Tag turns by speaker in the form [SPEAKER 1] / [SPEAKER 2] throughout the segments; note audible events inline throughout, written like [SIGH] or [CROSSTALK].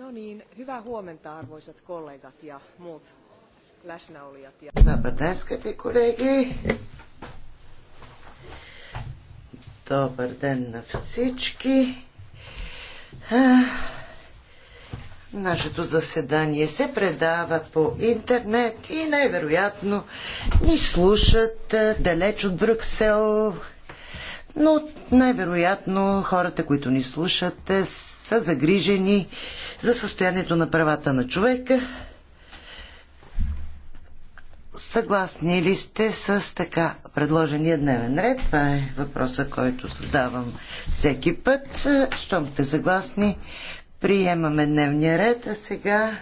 [SPEAKER 1] No niin, hyvää huomenta arvoisat kollegat ja muut läsnäolijat.
[SPEAKER 2] Добър ден, скъпи колеги! Добър ден на всички! Нашето заседание се предава по интернет и най-вероятно ни слушат далеч от Брюксел, но най-вероятно хората, които ни слушат, са загрижени за състоянието на правата на човека. Съгласни ли сте с така предложения дневен ред? Това е въпроса, който задавам всеки път. Щом сте съгласни, приемаме дневния ред, а сега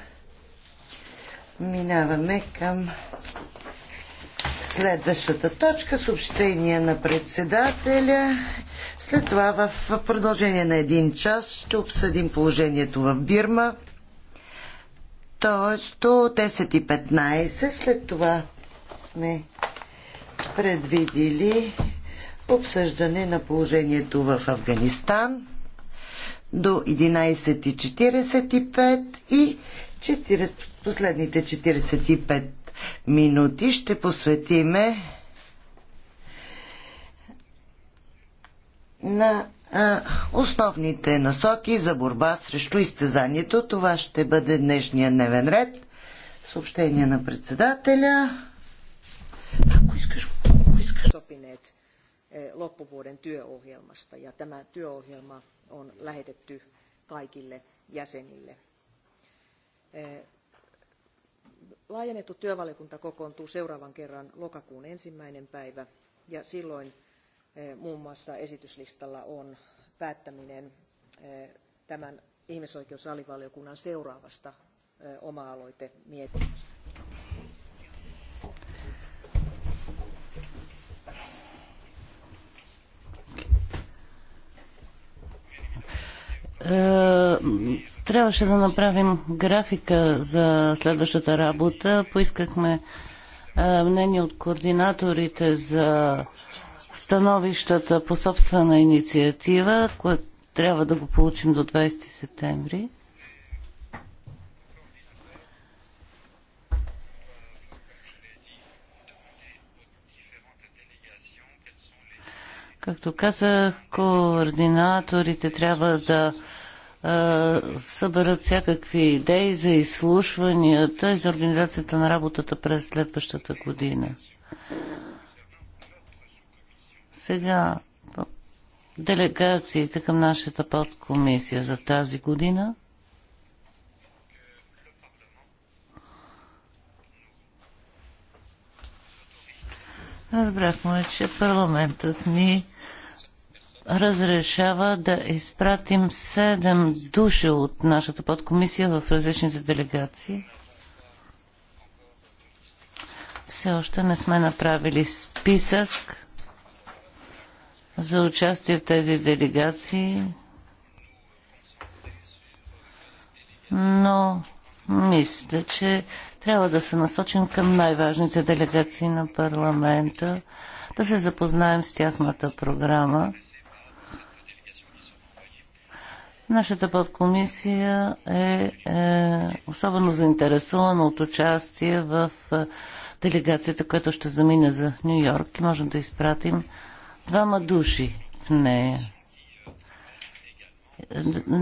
[SPEAKER 2] минаваме към Следващата точка съобщение на председателя. След това в продължение на един час ще обсъдим положението в Бирма. Тоест до 10.15 след това сме предвидили обсъждане на положението в Афганистан до 11.45 и 4, последните 45 минути ще посветиме на основните насоки за борба срещу изтезанието. Това ще бъде днешния дневен ред. Съобщение на председателя.
[SPEAKER 1] Ако искаш, ако искаш. Sopineet loppuvuoden е, työohjelmasta ja tämä työohjelma on lähetetty kaikille jäsenille. Е, Laajennettu työvaliokunta kokoontuu seuraavan kerran lokakuun ensimmäinen päivä ja silloin muun muassa esityslistalla on päättäminen tämän ihmisoikeusalivaliokunnan seuraavasta oma-aloitemietinnöstä
[SPEAKER 3] трябваше да направим графика за следващата работа. Поискахме мнение от координаторите за становищата по собствена инициатива, което трябва да го получим до 20 септември. Както казах, координаторите трябва да съберат всякакви идеи за изслушванията и за организацията на работата през следващата година. Сега делегациите към нашата подкомисия за тази година. Разбрахме, че парламентът ни разрешава да изпратим 7 души от нашата подкомисия в различните делегации. Все още не сме направили списък за участие в тези делегации, но мисля, че трябва да се насочим към най-важните делегации на парламента, да се запознаем с тяхната програма Нашата подкомисия е, е особено заинтересована от участие в е, делегацията, която ще замине за Нью Йорк и можем да изпратим двама души в нея.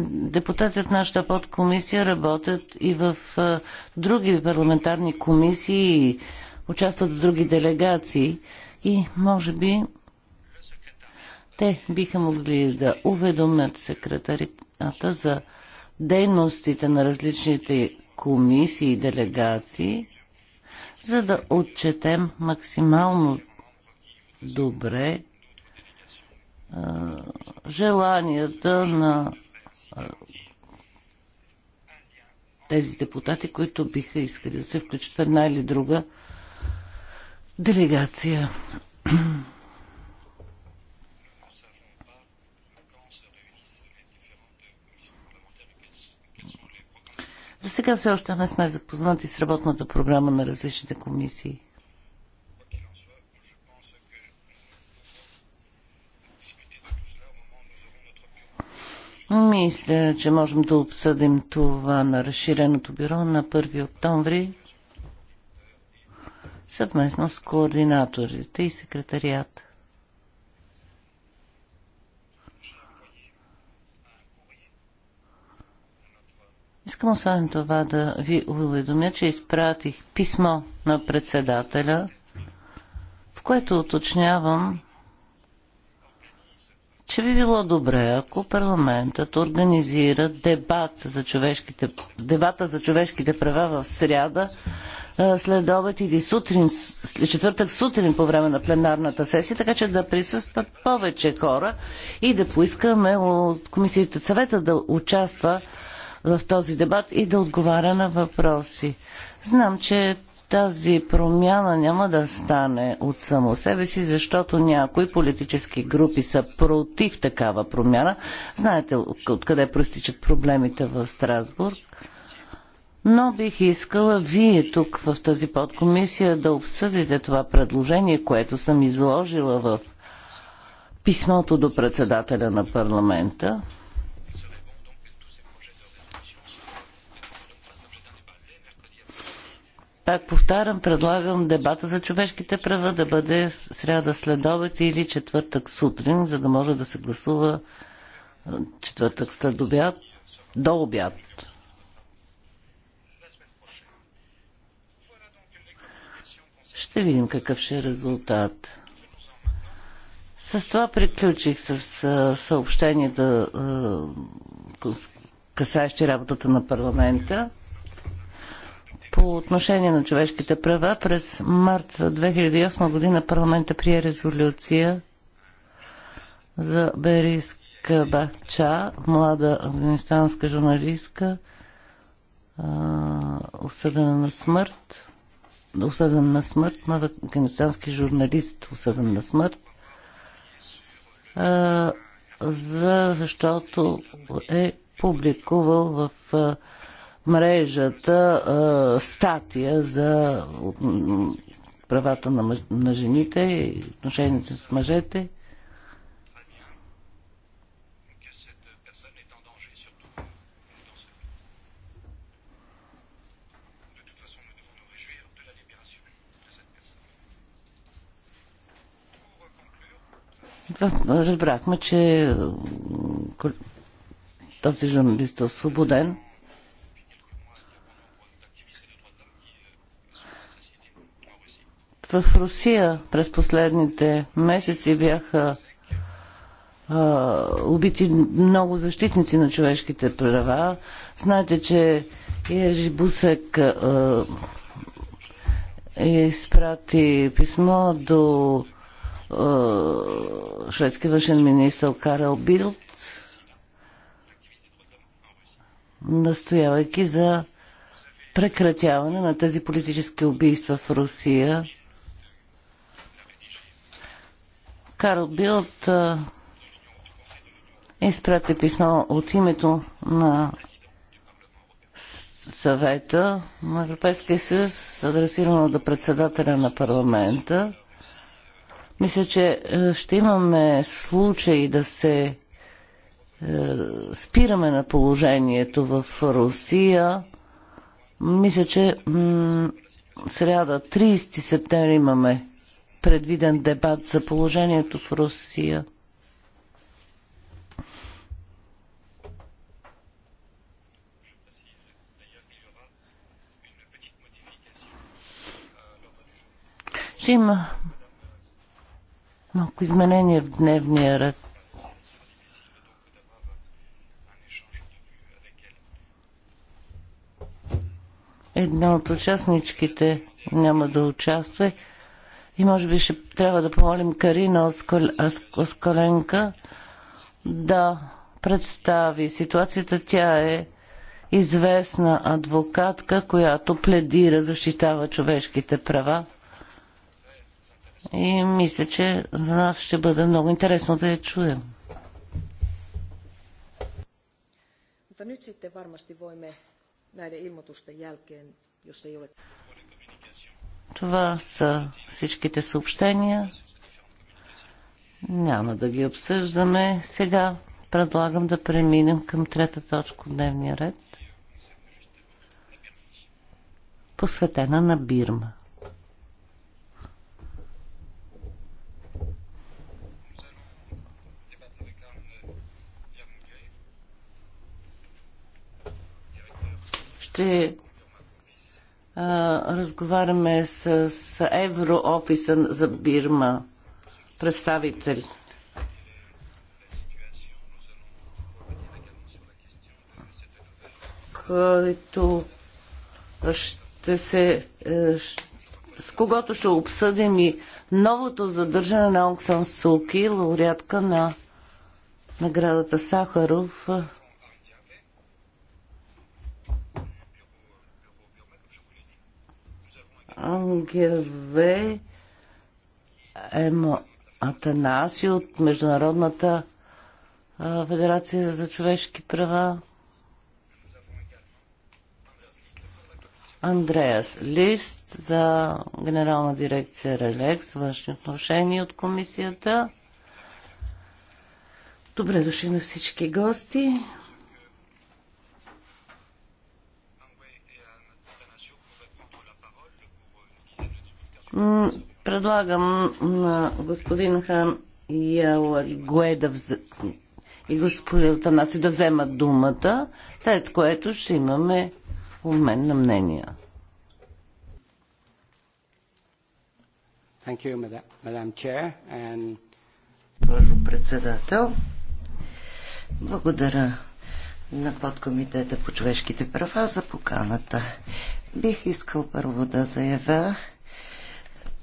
[SPEAKER 3] Депутати от нашата подкомисия работят и в е, други парламентарни комисии, участват в други делегации и може би те биха могли да уведомят секретарията за дейностите на различните комисии и делегации, за да отчетем максимално добре желанията на тези депутати, които биха искали да се включат в една или друга делегация. За сега все още не сме запознати с работната програма на различните комисии. Мисля, че можем да обсъдим това на разширеното бюро на 1 октомври съвместно с координаторите и секретарията. Искам освен това да ви уведомя, че изпратих писмо на председателя, в което уточнявам, че би било добре, ако парламентът организира дебат за човешките, дебата за човешките права в сряда, след обед или сутрин, четвъртък сутрин по време на пленарната сесия, така че да присъстват повече хора и да поискаме от комисията съвета да участва в този дебат и да отговаря на въпроси. Знам, че тази промяна няма да стане от само себе си, защото някои политически групи са против такава промяна. Знаете откъде простичат проблемите в Страсбург. Но бих искала вие тук в тази подкомисия да обсъдите това предложение, което съм изложила в писмото до председателя на парламента Пак повтарям, предлагам дебата за човешките права да бъде сряда след обед или четвъртък сутрин, за да може да се гласува четвъртък след обяд, до обяд. Ще видим какъв ще е резултат. С това приключих с съобщенията, касаещи работата на парламента по отношение на човешките права. През март 2008 година парламента прие резолюция за Бериска Бахча, млада афганистанска журналистка, осъдена на смърт, осъден на смърт, млад афганистански журналист, осъден на смърт, за, защото е публикувал в мрежата а, статия за правата на, мъж, на жените и отношенията с мъжете. Разбрахме, че този журналист е освободен. В Русия през последните месеци бяха а, убити много защитници на човешките права. Знаете, че Ежи Бусек а, е изпрати писмо до а, шведски външен министр Карел Билт, настоявайки за прекратяване на тези политически убийства в Русия. Карл Билт изпрати писмо от името на съвета на Европейския съюз, адресирано до председателя на парламента. Мисля, че е, ще имаме случай да се е, спираме на положението в Русия. Мисля, че сряда 30 септември имаме предвиден дебат за положението в Русия? Ще има малко изменение в дневния ред. Една от участничките няма да участва. И може би ще трябва да помолим Карина Осколенка да представи ситуацията. Тя е известна адвокатка, която пледира, защитава човешките права. И мисля, че за нас ще бъде много интересно да я чуем.
[SPEAKER 1] Mutta nyt sitten varmasti voimme ilmoitusten jälkeen, jos ei ole...
[SPEAKER 3] Това са всичките съобщения. Няма да ги обсъждаме. Сега предлагам да преминем към трета точка от дневния ред, посветена на Бирма. Ще разговаряме с Евроофиса за Бирма, представител. който ще се. Е, с когото ще обсъдим и новото задържане на Оксан Суки, лауреатка на наградата Сахаров Ангеве Емо Атанаси от Международната Федерация за човешки права. Андреас Лист за Генерална дирекция Релекс, външни отношения от комисията. Добре дошли на всички гости. Предлагам на господин Хан Ялгуе да и господин Танаси да вземат думата, след което ще имаме обмен на мнения. Thank you, madam chair, and... Госпожо председател,
[SPEAKER 2] благодаря на подкомитета по човешките права за поканата. Бих искал първо да заявя,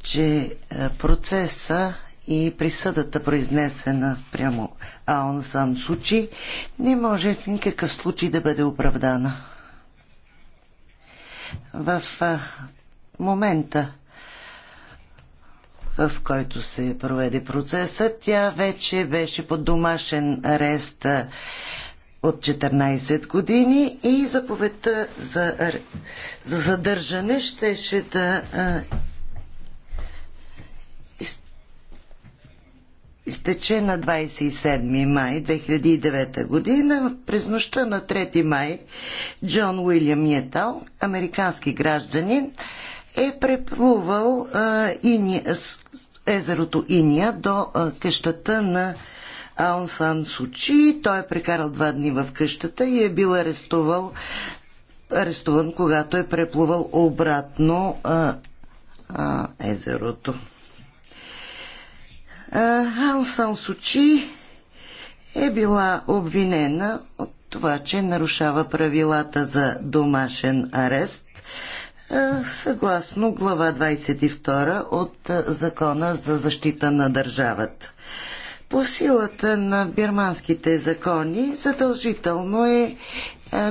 [SPEAKER 2] че е, процеса и присъдата, произнесена прямо Аун Сан Сучи, не може в никакъв случай да бъде оправдана. В е, момента, в който се проведе процеса, тя вече беше под домашен арест е, от 14 години и заповедта за, за задържане щеше да изтече на 27 май 2009 година. През нощта на 3 май Джон Уилям Ятал, американски гражданин, е преплувал а, ини, езерото Иния до а, къщата на Аун Сан Сучи. Той е прекарал два дни в къщата и е бил арестувал, арестуван, когато е преплувал обратно а, а, езерото. Аун Сан Сучи е била обвинена от това, че нарушава правилата за домашен арест съгласно глава 22 от Закона за защита на държавата. По силата на бирманските закони задължително е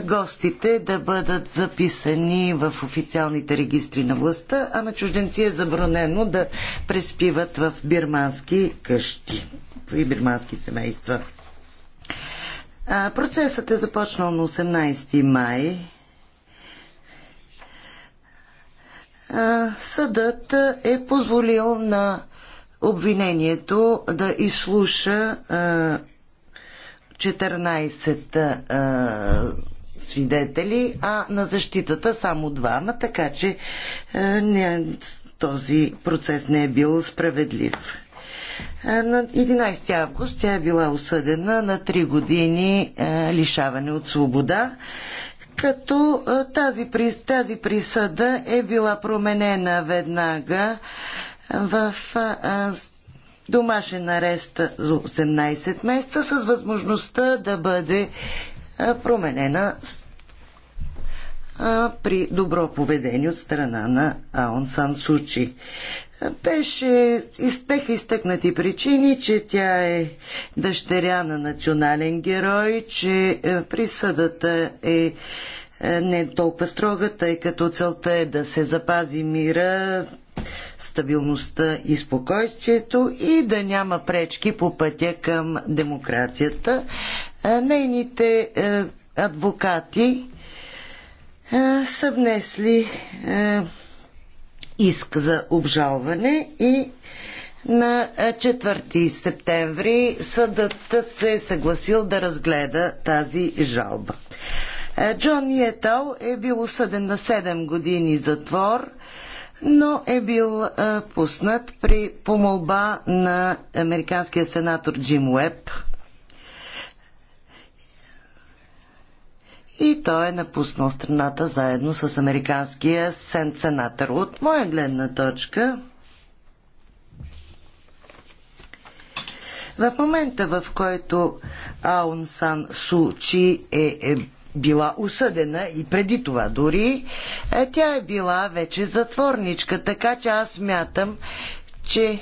[SPEAKER 2] гостите да бъдат записани в официалните регистри на властта, а на чужденци е забранено да преспиват в бирмански къщи и бирмански семейства. Процесът е започнал на 18 май съдът е позволил на обвинението да изслуша 14 свидетели, а на защитата само двама, така че е, не, този процес не е бил справедлив. Е, на 11 август тя е била осъдена на 3 години е, лишаване от свобода, като е, тази, тази присъда е била променена веднага в е, домашен арест за 18 месеца с възможността да бъде променена при добро поведение от страна на Аон Сан Сучи. Беше, беха изтъкнати причини, че тя е дъщеря на национален герой, че е, присъдата е, е не толкова строга, тъй като целта е да се запази мира, стабилността и спокойствието и да няма пречки по пътя към демокрацията. Нейните е, адвокати е, са внесли е, иск за обжалване и на 4 септември съдът се е съгласил да разгледа тази жалба. Джон Ниетал е бил осъден на 7 години затвор, но е бил пуснат при помолба на американския сенатор Джим Уеб – и той е напуснал страната заедно с американския сент сенатор. От моя гледна точка, в момента в който Аун Сан Су Чи е, е била осъдена и преди това дори, е, тя е била вече затворничка, така че аз мятам, че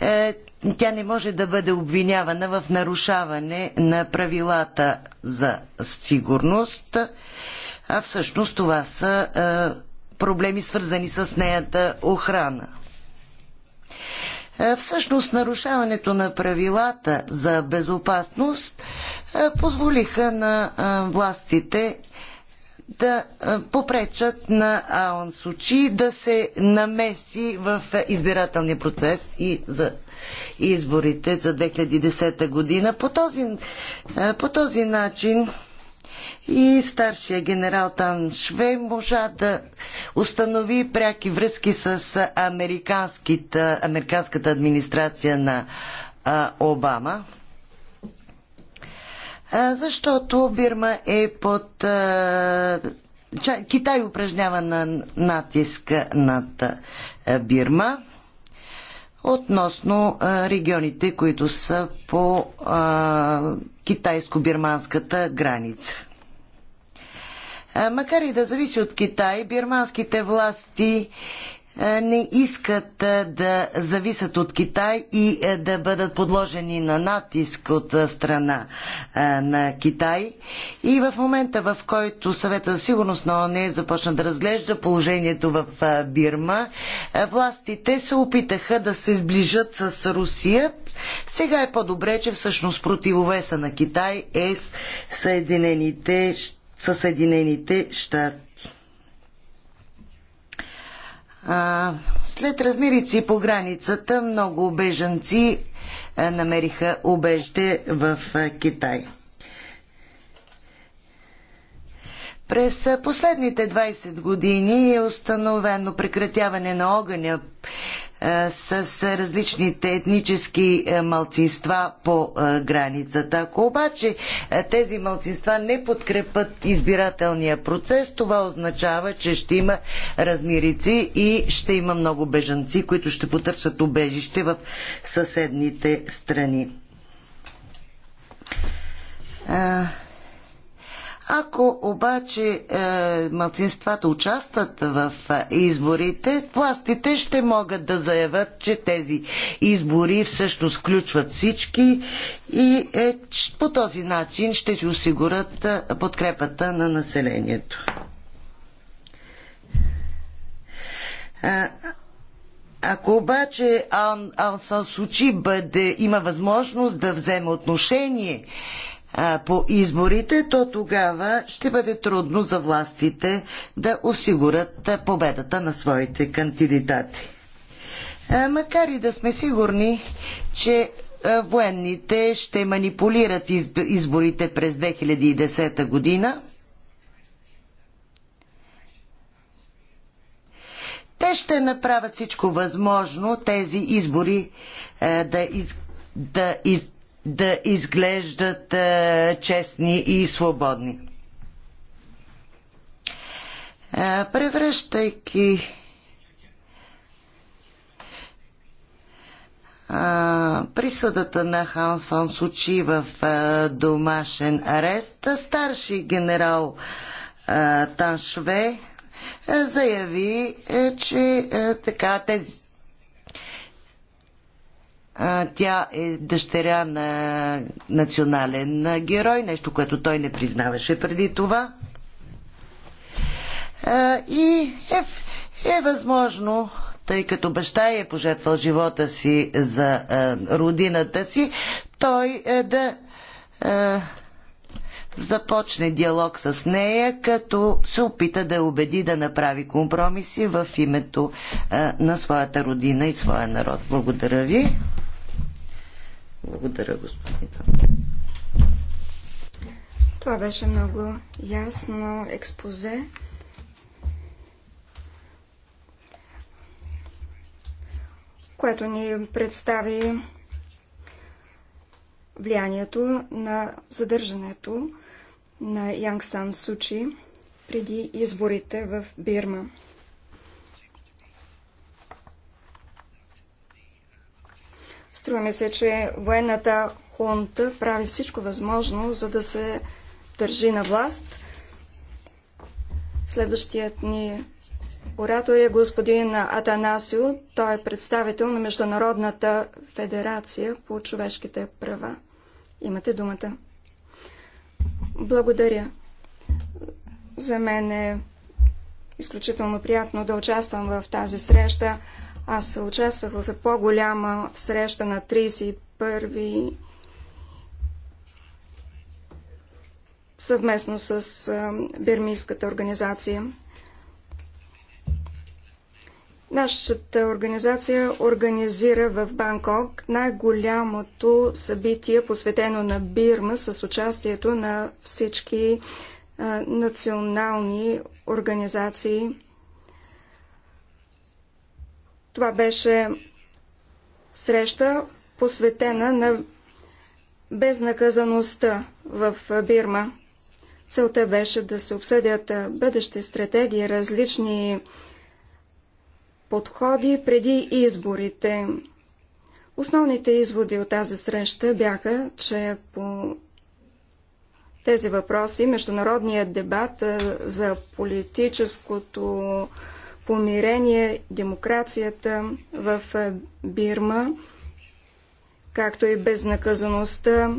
[SPEAKER 2] е, тя не може да бъде обвинявана в нарушаване на правилата за сигурност, а всъщност това са е, проблеми свързани с неята охрана. Е, всъщност нарушаването на правилата за безопасност е, позволиха на властите да попречат на Аон Сучи да се намеси в избирателния процес и за изборите за 2010 година. По този, по този начин и старшия генерал Тан Шве можа да установи пряки връзки с американската администрация на а, Обама защото Бирма е под. Китай упражнява на натиск над Бирма относно регионите, които са по китайско-бирманската граница. Макар и да зависи от Китай, бирманските власти е, не искат е, да зависят от Китай и е, да бъдат подложени на натиск от страна на Китай. И в момента, в който съвета за сигурност на ОНЕ започна да разглежда положението в Бирма, властите се опитаха да се сближат с Русия. Сега е по-добре, че всъщност противовеса на Китай е Съединените, Съединените щати след размерици по границата много бежанци е, намериха убежище в е, Китай. През последните 20 години е установено прекратяване на огъня е, с различните етнически е, малцинства по е, границата. Ако обаче тези малцинства не подкрепят избирателния процес, това означава, че ще има размирици и ще има много бежанци, които ще потърсят убежище в съседните страни. Ако обаче е, малцинствата участват в е, изборите, властите ще могат да заявят, че тези избори всъщност включват всички и е, по този начин ще си осигурят е, подкрепата на населението. Е, ако обаче Ан, Сучи бъде, има възможност да вземе отношение по изборите, то тогава ще бъде трудно за властите да осигурят победата на своите кандидати. Макар и да сме сигурни, че военните ще манипулират изборите през 2010 година, те ще направят всичко възможно тези избори да, из, да из, да изглеждат е, честни и свободни. Е, превръщайки е, присъдата на Хансон Сучи в домашен арест, старши генерал Таншве заяви, че така тези тя е дъщеря на национален герой, нещо, което той не признаваше преди това. И е, е възможно, тъй като баща е пожертвал живота си за родината си, той е да е, започне диалог с нея, като се опита да убеди да направи компромиси в името е, на своята родина и своя народ. Благодаря ви. Благодаря, господин Танкин.
[SPEAKER 4] Това беше много ясно експозе. което ни представи влиянието на задържането на Янг Сан Сучи преди изборите в Бирма. Струва ми се, че военната хунта прави всичко възможно, за да се държи на власт. Следващият ни оратор е господин Атанасио. Той е представител на Международната федерация по човешките права. Имате думата. Благодаря. За мен е изключително приятно да участвам в тази среща. Аз участвах в по-голяма среща на 31 съвместно с Бирмийската организация. Нашата организация организира в Банкок най-голямото събитие, посветено на Бирма, с участието на всички национални организации. Това беше среща посветена на безнаказаността в Бирма. Целта беше да се обсъдят бъдещи стратегии, различни подходи преди изборите. Основните изводи от тази среща бяха, че по тези въпроси международният дебат за политическото помирение, демокрацията в Бирма, както и безнаказаността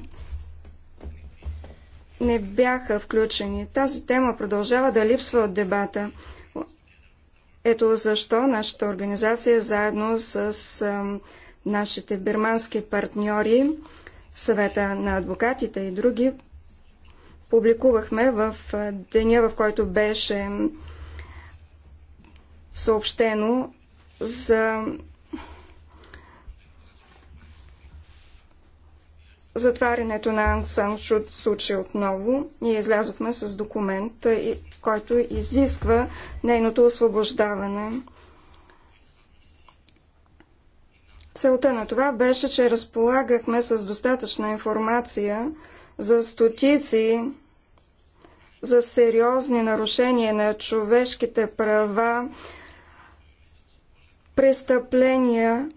[SPEAKER 4] не бяха включени. Тази тема продължава да липсва от дебата. Ето защо нашата организация заедно с нашите бирмански партньори, съвета на адвокатите и други, публикувахме в деня, в който беше съобщено за затварянето на Ансанчуд Сучи отново. Ние излязохме с документ, който изисква нейното освобождаване. Целта на това беше, че разполагахме с достатъчна информация за стотици, за сериозни нарушения на човешките права, престъпления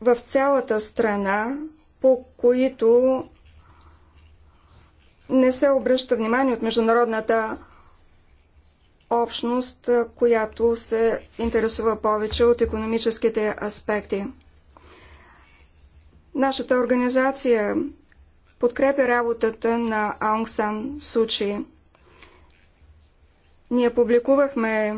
[SPEAKER 4] в цялата страна, по които не се обръща внимание от международната общност, която се интересува повече от економическите аспекти. Нашата организация подкрепя работата на Аунг Сан Сучи. Ние публикувахме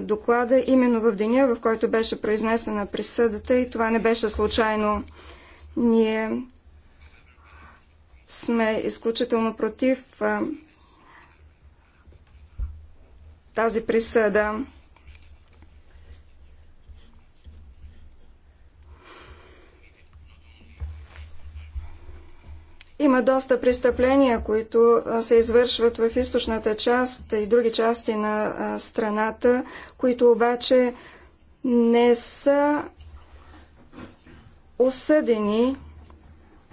[SPEAKER 4] доклада именно в деня, в който беше произнесена присъдата и това не беше случайно. Ние сме изключително против тази присъда. Има доста престъпления, които се извършват в източната част и други части на страната, които обаче не са осъдени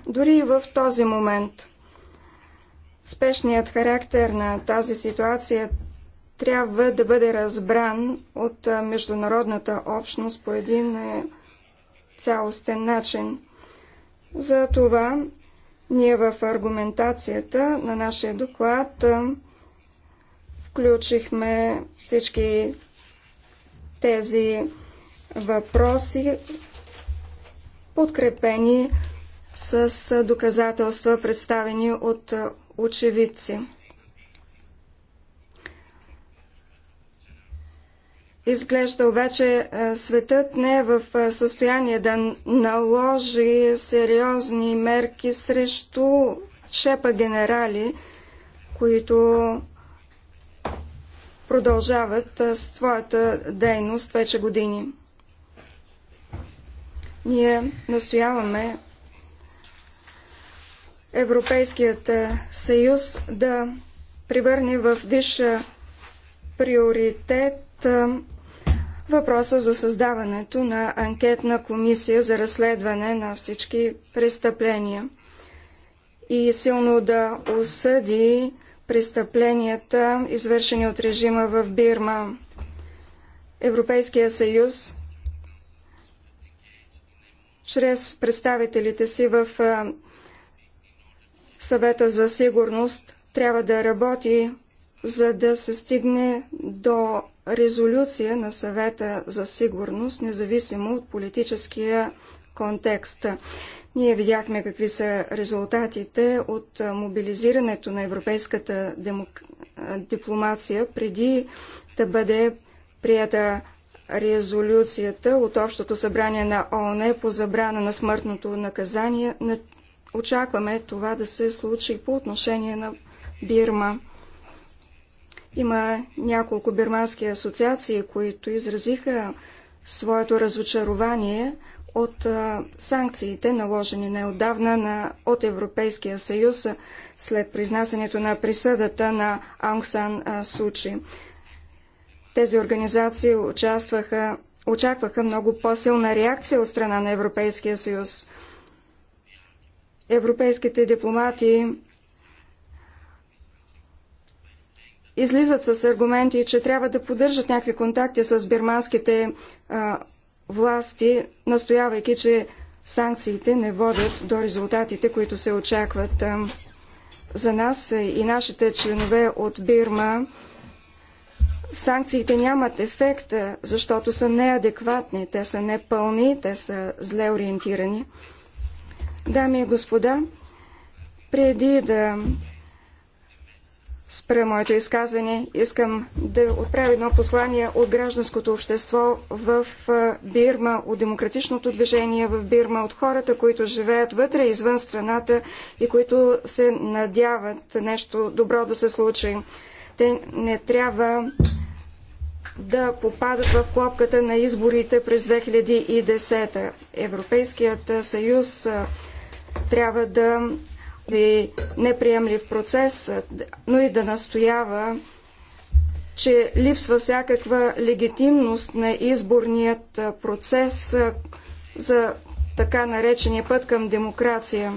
[SPEAKER 4] дори и в този момент. Спешният характер на тази ситуация трябва да бъде разбран от международната общност по един е, цялостен начин. За това ние в аргументацията на нашия доклад включихме всички тези въпроси, подкрепени с доказателства, представени от очевидци. Изглежда обаче е, светът не е в е, състояние да наложи сериозни мерки срещу шепа генерали, които продължават е, своята дейност вече години. Ние настояваме Европейският съюз да превърне в висша приоритет въпроса за създаването на анкетна комисия за разследване на всички престъпления и силно да осъди престъпленията, извършени от режима в Бирма. Европейския съюз чрез представителите си в съвета за сигурност трябва да работи, за да се стигне до резолюция на съвета за сигурност, независимо от политическия контекст. Ние видяхме какви са резултатите от мобилизирането на европейската демок... дипломация преди да бъде прията резолюцията от Общото събрание на ООН по забрана на смъртното наказание. Очакваме това да се случи по отношение на Бирма. Има няколко бирмански асоциации, които изразиха своето разочарование от санкциите, наложени неодавна на, от Европейския съюз след произнасянето на присъдата на Ангсан Сучи. Тези организации участваха, очакваха много по-силна реакция от страна на Европейския съюз. Европейските дипломати излизат с аргументи, че трябва да поддържат някакви контакти с бирманските а, власти, настоявайки, че санкциите не водят до резултатите, които се очакват. За нас и нашите членове от Бирма санкциите нямат ефект, защото са неадекватни, те са непълни, те са зле ориентирани. Дами и господа, преди да спра моето изказване. Искам да отправя едно послание от гражданското общество в Бирма, от демократичното движение в Бирма, от хората, които живеят вътре, извън страната и които се надяват нещо добро да се случи. Те не трябва да попадат в клопката на изборите през 2010. Европейският съюз трябва да този неприемлив процес, но и да настоява, че липсва всякаква легитимност на изборният процес за така наречения път към демокрация.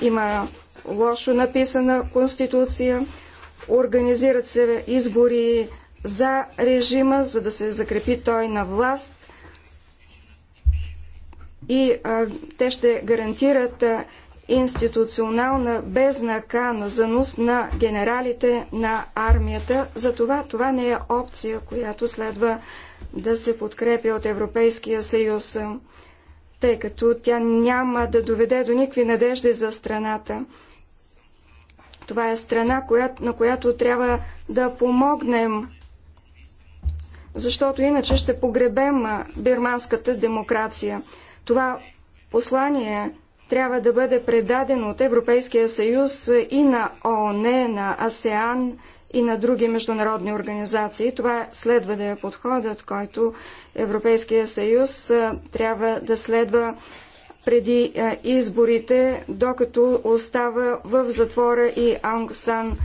[SPEAKER 4] Има лошо написана конституция, организират се избори за режима, за да се закрепи той на власт и а, те ще гарантират а, институционална безнаказаност на генералите на армията. Затова това не е опция, която следва да се подкрепя от Европейския съюз, тъй като тя няма да доведе до никакви надежди за страната. Това е страна, на която трябва да помогнем, защото иначе ще погребем бирманската демокрация. Това послание трябва да бъде предадено от Европейския съюз и на ООН, на АСЕАН и на други международни организации. Това следва да е подходът, който Европейския съюз трябва да следва преди изборите, докато остава в затвора и Аунг Сан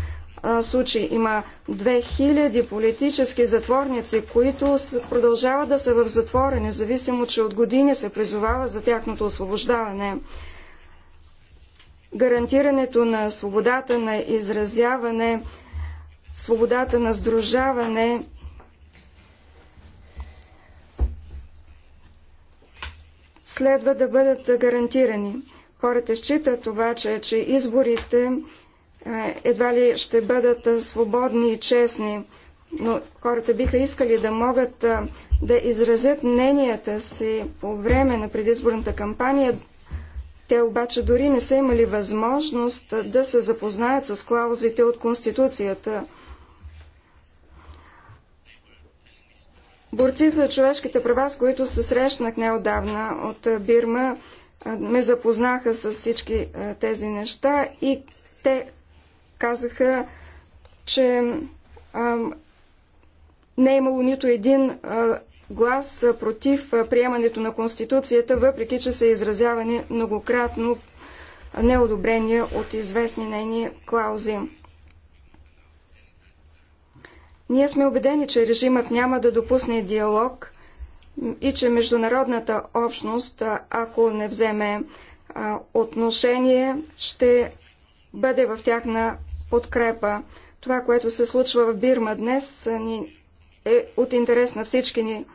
[SPEAKER 4] случай. Има 2000 политически затворници, които продължават да са в затвора, независимо, че от години се призовава за тяхното освобождаване гарантирането на свободата на изразяване, свободата на сдружаване, следва да бъдат гарантирани. Хората считат обаче, че изборите е, едва ли ще бъдат е, свободни и честни, но хората биха искали да могат е, да изразят мненията си по време на предизборната кампания те обаче дори не са имали възможност да се запознаят с клаузите от Конституцията. Борци за човешките права, с които се срещнах неодавна от Бирма, ме запознаха с всички е, тези неща и те казаха, че а, не е имало нито един а, глас против приемането на Конституцията, въпреки че са изразявани многократно неодобрения от известни нейни клаузи. Ние сме убедени, че режимът няма да допусне диалог и че международната общност, ако не вземе отношение, ще бъде в тяхна подкрепа. Това, което се случва в Бирма днес, е от интерес на всички ни.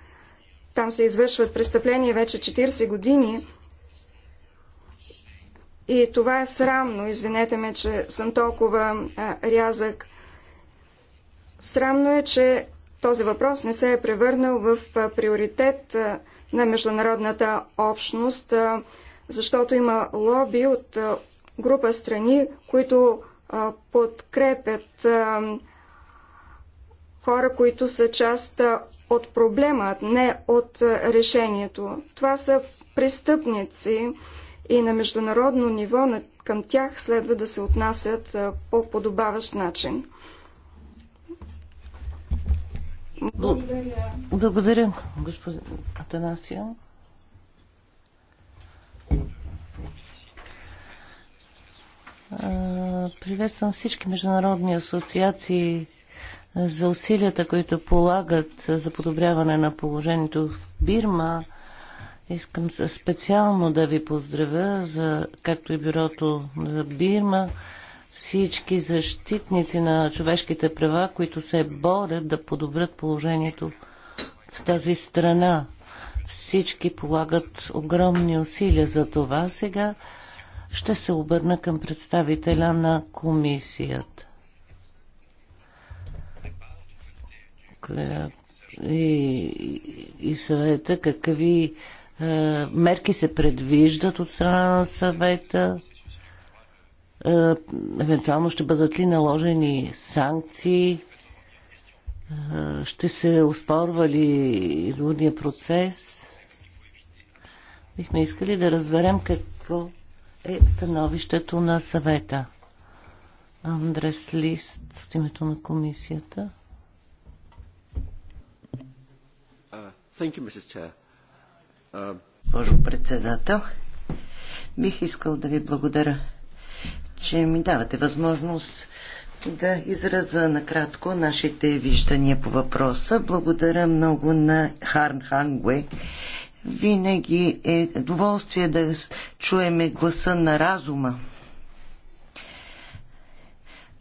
[SPEAKER 4] Там се извършват престъпления вече 40 години. И това е срамно. Извинете ме, че съм толкова а, рязък. Срамно е, че този въпрос не се е превърнал в а, приоритет а, на международната общност, а, защото има лоби от а, група страни, които а, подкрепят а, хора, които са част а, от проблема, не от решението. Това са престъпници и на международно ниво към тях следва да се отнасят по подобаващ начин.
[SPEAKER 3] Благодаря. Благодаря, господин Атанасия. Приветствам всички международни асоциации, за усилията, които полагат за подобряване на положението в Бирма. Искам специално да ви поздравя, за, както и бюрото за Бирма, всички защитници на човешките права, които се борят да подобрят положението в тази страна. Всички полагат огромни усилия за това. Сега ще се обърна към представителя на комисията. и, е, и съвета, какви е, мерки се предвиждат от страна на съвета, е, евентуално ще бъдат ли наложени санкции, е, ще се успорва ли изводния процес. Бихме искали да разберем какво е становището на съвета. Андрес Лист от името на комисията.
[SPEAKER 5] Thank you, Mrs. Chair. Um,
[SPEAKER 2] председател, бих искал да ви благодаря, че ми давате възможност да израза накратко нашите виждания по въпроса. Благодаря много на Харн Хангуе. Винаги е удоволствие да чуеме гласа на разума.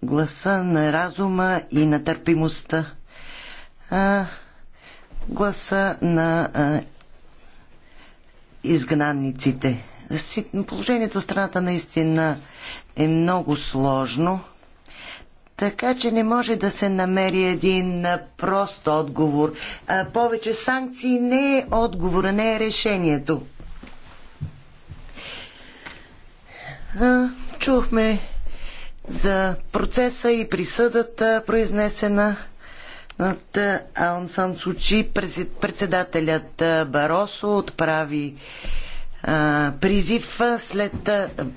[SPEAKER 1] Гласа
[SPEAKER 2] на разума и на търпимостта. А, гласа на а, изгнанниците. Положението в страната наистина е много сложно, така че не може да се намери един прост отговор. А, повече санкции не е отговора, не е решението. А, чухме за процеса и присъдата, произнесена от Аун Сан Сучи председателят Баросо отправи призив след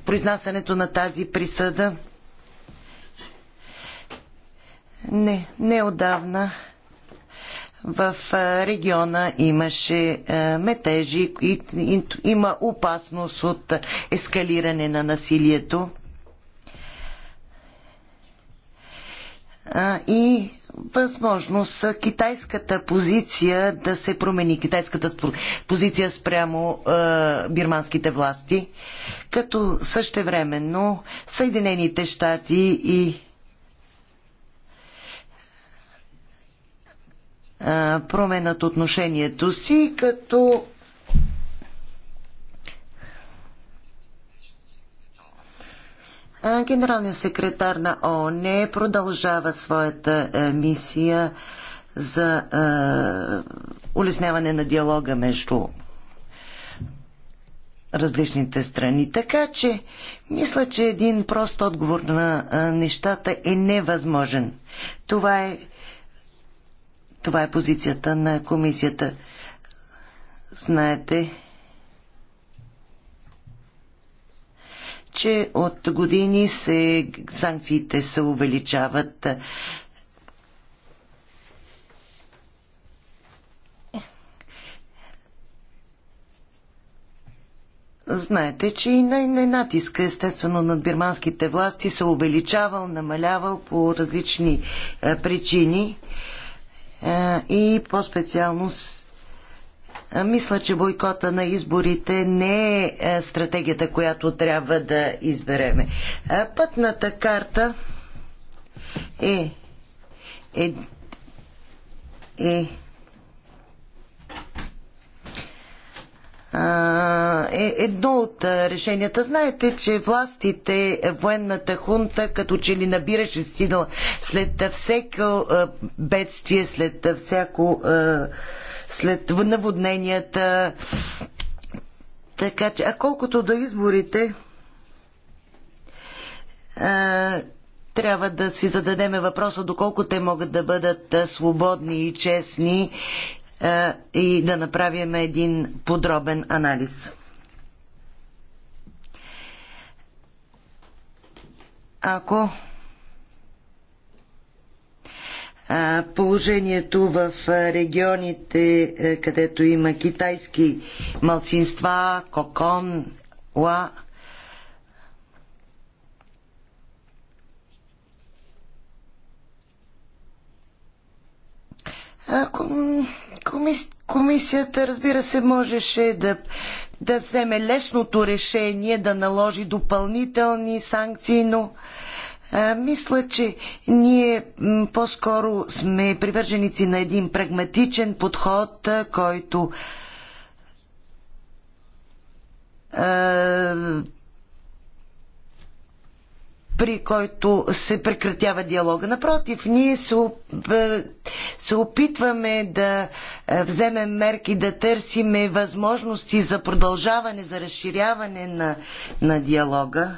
[SPEAKER 2] произнасянето на тази присъда. Не, неодавна в региона имаше метежи и има опасност от ескалиране на насилието. и възможност китайската позиция да се промени, китайската позиция спрямо а, бирманските власти, като същевременно Съединените щати и променят отношението си, като Генералният секретар на ООН продължава своята е, мисия за е, улесняване на диалога между различните страни. Така че, мисля, че един прост отговор на е, нещата е невъзможен. Това е, това е позицията на комисията. Знаете, че от години се, санкциите се увеличават. Знаете, че и най- натиска естествено над бирманските власти се увеличавал, намалявал по различни а, е, причини а, е, и по-специално с мисля, че бойкота на изборите не е, е стратегията, която трябва да избереме. Пътната карта е, е, е е едно от решенията. Знаете, че властите, военната хунта, като че ли набираше сила след всяко бедствие, след всяко след наводненията. Така че, а колкото до изборите, а, трябва да си зададеме въпроса доколко те могат да бъдат свободни и честни а, и да направим един подробен анализ. Ако положението в регионите, където има китайски малцинства, Кокон, Ла. Комисията, разбира се, можеше да, да вземе лесното решение да наложи допълнителни санкции, но мисля, че ние по-скоро сме привърженици на един прагматичен подход, който при който се прекратява диалога. Напротив, ние се, се опитваме да вземем мерки, да търсиме възможности за продължаване, за разширяване на, на диалога.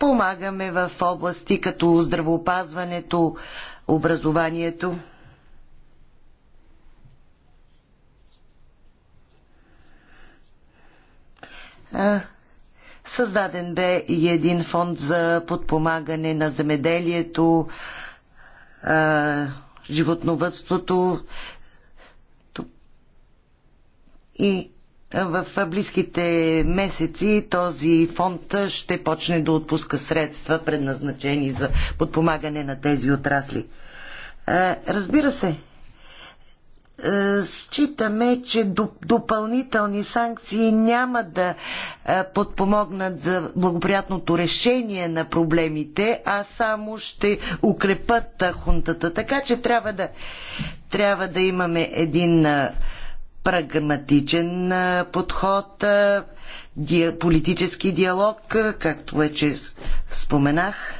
[SPEAKER 2] Помагаме в области като здравоопазването, образованието. Създаден бе и един фонд за подпомагане на земеделието, животновътството и в близките месеци този фонд ще почне да отпуска средства, предназначени за подпомагане на тези отрасли. Разбира се, считаме, че допълнителни санкции няма да подпомогнат за благоприятното решение на проблемите, а само ще укрепат хунтата. Така че трябва да, трябва да имаме един прагматичен подход, политически диалог, както вече споменах.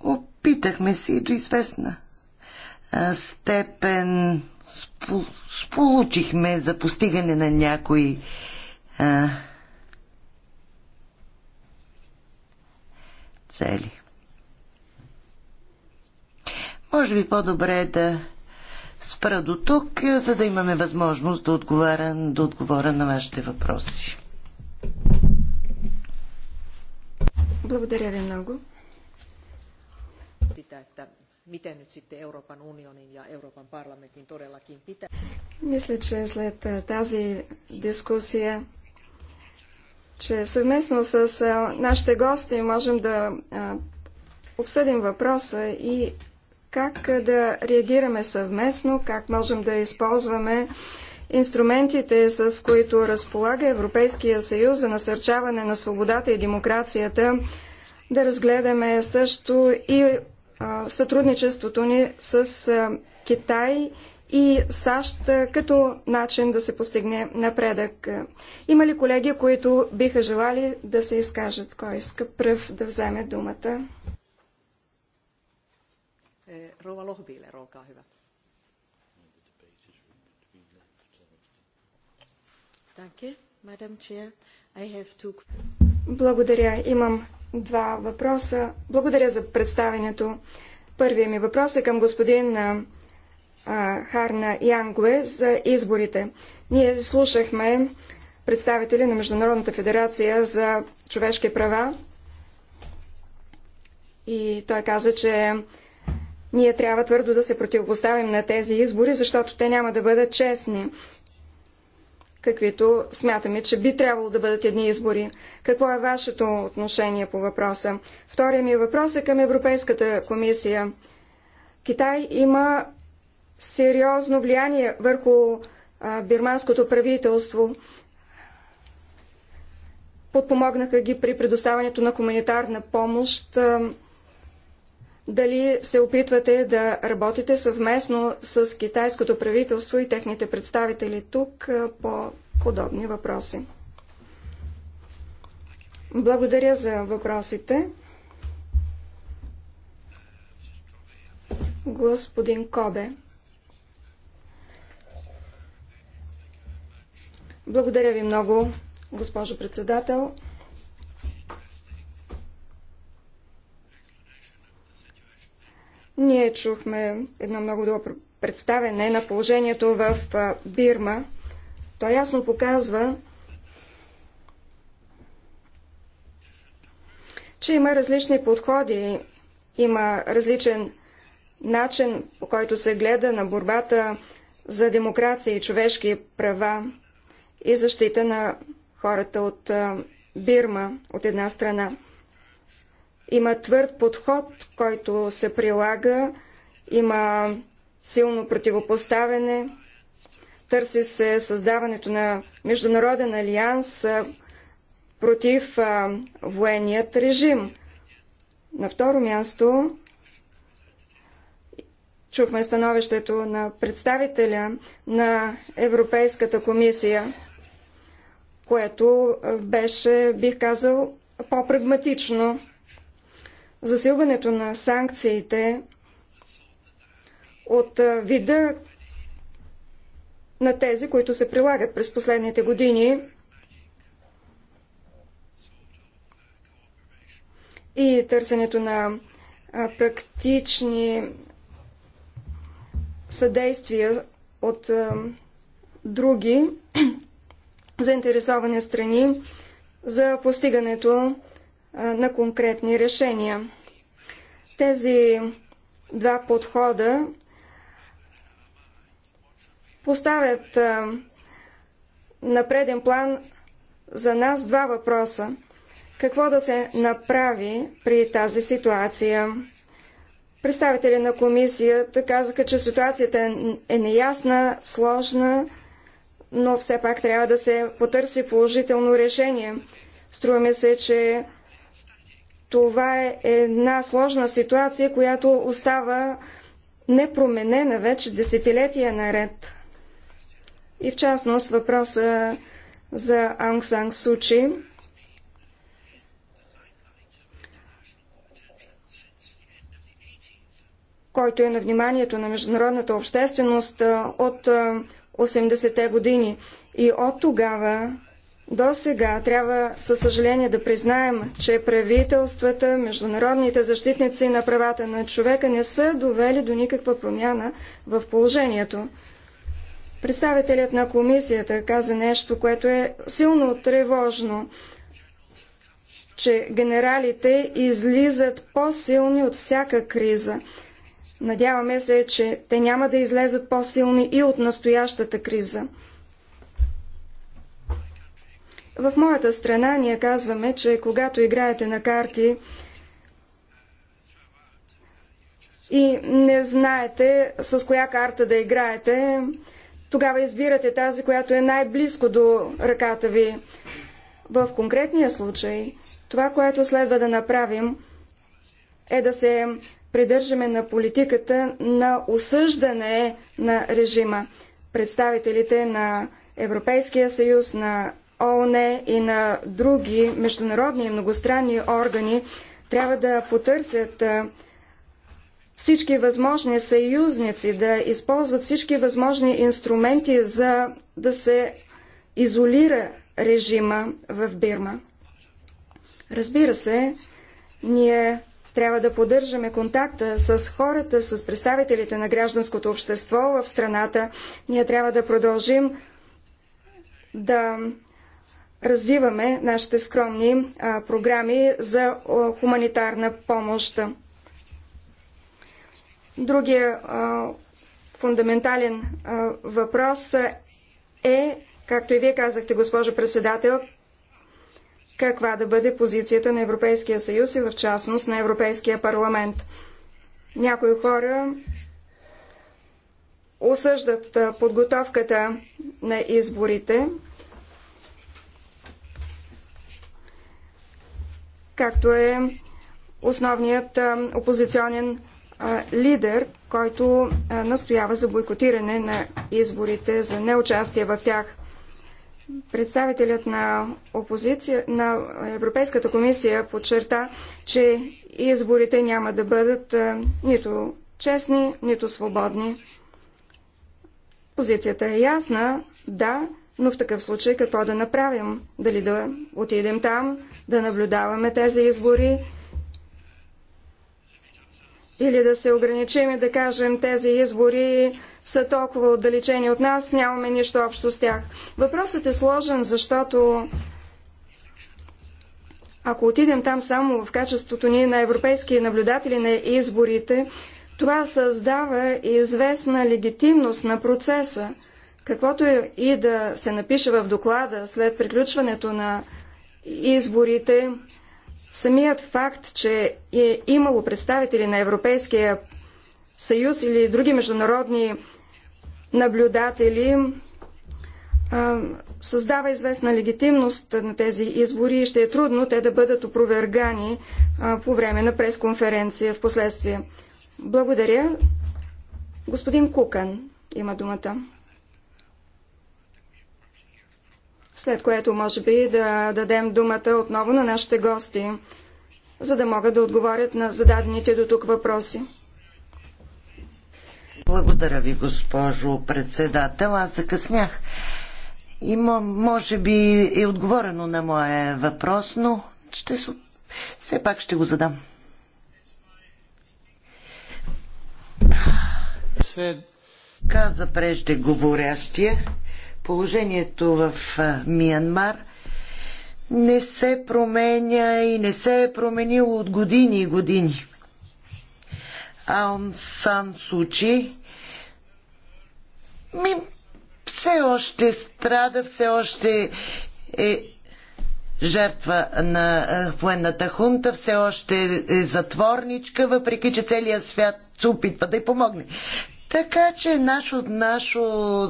[SPEAKER 2] Опитахме се и до известна степен сполучихме за постигане на някои цели. Може би по-добре е да спра до тук, за да имаме възможност да отговоря, да отговоря на вашите въпроси.
[SPEAKER 4] Благодаря ви много. Мисля, че след тази дискусия, че съвместно с нашите гости можем да обсъдим въпроса и как да реагираме съвместно, как можем да използваме инструментите, с които разполага Европейския съюз за насърчаване на свободата и демокрацията, да разгледаме също и а, сътрудничеството ни с а, Китай и САЩ а, като начин да се постигне напредък. Има ли колеги, които биха желали да се изкажат? Кой иска пръв да вземе думата?
[SPEAKER 1] Rouva Lohbiiler, olkaa hyvä.
[SPEAKER 4] Благодаря. Имам два въпроса. Благодаря за представенето. Първият ми въпрос е към господин Харна Янгуе за изборите. Ние слушахме представители на Международната федерация за човешки права и той каза, че ние трябва твърдо да се противопоставим на тези избори, защото те няма да бъдат честни, каквито смятаме, че би трябвало да бъдат едни избори. Какво е вашето отношение по въпроса? Втория ми въпрос е към Европейската комисия. Китай има сериозно влияние върху а, бирманското правителство. Подпомогнаха ги при предоставянето на хуманитарна помощ. А, дали се опитвате да работите съвместно с китайското правителство и техните представители тук по подобни въпроси. Благодаря за въпросите. Господин Кобе. Благодаря ви много, госпожо председател. Ние чухме едно много добро представене на положението в Бирма. То ясно показва, че има различни подходи, има различен начин, по който се гледа на борбата за демокрация и човешки права и защита на хората от Бирма, от една страна. Има твърд подход, който се прилага, има силно противопоставяне, търси се създаването на международен алианс против а, военният режим. На второ място чухме становището на представителя на Европейската комисия, което беше, бих казал, по-прагматично засилването на санкциите от вида на тези, които се прилагат през последните години и търсенето на практични съдействия от други [CLEARS THROAT] заинтересовани страни за постигането на конкретни решения. Тези два подхода поставят на преден план за нас два въпроса. Какво да се направи при тази ситуация? Представители на комисията казаха, че ситуацията е, е неясна, сложна, но все пак трябва да се потърси положително решение. Струваме се, че това е една сложна ситуация, която остава непроменена вече десетилетия наред. И в частност въпроса за Аунг Сан Сучи. който е на вниманието на международната общественост от 80-те години. И от тогава до сега трябва със съжаление да признаем, че правителствата, международните защитници на правата на човека не са довели до никаква промяна в положението. Представителят на комисията каза нещо, което е силно тревожно, че генералите излизат по-силни от всяка криза. Надяваме се, че те няма да излезат по-силни и от настоящата криза. В моята страна ние казваме, че когато играете на карти и не знаете с коя карта да играете, тогава избирате тази, която е най-близко до ръката ви. В конкретния случай, това, което следва да направим, е да се придържаме на политиката на осъждане на режима. Представителите на Европейския съюз, на ООН и на други международни и многостранни органи трябва да потърсят всички възможни съюзници, да използват всички възможни инструменти, за да се изолира режима в Бирма. Разбира се, ние трябва да поддържаме контакта с хората, с представителите на гражданското общество в страната. Ние трябва да продължим да развиваме нашите скромни а, програми за а, хуманитарна помощ. Другия а, фундаментален въпрос е, както и вие казахте, госпожо председател, каква да бъде позицията на Европейския съюз и в частност на Европейския парламент. Някои хора осъждат подготовката на изборите, както е основният опозиционен лидер, който настоява за бойкотиране на изборите, за неучастие в тях. Представителят на, опозиция, на Европейската комисия подчерта, че изборите няма да бъдат нито честни, нито свободни. Позицията е ясна, да, но в такъв случай какво да направим? Дали да отидем там, да наблюдаваме тези избори или да се ограничим и да кажем тези избори са толкова отдалечени от нас, нямаме нищо общо с тях. Въпросът е сложен, защото ако отидем там само в качеството ни на европейски наблюдатели на изборите, това създава известна легитимност на процеса. Каквото и да се напише в доклада след приключването на изборите, самият факт, че е имало представители на Европейския съюз или други международни наблюдатели, създава известна легитимност на тези избори и ще е трудно те да бъдат опровергани по време на пресконференция в последствие. Благодаря. Господин Кукан има думата. след което може би да дадем думата отново на нашите гости, за да могат да отговорят на зададените до тук въпроси.
[SPEAKER 2] Благодаря ви, госпожо председател. Аз закъснях. И може би е отговорено на моя въпрос, но ще все пак ще го задам. Каза преждеговорящия, положението в Миянмар не се променя и не се е променило от години и години. Аун Сан Сучи ми все още страда, все още е жертва на военната хунта, все още е затворничка, въпреки че целият свят се опитва да й помогне. Така че наше, нашо,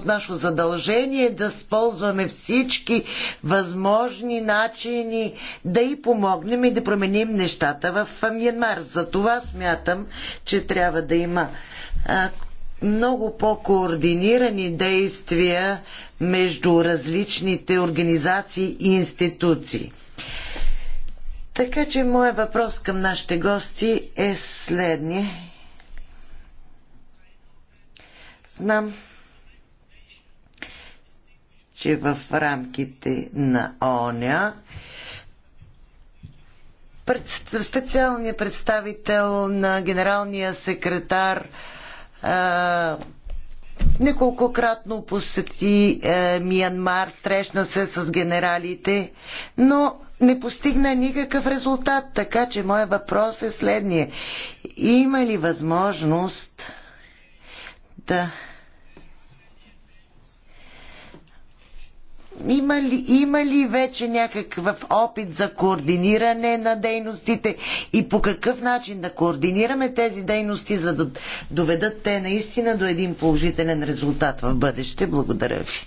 [SPEAKER 2] нашо задължение е да използваме всички възможни начини да и помогнем и да променим нещата в Мьянмар. За това смятам, че трябва да има много по-координирани действия между различните организации и институции. Така че моят въпрос към нашите гости е следния. Знам, че в рамките на ОНЯ специалният представител на генералния секретар а, неколкократно посети е, Миянмар, срещна се с генералите, но не постигна никакъв резултат. Така че моят въпрос е следния. Има ли възможност да има ли, има ли вече някакъв опит за координиране на дейностите и по какъв начин да координираме тези дейности, за да доведат те наистина до един положителен резултат в бъдеще? Благодаря ви.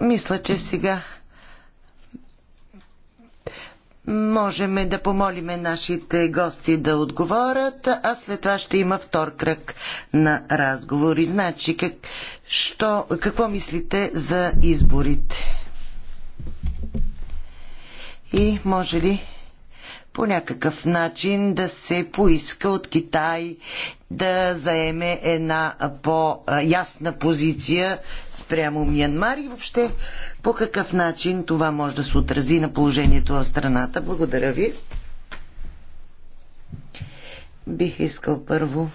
[SPEAKER 2] Мисля, че сега можем да помолиме нашите гости да отговорят, а след това ще има втор кръг на разговори. Значи, как, що, какво мислите за изборите? И може ли по някакъв начин да се поиска от Китай да заеме една по-ясна позиция спрямо Миянмар и въобще по какъв начин това може да се отрази на положението в страната. Благодаря ви. Бих искал първо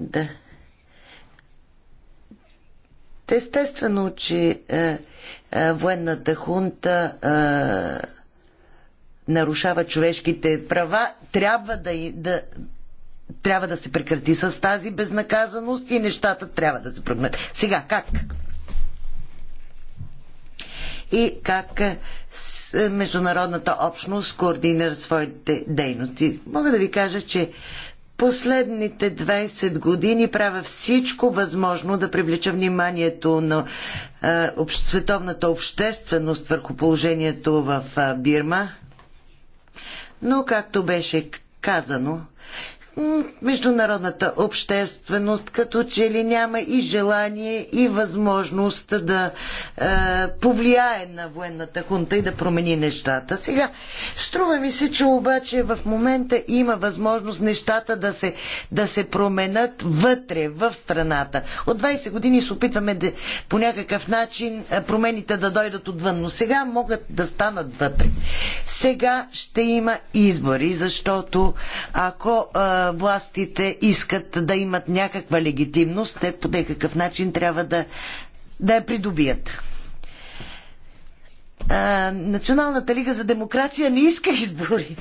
[SPEAKER 2] да. Естествено, че е, е, военната хунта е, нарушава човешките права. Трябва да, да трябва да се прекрати с тази безнаказаност и нещата трябва да се променят. Сега, как? И как е, е, международната общност координира своите дейности? Мога да ви кажа, че последните 20 години правя всичко възможно да привлеча вниманието на е, световната общественост върху положението в е, Бирма. Но, както беше казано, международната общественост като че ли няма и желание и възможност да е, повлияе на военната хунта и да промени нещата. Сега, струва ми се, че обаче в момента има възможност нещата да се, да се променят вътре, в страната. От 20 години се опитваме да, по някакъв начин е, промените да дойдат отвън, но сега могат да станат вътре. Сега ще има избори, защото ако е, властите искат да имат някаква легитимност, те по някакъв начин трябва да, да я придобият. А, Националната лига за демокрация не иска избори.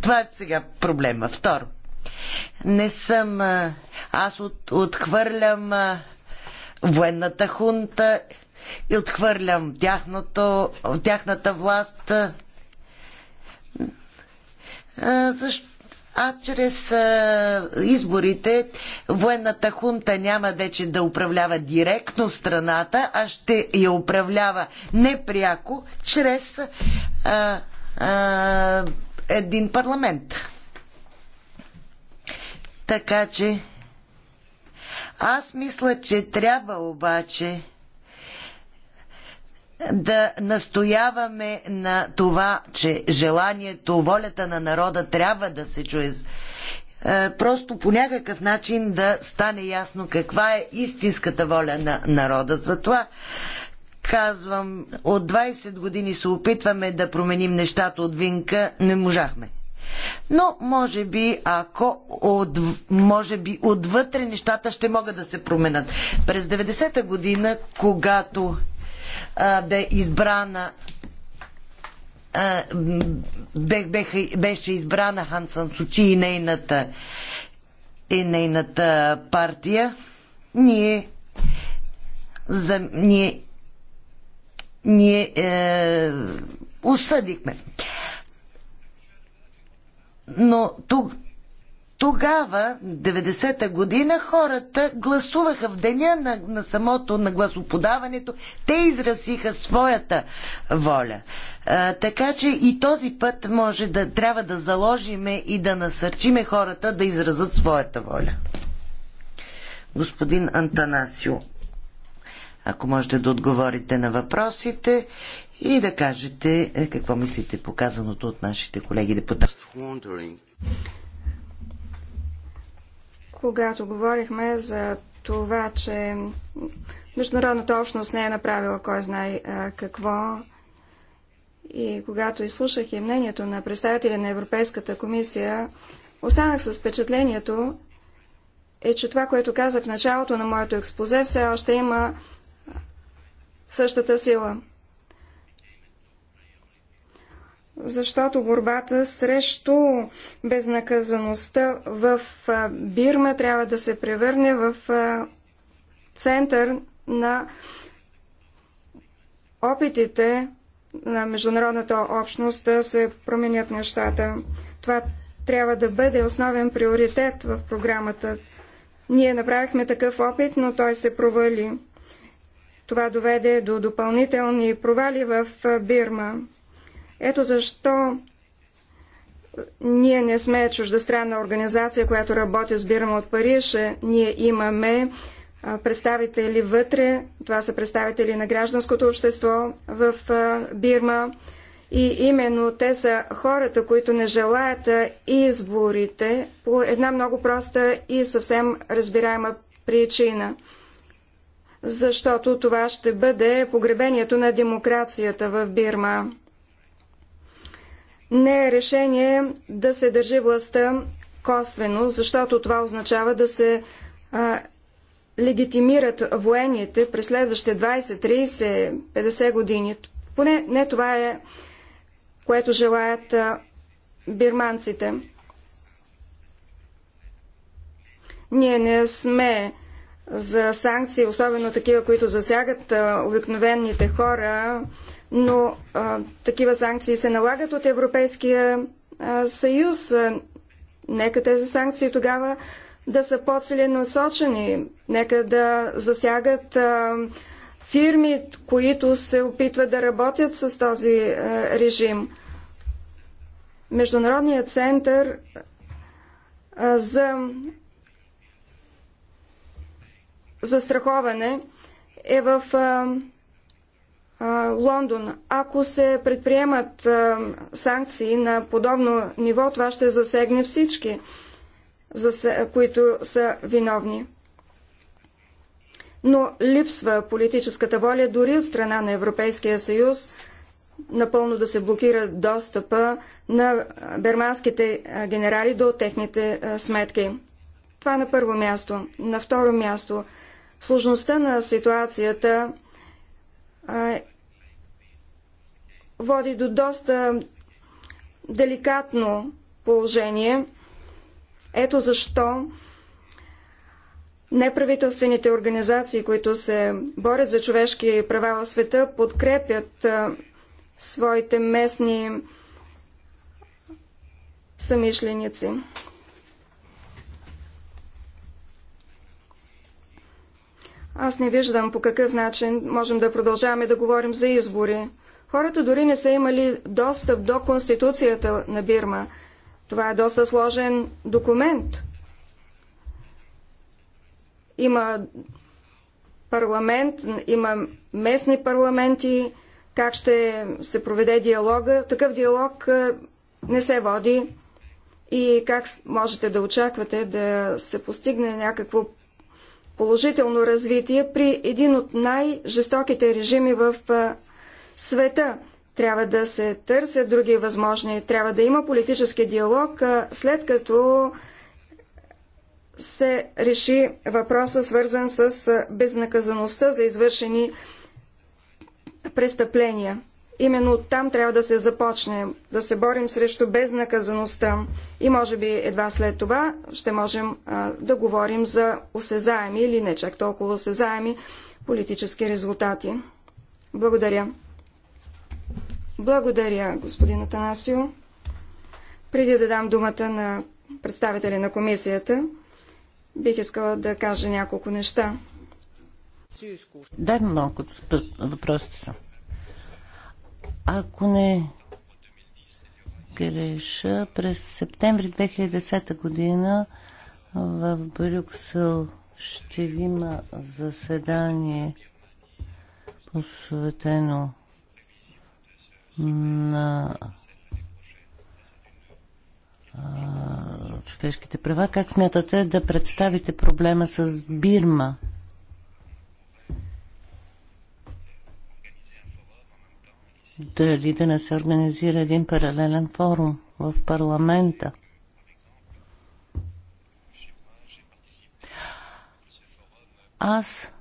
[SPEAKER 2] Това е сега проблема. Второ. Не съм. Аз от, отхвърлям а, военната хунта и отхвърлям тяхното, тяхната власт. Защо? а чрез а, изборите военната хунта няма вече да управлява директно страната, а ще я управлява непряко чрез а, а, един парламент. Така че аз мисля, че трябва обаче да настояваме на това, че желанието, волята на народа трябва да се чуе. Е, просто по някакъв начин да стане ясно каква е истинската воля на народа. Затова казвам, от 20 години се опитваме да променим нещата от винка, не можахме. Но може би, ако от, може би отвътре нещата ще могат да се променят. През 90-та година, когато бе избрана беше избрана Хан Сучи и нейната, и нейната партия, ние, за, ние, ние е, осъдихме. Но тук тогава, 90-та година, хората гласуваха в деня на, на самото на гласоподаването. Те изразиха своята воля. А, така че и този път може да трябва да заложиме и да насърчиме хората да изразат своята воля. Господин Антанасио, ако можете да отговорите на въпросите и да кажете е, какво мислите показаното от нашите колеги депутати
[SPEAKER 4] когато говорихме за това, че международната общност не е направила кой знае какво, и когато изслушах и мнението на представители на Европейската комисия, останах с впечатлението, е, че това, което казах в началото на моето експозе, все още има същата сила защото борбата срещу безнаказаността в Бирма трябва да се превърне в център на опитите на международната общност да се променят нещата. Това трябва да бъде основен приоритет в програмата. Ние направихме такъв опит, но той се провали. Това доведе до допълнителни провали в Бирма. Ето защо ние не сме чуждестранна организация, която работи с Бирма от Париж. Ние имаме представители вътре, това са представители на гражданското общество в Бирма. И именно те са хората, които не желаят изборите по една много проста и съвсем разбираема причина. Защото това ще бъде погребението на демокрацията в Бирма не е решение да се държи властта косвено, защото това означава да се а, легитимират военните през следващите 20, 30, 50 години. Поне не това е, което желаят а, бирманците. Ние не сме за санкции, особено такива, които засягат а, обикновените хора, но а, такива санкции се налагат от Европейския а, съюз. Нека тези санкции тогава да са по-целенасочени, нека да засягат а, фирми, които се опитват да работят с този а, режим. Международният център а, за застраховане е в а, Лондон. Ако се предприемат санкции на подобно ниво, това ще засегне всички, които са виновни. Но липсва политическата воля дори от страна на Европейския съюз напълно да се блокира достъпа на берманските генерали до техните сметки. Това на първо място. На второ място, сложността на ситуацията – води до доста деликатно положение. Ето защо неправителствените организации, които се борят за човешки права в света, подкрепят своите местни самишленици. Аз не виждам по какъв начин можем да продължаваме да говорим за избори. Хората дори не са имали достъп до Конституцията на Бирма. Това е доста сложен документ. Има парламент, има местни парламенти, как ще се проведе диалога. Такъв диалог не се води и как можете да очаквате да се постигне някакво положително развитие при един от най-жестоките режими в света. Трябва да се търсят други възможни, трябва да има политически диалог, след като се реши въпроса, свързан с безнаказаността за извършени престъпления. Именно там трябва да се започне, да се борим срещу безнаказаността и може би едва след това ще можем а, да говорим за осезаеми или не чак толкова осезаеми политически резултати. Благодаря. Благодаря, господин Атанасио. Преди да дам думата на представители на комисията, бих искала да кажа няколко неща.
[SPEAKER 3] Дай малко въпросите са. Ако не греша, през септември 2010 година в Брюксел ще има заседание посветено на човешките права. Как смятате да представите проблема с Бирма? дали да не се организира един паралелен форум в парламента. Аз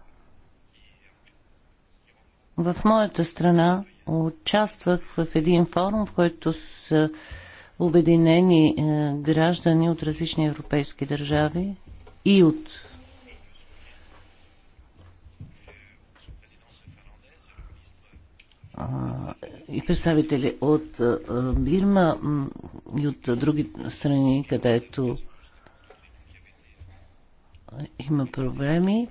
[SPEAKER 3] в моята страна участвах в един форум, в който са обединени е, граждани от различни европейски държави и от и представители от Бирма и от други страни, където има проблеми.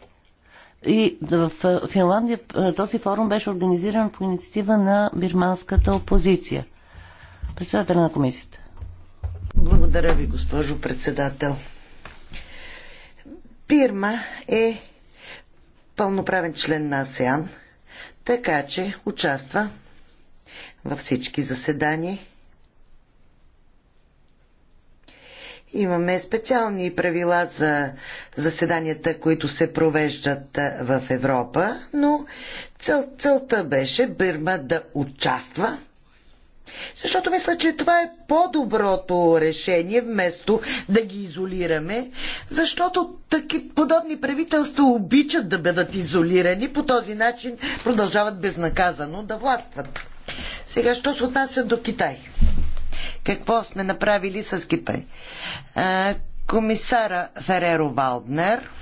[SPEAKER 3] И в Финландия този форум беше организиран по инициатива на бирманската опозиция. Председател на комисията.
[SPEAKER 2] Благодаря ви, госпожо председател. Бирма е пълноправен член на АСЕАН – така че участва във всички заседания. Имаме специални правила за заседанията, които се провеждат в Европа, но цел, целта беше Бирма да участва защото мисля, че това е по-доброто решение, вместо да ги изолираме, защото таки, подобни правителства обичат да бъдат изолирани, по този начин продължават безнаказано да властват. Сега, що се отнася до Китай? Какво сме направили с Китай? комисара Фереро Валднер –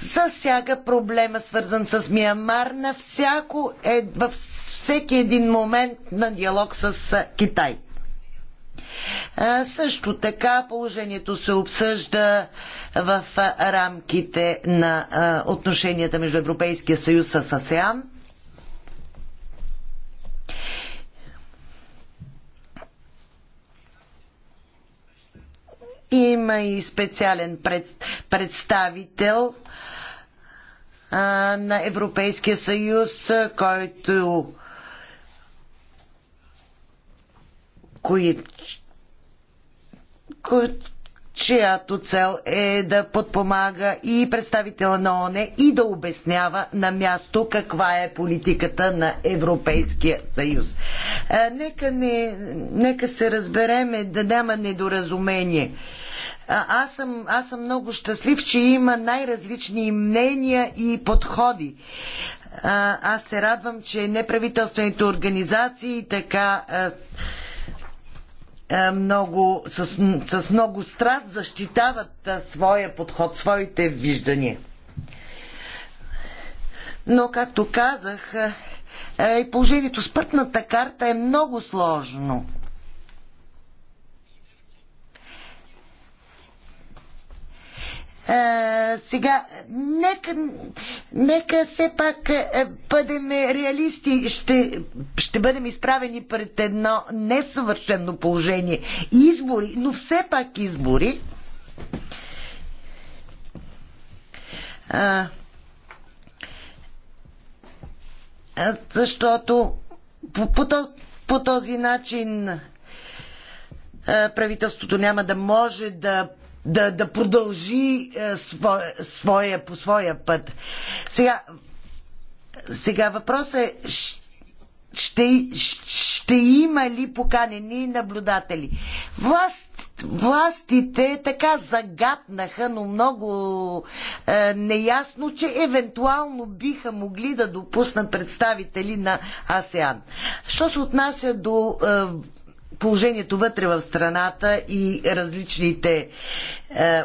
[SPEAKER 2] засяга проблема, свързан с Миямар, на всяко е, във всеки един момент на диалог с Китай. А, също така положението се обсъжда в а, рамките на а, отношенията между Европейския съюз с АСЕАН. Има и специален пред, представител а, на Европейския съюз, който кои, кои, чиято цел е да подпомага и представителя на ОНЕ и да обяснява на място каква е политиката на Европейския съюз. А, нека, не, нека се разбереме да няма недоразумение. А, аз съм, аз съм много щастлив, че има най-различни мнения и подходи. А, аз се радвам, че неправителствените организации така много, с, с много страст защитават своя подход, своите виждания. Но, както казах, е, положението с пътната карта е много сложно. сега, нека, нека все пак бъдем реалисти. Ще, ще бъдем изправени пред едно несъвършено положение. Избори, но все пак избори. А, защото по, по, по този начин правителството няма да може да да, да продължи е, своя, своя, по своя път. Сега, сега въпросът е, ще, ще има ли поканени наблюдатели? Власт властите така загатнаха, но много е, неясно, че евентуално биха могли да допуснат представители на АСЕАН. Що се отнася до е, положението вътре в страната и различните е, е,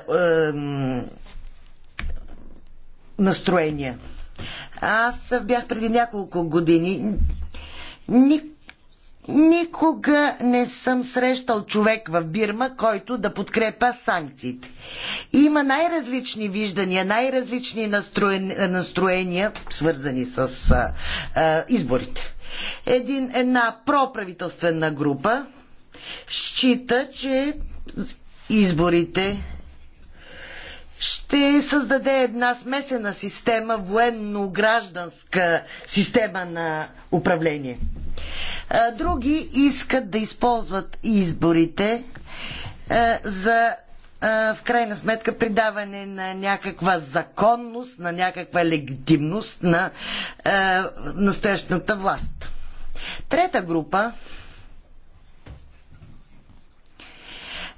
[SPEAKER 2] настроения. Аз бях преди няколко години. Никога не съм срещал човек в Бирма, който да подкрепа санкциите. Има най-различни виждания, най-различни настроен... настроения, свързани с е, е, изборите. Един, една проправителствена група, счита, че изборите ще създаде една смесена система, военно-гражданска система на управление. Други искат да използват изборите за в крайна сметка придаване на някаква законност, на някаква легитимност на настоящата власт. Трета група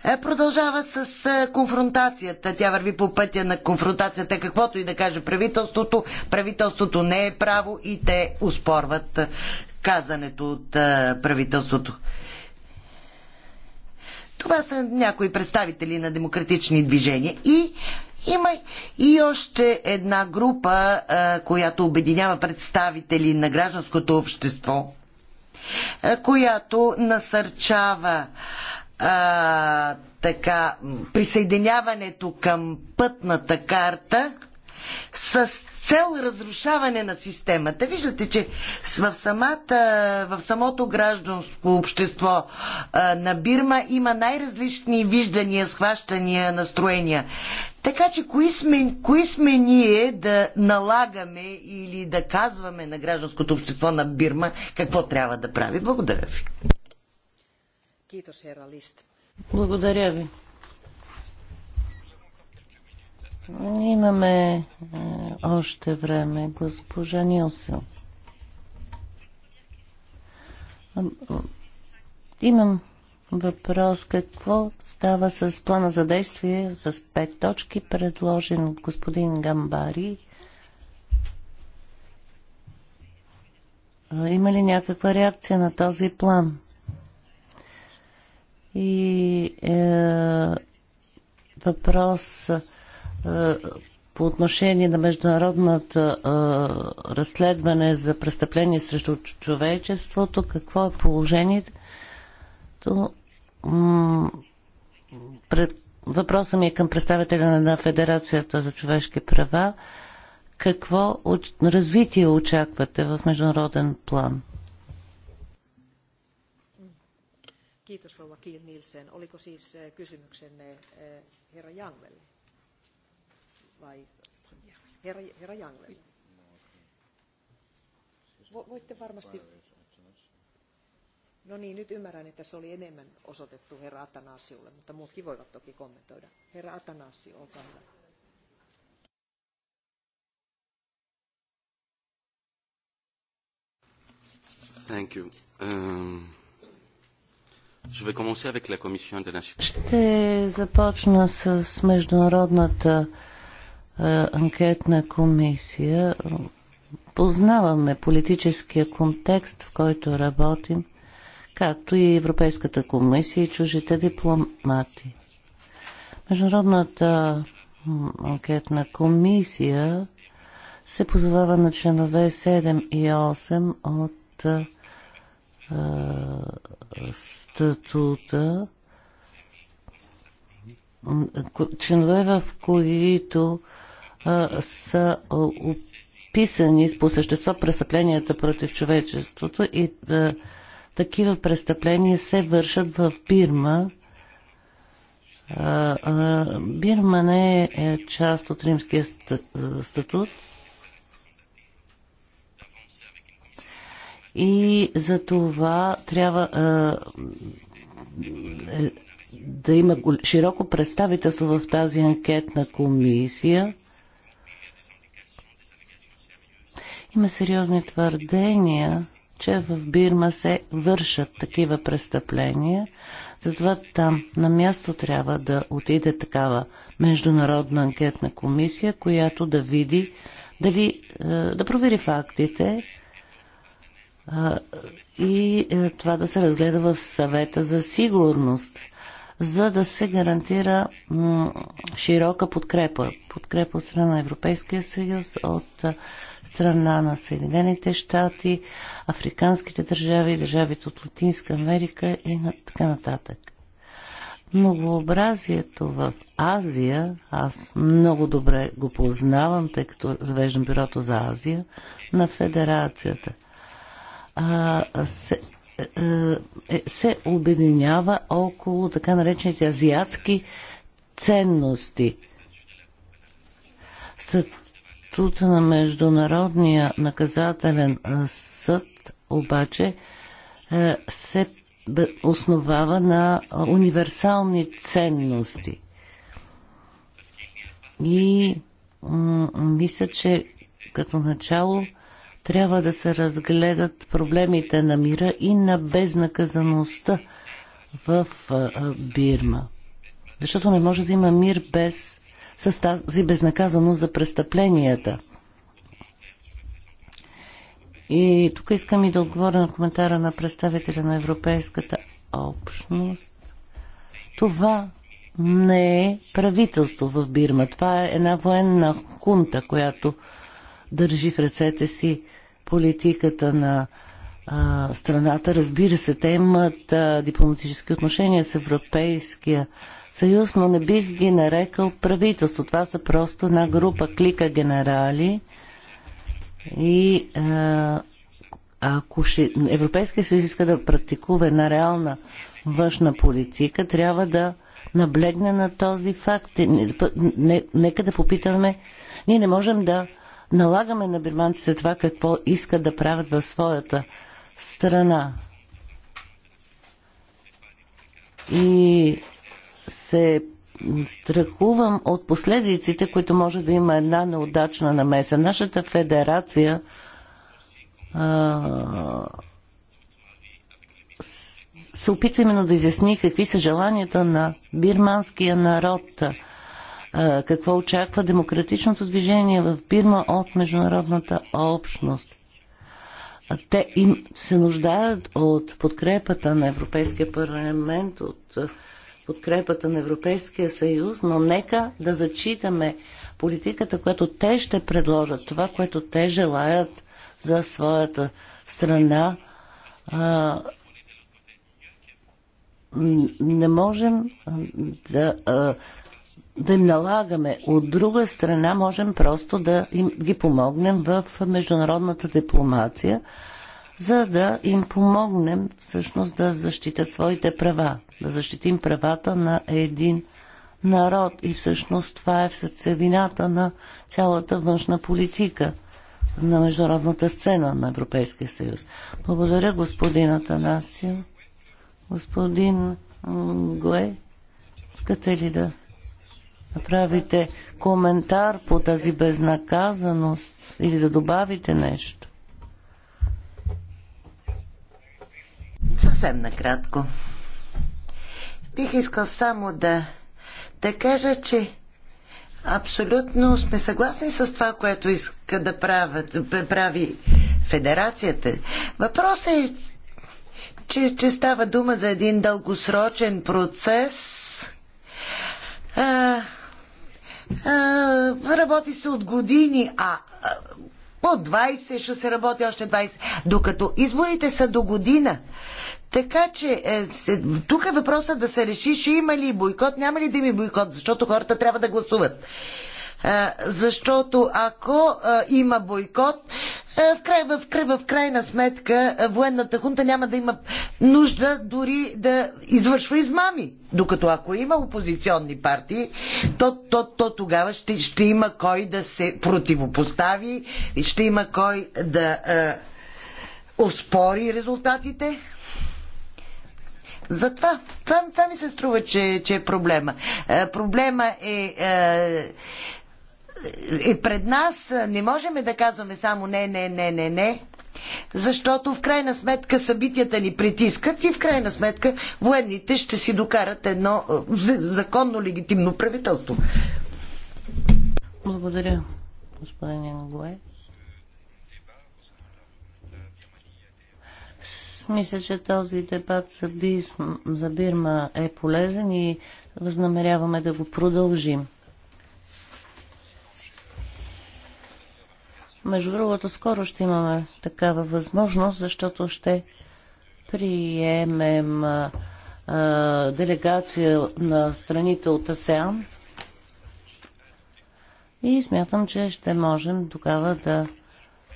[SPEAKER 2] Е, продължава с е, конфронтацията. Тя върви по пътя на конфронтацията, каквото и да каже правителството. Правителството не е право и те успорват е, казането от правителството. Това са някои представители на демократични движения. И има и още една група, която обединява представители на гражданското общество, която насърчава а, така, присъединяването към пътната карта с цел разрушаване на системата. Виждате, че в, самата, в самото гражданско общество а, на Бирма има най-различни виждания, схващания, настроения. Така че кои сме, кои сме ние да налагаме или да казваме на гражданското общество на Бирма какво трябва да прави? Благодаря ви.
[SPEAKER 3] Благодаря ви. Имаме е, още време, госпожа Нилсел. Имам въпрос. Какво става с плана за действие с пет точки, предложен от господин Гамбари? Има ли някаква реакция на този план? И е, въпрос е, по отношение на международната е, разследване за престъпление срещу човечеството, какво е положението? То, пред, въпросът ми е към представителя на Федерацията за човешки права. Какво развитие очаквате в международен план?
[SPEAKER 1] Kiitos rouva Kiil Nielsen. Oliko siis kysymyksenne herra Jangvelle? Vai herra, herra Jangvelle?
[SPEAKER 5] Voitte varmasti...
[SPEAKER 1] No niin, nyt ymmärrän, että se oli enemmän osoitettu herra Atanasiolle, mutta muutkin voivat toki kommentoida. Herra Atanasio, olkaa hyvä. Thank you. Um...
[SPEAKER 4] Ще
[SPEAKER 3] започна с Международната е, анкетна комисия. Познаваме политическия контекст, в който работим, както и Европейската комисия и чужите дипломати. Международната анкетна комисия се позовава на членове 7 и 8 от е, статута, членове в които а, са описани по същество престъпленията против човечеството и а, такива престъпления се вършат в Бирма. А, Бирма не е, е част от римския статут, И за това трябва а, е, да има широко представителство в тази анкетна комисия. Има сериозни твърдения, че в Бирма се вършат такива престъпления, затова там на място трябва да отиде такава международна анкетна комисия, която да види дали е, да провери фактите и е, това да се разгледа в съвета за сигурност, за да се гарантира широка подкрепа. Подкрепа от страна на Европейския съюз, от е, страна на Съединените щати, африканските държави, държавите от Латинска Америка и на, така нататък. Многообразието в Азия, аз много добре го познавам, тъй като завеждам бюрото за Азия, на Федерацията – се, е, е, се обединява около така наречените азиатски ценности. Статут на Международния наказателен съд обаче е, се основава на универсални ценности. И мисля, че като начало трябва да се разгледат проблемите на мира и на безнаказаността в Бирма. Защото не може да има мир без, с тази безнаказаност за престъпленията. И тук искам и да отговоря на коментара на представителя на Европейската общност. Това не е правителство в Бирма. Това е една военна хунта, която държи в ръцете си политиката на а, страната. Разбира се, те имат а, дипломатически отношения с Европейския съюз, но не бих ги нарекал правителство. Това са просто една група клика генерали и а, ако ще, Европейския съюз иска да практикува една реална външна политика, трябва да наблегне на този факт. Е, нека да попитаме. Ние не можем да налагаме на бирманците това какво искат да правят в своята страна. И се страхувам от последиците, които може да има една неудачна намеса. Нашата федерация а, се опитва именно да изясни какви са желанията на бирманския народ. Какво очаква демократичното движение в Бирма от международната общност? Те им се нуждаят от подкрепата на Европейския парламент, от подкрепата на Европейския съюз, но нека да зачитаме политиката, която те ще предложат, това, което те желаят за своята страна. не можем да да им налагаме. От друга страна, можем просто да им, ги помогнем в международната дипломация, за да им помогнем всъщност да защитят своите права, да защитим правата на един народ. И всъщност това е в сърцевината на цялата външна политика на международната сцена на Европейския съюз. Благодаря господин Атанасио. Господин Гуе, искате ли да направите коментар по тази безнаказаност или да добавите нещо?
[SPEAKER 2] Съвсем накратко. Бих искал само да, да кажа, че абсолютно сме съгласни с това, което иска да правят, прави федерацията. Въпросът е, че, че става дума за един дългосрочен процес. А, е, работи се от години, а по 20 ще се работи още 20, докато изборите са до година. Така че е, тук е въпросът да се реши, ще има ли бойкот, няма ли да има бойкот, защото хората трябва да гласуват защото ако има бойкот, в, край, в, край, в крайна сметка военната хунта няма да има нужда дори да извършва измами. Докато ако има опозиционни партии, то, то, то тогава ще, ще има кой да се противопостави, ще има кой да е, оспори резултатите. Затова, това, това ми се струва, че, че е проблема. Е, проблема е, е е пред нас. Не можем да казваме само не, не, не, не, не, защото в крайна сметка събитията ни притискат и в крайна сметка военните ще си докарат едно законно легитимно правителство.
[SPEAKER 3] Благодаря, господин Янгое. Мисля, че този дебат за, Бирма е полезен и възнамеряваме да го продължим. Между другото, скоро ще имаме такава възможност, защото ще приемем а, а, делегация на страните от АСЕАН и смятам, че ще можем тогава да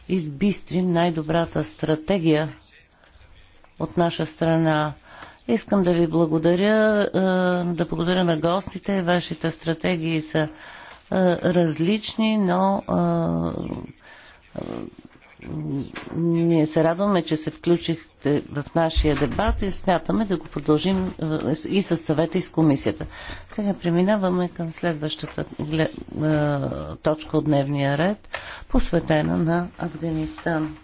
[SPEAKER 3] избистрим най-добрата стратегия от наша страна. Искам да ви благодаря, да благодаря на гостите. Вашите стратегии са различни, но ние се радваме, че се включихте в нашия дебат и смятаме да го продължим е, и с съвета и с комисията. Сега преминаваме към следващата е, точка от дневния ред, посветена на Афганистан.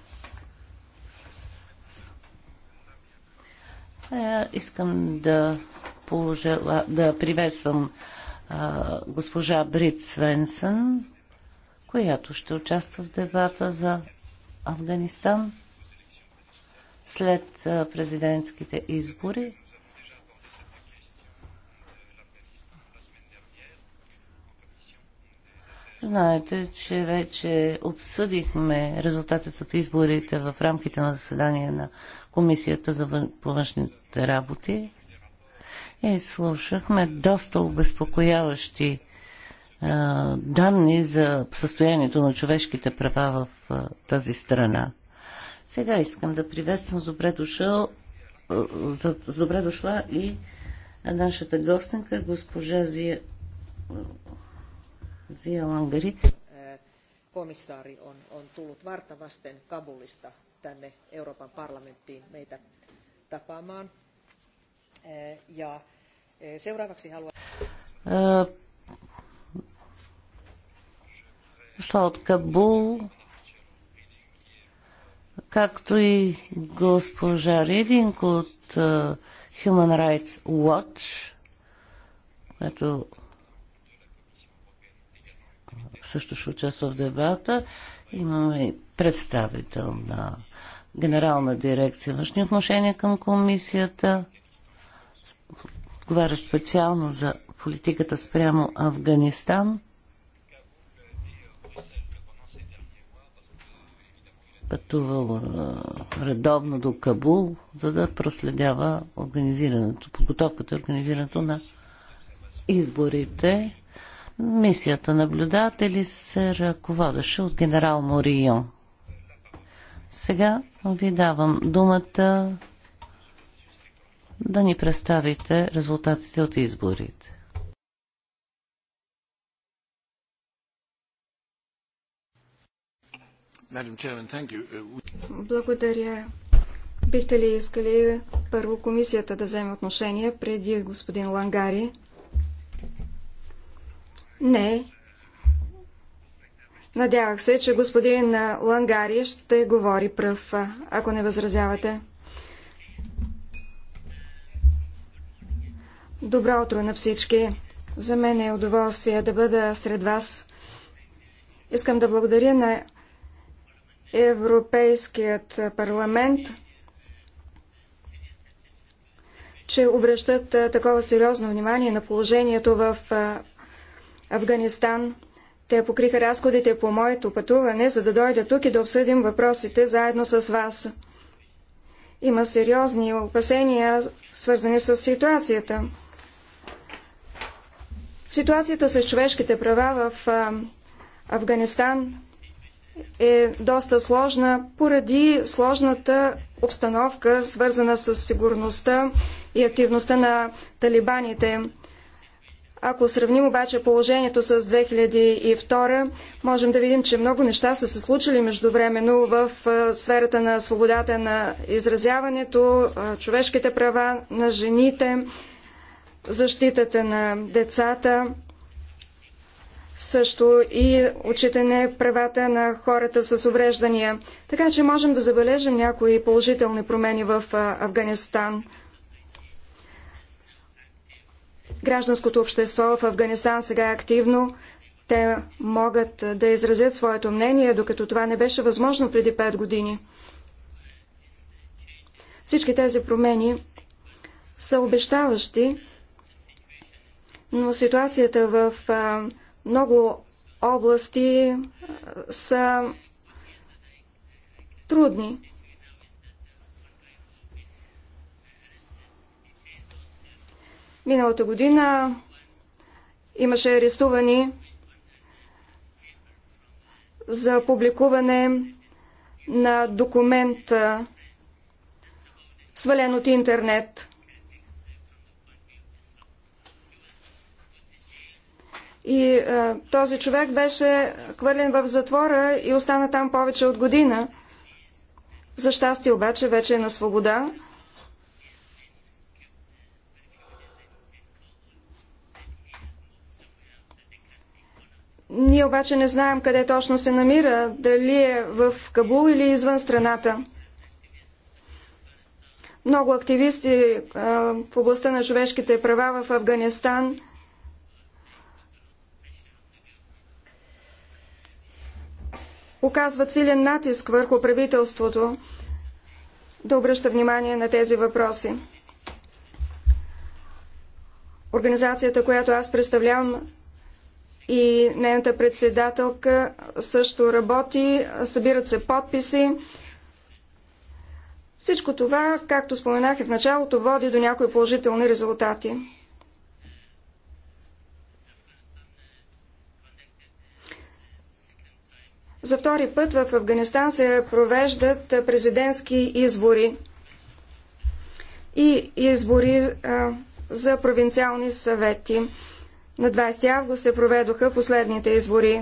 [SPEAKER 3] Е, искам да, пожела, да приветствам госпожа Брит Свенсън, която ще участва в дебата за Афганистан след президентските избори. Знаете, че вече обсъдихме резултатите от изборите в рамките на заседание на Комисията за външните работи и слушахме доста обезпокояващи данни за състоянието на човешките права в тази страна. Сега искам да приветствам с добре, дошъл, с добре дошла и нашата гостенка, госпожа Зия, Зия Лангари.
[SPEAKER 1] Е, комисари on, on tullut vartavasten Kabulista tänne Euroopan parlamenttiin meitä tapaamaan. Е, ja е, seuraavaksi haluan...
[SPEAKER 3] шла от Кабул, както и госпожа Ридинг от Human Rights Watch, която също ще участва в дебата. Имаме и представител на Генерална дирекция външни отношения към комисията, говорящ специално за политиката спрямо Афганистан. пътувал редовно до Кабул, за да проследява организирането, подготовката и организирането на изборите. Мисията наблюдатели се ръководеше от генерал Морион. Сега ви давам думата да ни представите резултатите от изборите.
[SPEAKER 5] Uh,
[SPEAKER 4] благодаря. Бихте ли искали първо комисията да вземе отношение преди господин Лангари? Не. Надявах се, че господин Лангари ще говори пръв, ако не възразявате. Добро утро на всички! За мен е удоволствие да бъда сред вас. Искам да благодаря на Европейският парламент, че обръщат такова сериозно внимание на положението в Афганистан. Те покриха разходите по моето пътуване, за да дойда тук и да обсъдим въпросите заедно с вас. Има сериозни опасения, свързани с ситуацията. Ситуацията с човешките права в Афганистан е доста сложна поради сложната обстановка, свързана с сигурността и активността на талибаните. Ако сравним обаче положението с 2002, можем да видим, че много неща са се случили междувременно в сферата на свободата на изразяването, човешките права на жените, защитата на децата също и отчитане правата на хората с увреждания. Така че можем да забележим някои положителни промени в Афганистан. Гражданското общество в Афганистан сега е активно. Те могат да изразят своето мнение, докато това не беше възможно преди 5 години. Всички тези промени са обещаващи, но ситуацията в много области са трудни. Миналата година имаше арестувани за публикуване на документа, свален от интернет. И а, е, този човек беше хвърлен в затвора и остана там повече от година. За щастие обаче вече е на свобода. Ние обаче не знаем къде точно се намира, дали е в Кабул или извън страната. Много активисти а, е, в областта на човешките права в Афганистан – оказват силен натиск върху правителството да обръща внимание на тези въпроси. Организацията, която аз представлявам и нейната председателка също работи, събират се подписи. Всичко това, както споменах и в началото, води до някои положителни резултати. За втори път в Афганистан се провеждат президентски избори и избори а, за провинциални съвети. На 20 август се проведоха последните избори.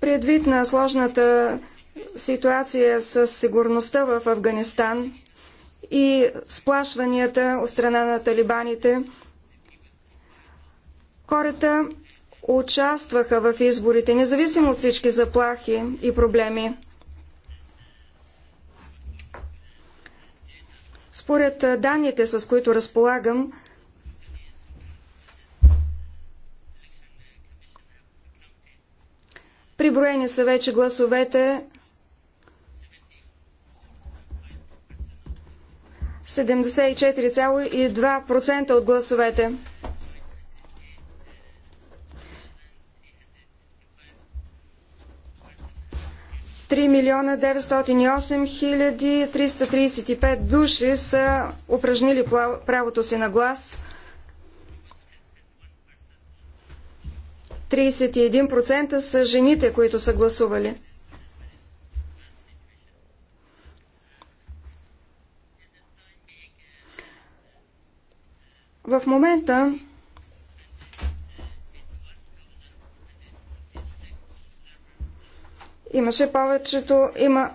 [SPEAKER 4] Предвид на сложната ситуация с сигурността в Афганистан и сплашванията от страна на талибаните, хората участваха в изборите, независимо от всички заплахи и проблеми. Според данните, с които разполагам, приброени са вече гласовете 74,2% от гласовете. 3 милиона 908 хиляди 335 души са упражнили правото си на глас. 31% са жените, които са гласували. В момента Имаше повечето, има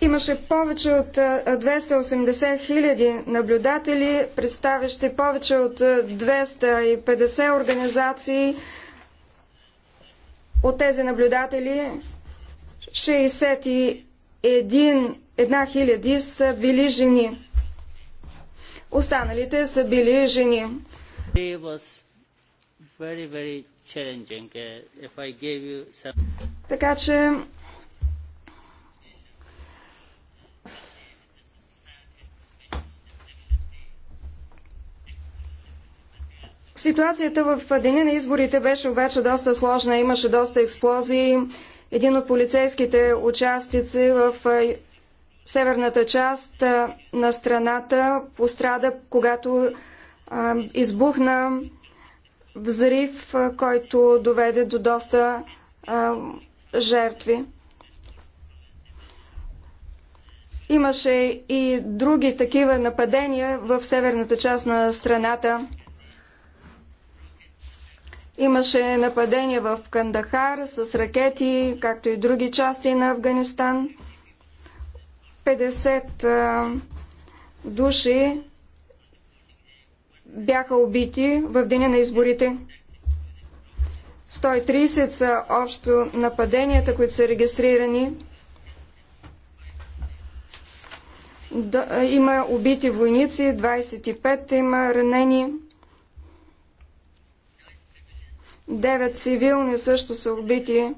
[SPEAKER 4] Имаше повече от 280 хиляди наблюдатели, представящи повече от 250 организации. От тези наблюдатели 61 хиляди са били жени. Останалите са били жени.
[SPEAKER 3] Very, very Uh,
[SPEAKER 4] така че Ситуацията в деня на изборите беше обаче доста сложна. Имаше доста експлозии. Един от полицейските участици в северната част на страната пострада, когато избухна взрив, който доведе до доста а, жертви. Имаше и други такива нападения в северната част на страната. Имаше нападения в Кандахар с ракети, както и други части на Афганистан. 50 а, души бяха убити в деня на изборите. 130 са общо нападенията, които са регистрирани. Да, има убити войници, 25 има ранени. 9 цивилни също са убити.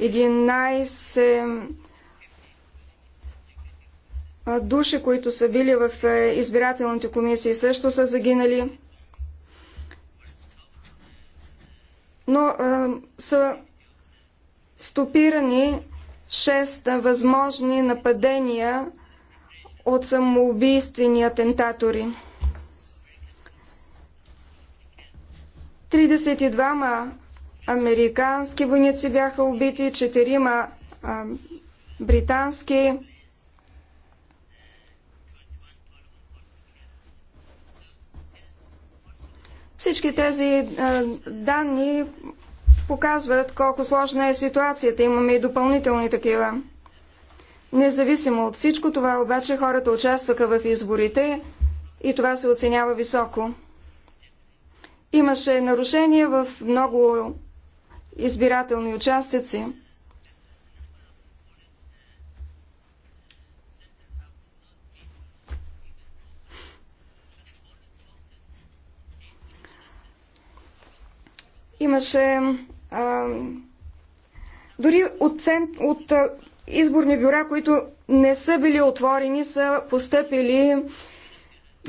[SPEAKER 4] 11 души, които са били в е, избирателните комисии, също са загинали. Но а, са стопирани шест възможни нападения от самоубийствени атентатори. 32 американски войници бяха убити, 4 ма британски Всички тези е, данни показват колко сложна е ситуацията. Имаме и допълнителни такива. Независимо от всичко това, обаче хората участваха в изборите и това се оценява високо. Имаше нарушения в много избирателни участъци. Имаше а, дори от, цен, от а, изборни бюра, които не са били отворени, са постъпили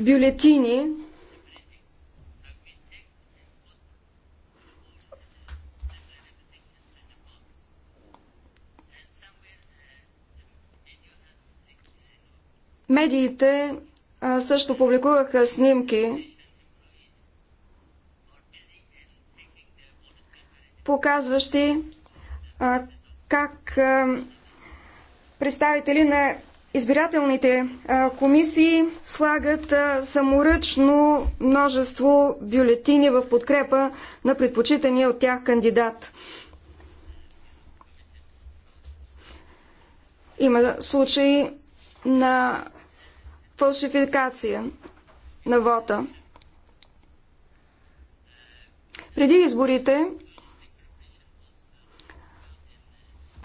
[SPEAKER 4] бюлетини. Медиите а, също публикуваха снимки показващи а, как а, представители на избирателните а, комисии слагат а, саморъчно множество бюлетини в подкрепа на предпочитания от тях кандидат. Има случаи на фалшификация на вота. Преди изборите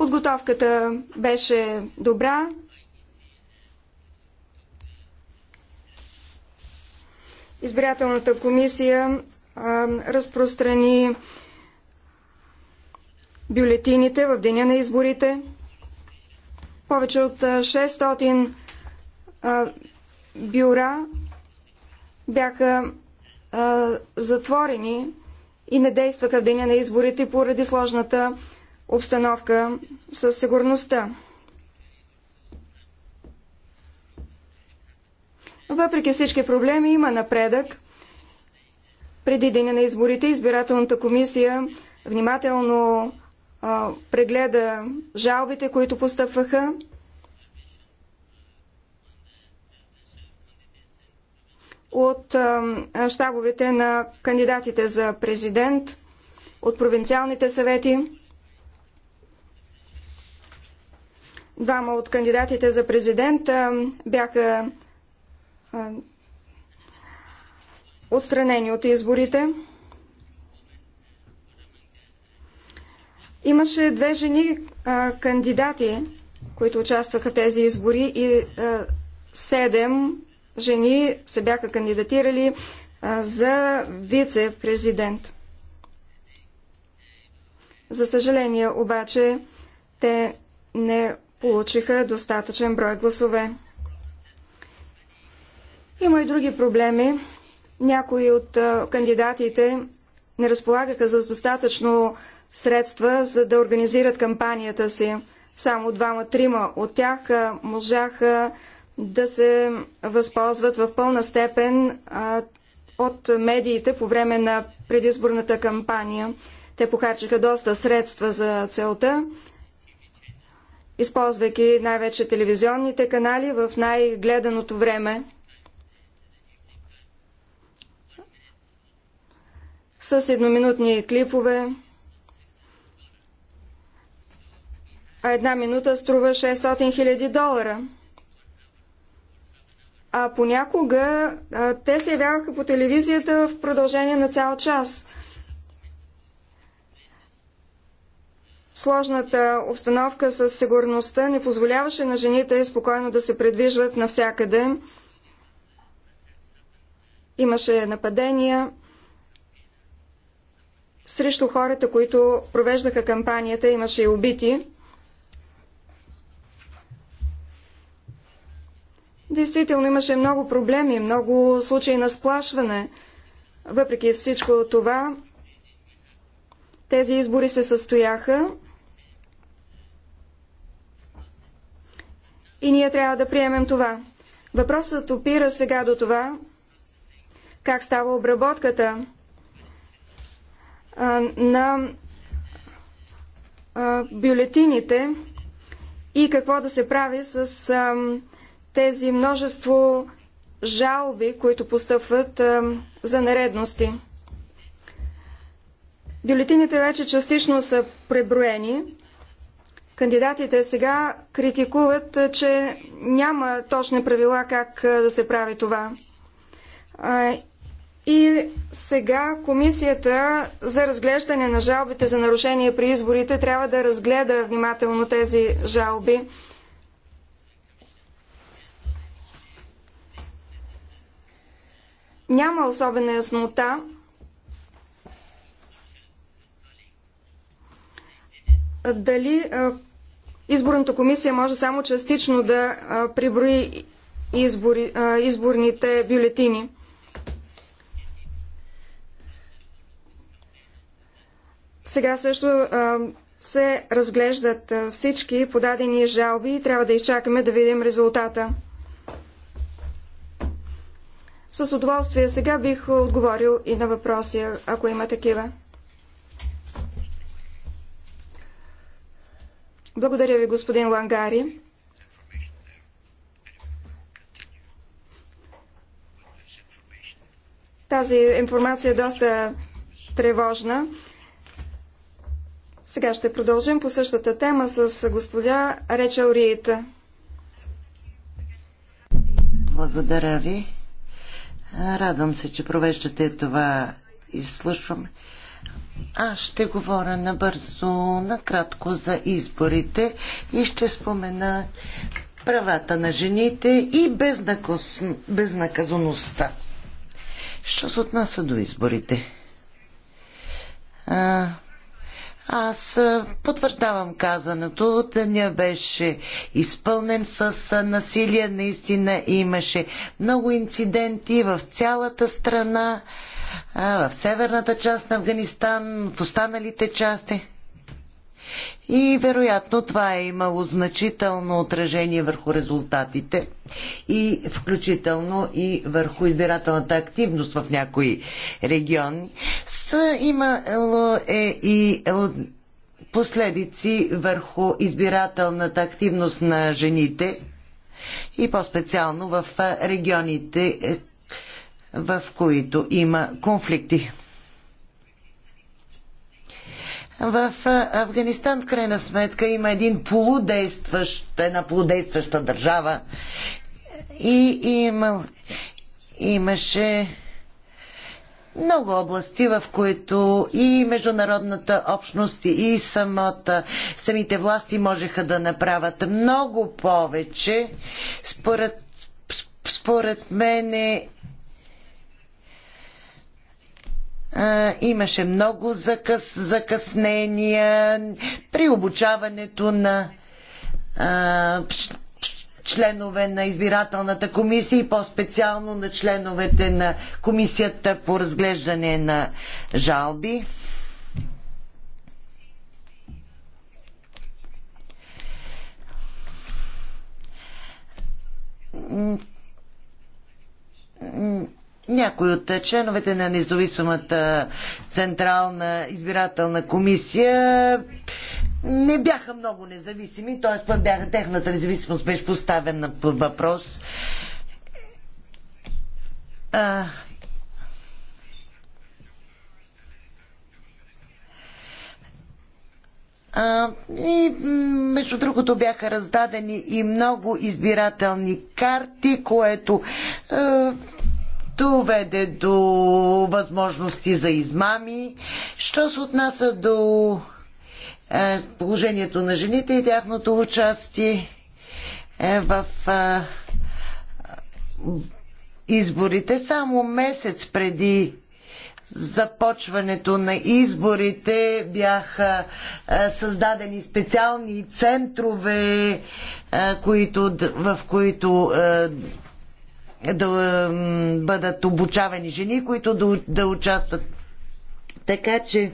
[SPEAKER 4] Подготовката беше добра. Избирателната комисия а, разпространи бюлетините в деня на изборите. Повече от 600 а, бюра бяха а, затворени и не действаха в деня на изборите поради сложната обстановка със сигурността. Въпреки всички проблеми има напредък. Преди деня на изборите избирателната комисия внимателно а, прегледа жалбите, които постъпваха. от щабовете на кандидатите за президент, от провинциалните съвети. Двама от кандидатите за президент бяха отстранени от изборите. Имаше две жени кандидати, които участваха в тези избори и седем жени се бяха кандидатирали за вице-президент. За съжаление обаче те не получиха достатъчен брой гласове. Има и други проблеми. Някои от кандидатите не разполагаха с достатъчно средства, за да организират кампанията си. Само двама-трима от тях можаха да се възползват в пълна степен от медиите по време на предизборната кампания. Те похарчиха доста средства за целта използвайки най-вече телевизионните канали в най-гледаното време. С едноминутни клипове. А една минута струва 600 000 долара. А понякога а, те се явяваха по телевизията в продължение на цял час – Сложната обстановка със сигурността не позволяваше на жените спокойно да се предвижват навсякъде. Имаше нападения срещу хората, които провеждаха кампанията, имаше и убити. Действително имаше много проблеми, много случаи на сплашване. Въпреки всичко това, тези избори се състояха. и ние трябва да приемем това. Въпросът опира сега до това, как става обработката а, на а, бюлетините и какво да се прави с а, тези множество жалби, които постъпват за нередности. Бюлетините вече частично са преброени, Кандидатите сега критикуват, е, че няма точни правила как е, да се прави това. И сега комисията за разглеждане на жалбите за нарушение при изборите трябва да разгледа внимателно тези жалби. Няма особена яснота дали изборната комисия може само частично да приброи избори, изборните бюлетини. Сега също се разглеждат всички подадени жалби и трябва да изчакаме да видим резултата. С удоволствие сега бих отговорил и на въпроси, ако има такива. Благодаря ви, господин Лангари. Тази информация е доста тревожна. Сега ще продължим по същата тема с господя Речел Риит.
[SPEAKER 2] Благодаря ви. Радвам се, че провеждате това изслушване. Аз ще говоря набързо, накратко за изборите и ще спомена правата на жените и безнакос... безнаказаността. Що се отнася до изборите? А, аз потвърждавам казаното. Деня беше изпълнен с насилие. Наистина имаше много инциденти в цялата страна а, в северната част на Афганистан, в останалите части. И вероятно това е имало значително отражение върху резултатите и включително и върху избирателната активност в някои региони. С, имало е и е, последици върху избирателната активност на жените и по-специално в е, регионите, е, в които има конфликти. В Афганистан, в крайна сметка, има един полудействащ, една полудействаща държава и има, имаше много области, в които и международната общност, и самата, самите власти можеха да направят много повече. Според, според мен имаше много закъс, закъснения при обучаването на а, членове на избирателната комисия и по-специално на членовете на комисията по разглеждане на жалби някои от членовете на независимата централна избирателна комисия не бяха много независими, т.е. бяха техната независимост беше поставена под въпрос. А, А, и между другото бяха раздадени и много избирателни карти, което доведе до възможности за измами. Що се отнася до е, положението на жените и тяхното участие е, в е, изборите, само месец преди започването на изборите бяха създадени специални центрове, в които да бъдат обучавани жени, които да, да участват. Така че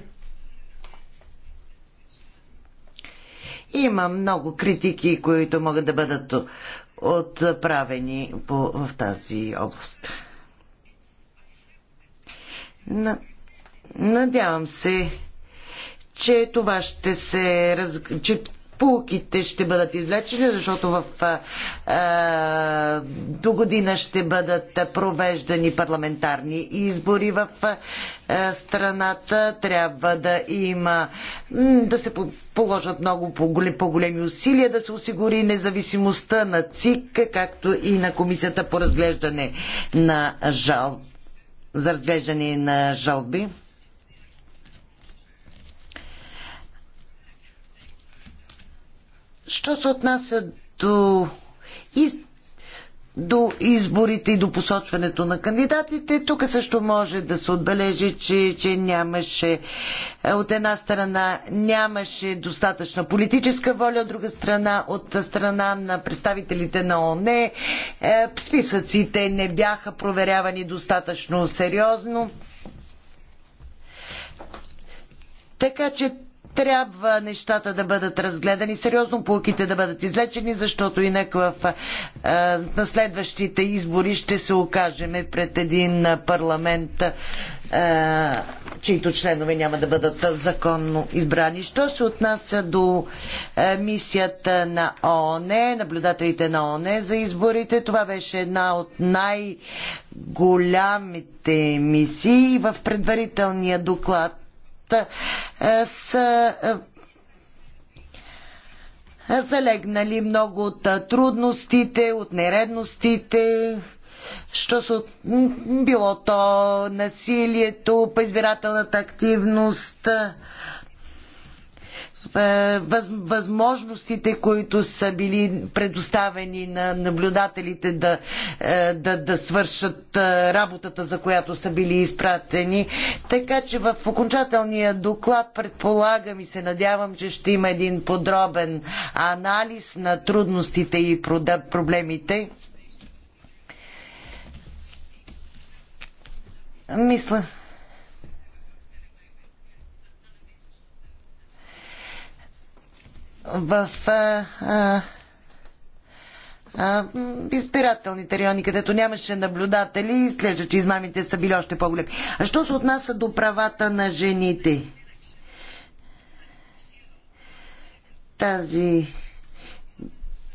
[SPEAKER 2] има много критики, които могат да бъдат отправени по, в тази област. На, надявам се, че това ще се, раз, че Пулките ще бъдат извлечени, защото в а, до година ще бъдат провеждани парламентарни избори в а, страната. Трябва да има да се положат много по-големи усилия да се осигури независимостта на ЦИК, както и на Комисията по разглеждане на жал... за разглеждане на жалби. Що се отнася до, из, до изборите и до посочването на кандидатите, тук също може да се отбележи, че, че нямаше е, от една страна нямаше достатъчна политическа воля, от друга страна от страна на представителите на ОНЕ. Списъците не бяха проверявани достатъчно сериозно. Така че трябва нещата да бъдат разгледани сериозно, полките да бъдат излечени, защото инак в а, на следващите избори ще се окажем пред един парламент, а, чието членове няма да бъдат законно избрани. Що се отнася до а, мисията на ООН, наблюдателите на ООН за изборите, това беше една от най-голямите мисии в предварителния доклад са залегнали много от трудностите, от нередностите, що са било то насилието, избирателната активност, е, възможностите, които са били предоставени на наблюдателите да, е, да, да свършат е, работата, за която са били изпратени. Така че в окончателния доклад предполагам и се надявам, че ще има един подробен анализ на трудностите и проблемите. Мисля, в а, а, а, избирателните райони, където нямаше наблюдатели, изглежда, че измамите са били още по-големи. А що се отнася до правата на жените? Тази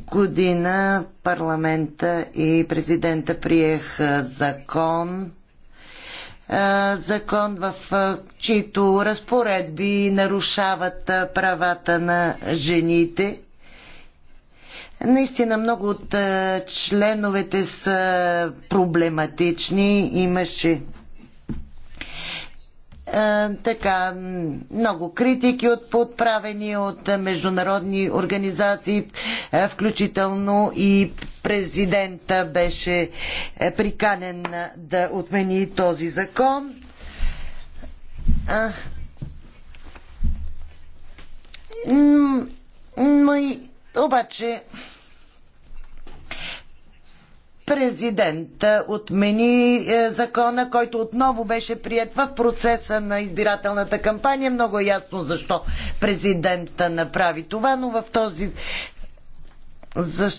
[SPEAKER 2] година парламента и президента приеха закон закон, в чието разпоредби нарушават правата на жените. Наистина много от членовете са проблематични. Имаше е, така много критики от подправени от международни организации, е, включително и президента беше е, приканен да отмени този закон. Но и Обаче, президент отмени е, закона, който отново беше прият в процеса на избирателната кампания. Много е ясно защо президента направи това, но в този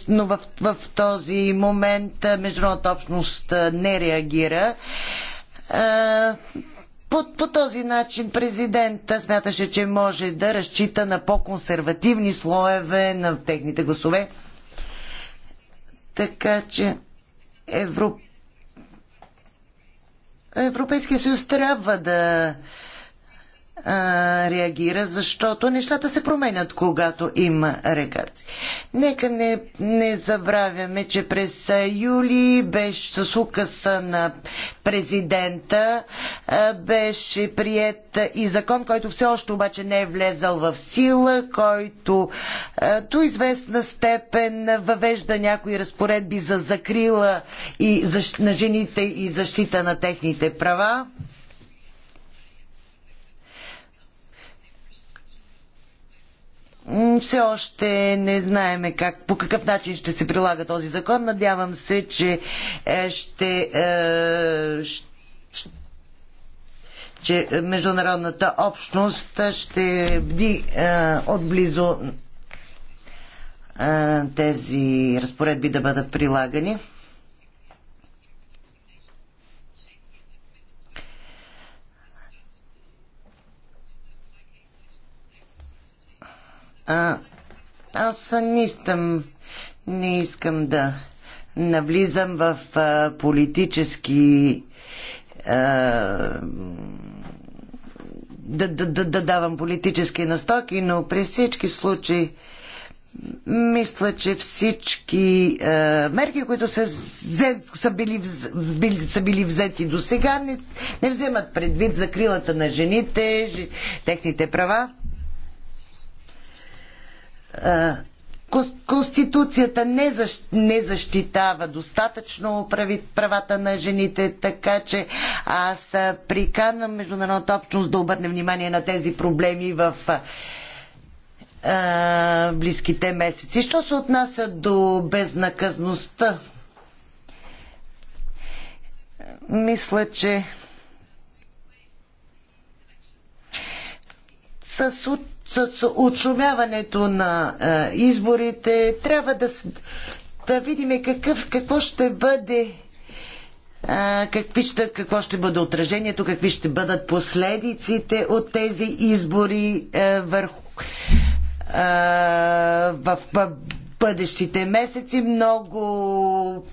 [SPEAKER 2] но в, в този момент е, международната общност е, не реагира. По, по този начин президента смяташе, че може да разчита на по-консервативни слоеве на техните гласове. Така че Европ... Европейския съюз трябва да а, реагира, защото нещата се променят, когато има регаци. Нека не, не забравяме, че през юли беше с указа на президента а, беше прият и закон, който все още обаче не е влезал в сила, който а, до известна степен въвежда някои разпоредби за закрила и защ... на жените и защита на техните права. все още не знаеме как, по какъв начин ще се прилага този закон. Надявам се, че е, ще, ще че международната общност ще бди е, отблизо е, тези разпоредби да бъдат прилагани. А, аз не искам, не искам да навлизам в а, политически а, да, да, да, да давам политически настоки, но при всички случаи мисля, че всички а, мерки, които са, взе, са, били, били, са били взети до сега, не, не вземат предвид закрилата на жените, техните права. Конституцията не, защ, не защитава достатъчно прави, правата на жените, така че аз приканвам международната общност да обърне внимание на тези проблеми в а, близките месеци. Що се отнася до безнаказността? Мисля, че с с отшумяването на а, е, изборите. Трябва да, да видим какъв, какво ще бъде е, какви ще, какво ще бъде отражението, какви ще бъдат последиците от тези избори а, е, върху а, в бъдещите месеци. Много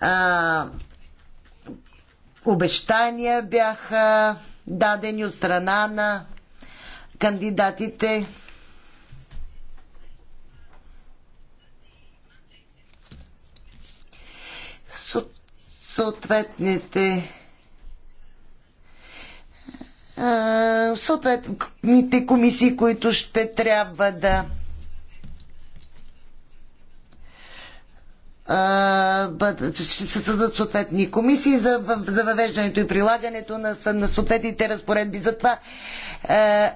[SPEAKER 2] а, обещания бяха дадени от страна на кандидатите съответните съответните комисии, които ще трябва да ще се създадат съответни комисии за, за въвеждането и прилагането на, на съответните разпоредби. Затова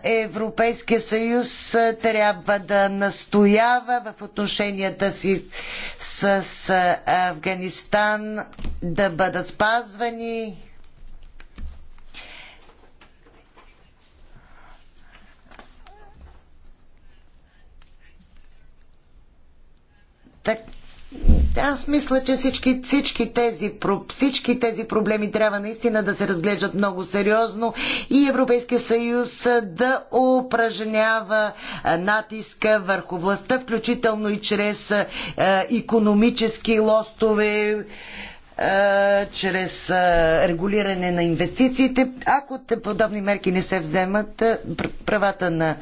[SPEAKER 2] Европейския съюз трябва да настоява в отношенията си с, с Афганистан да бъдат спазвани. Так, аз мисля, че всички, всички, тези, всички тези проблеми трябва наистина да се разглеждат много сериозно и Европейския съюз да упражнява натиска върху властта, включително и чрез икономически лостове, чрез регулиране на инвестициите. Ако подобни мерки не се вземат, правата на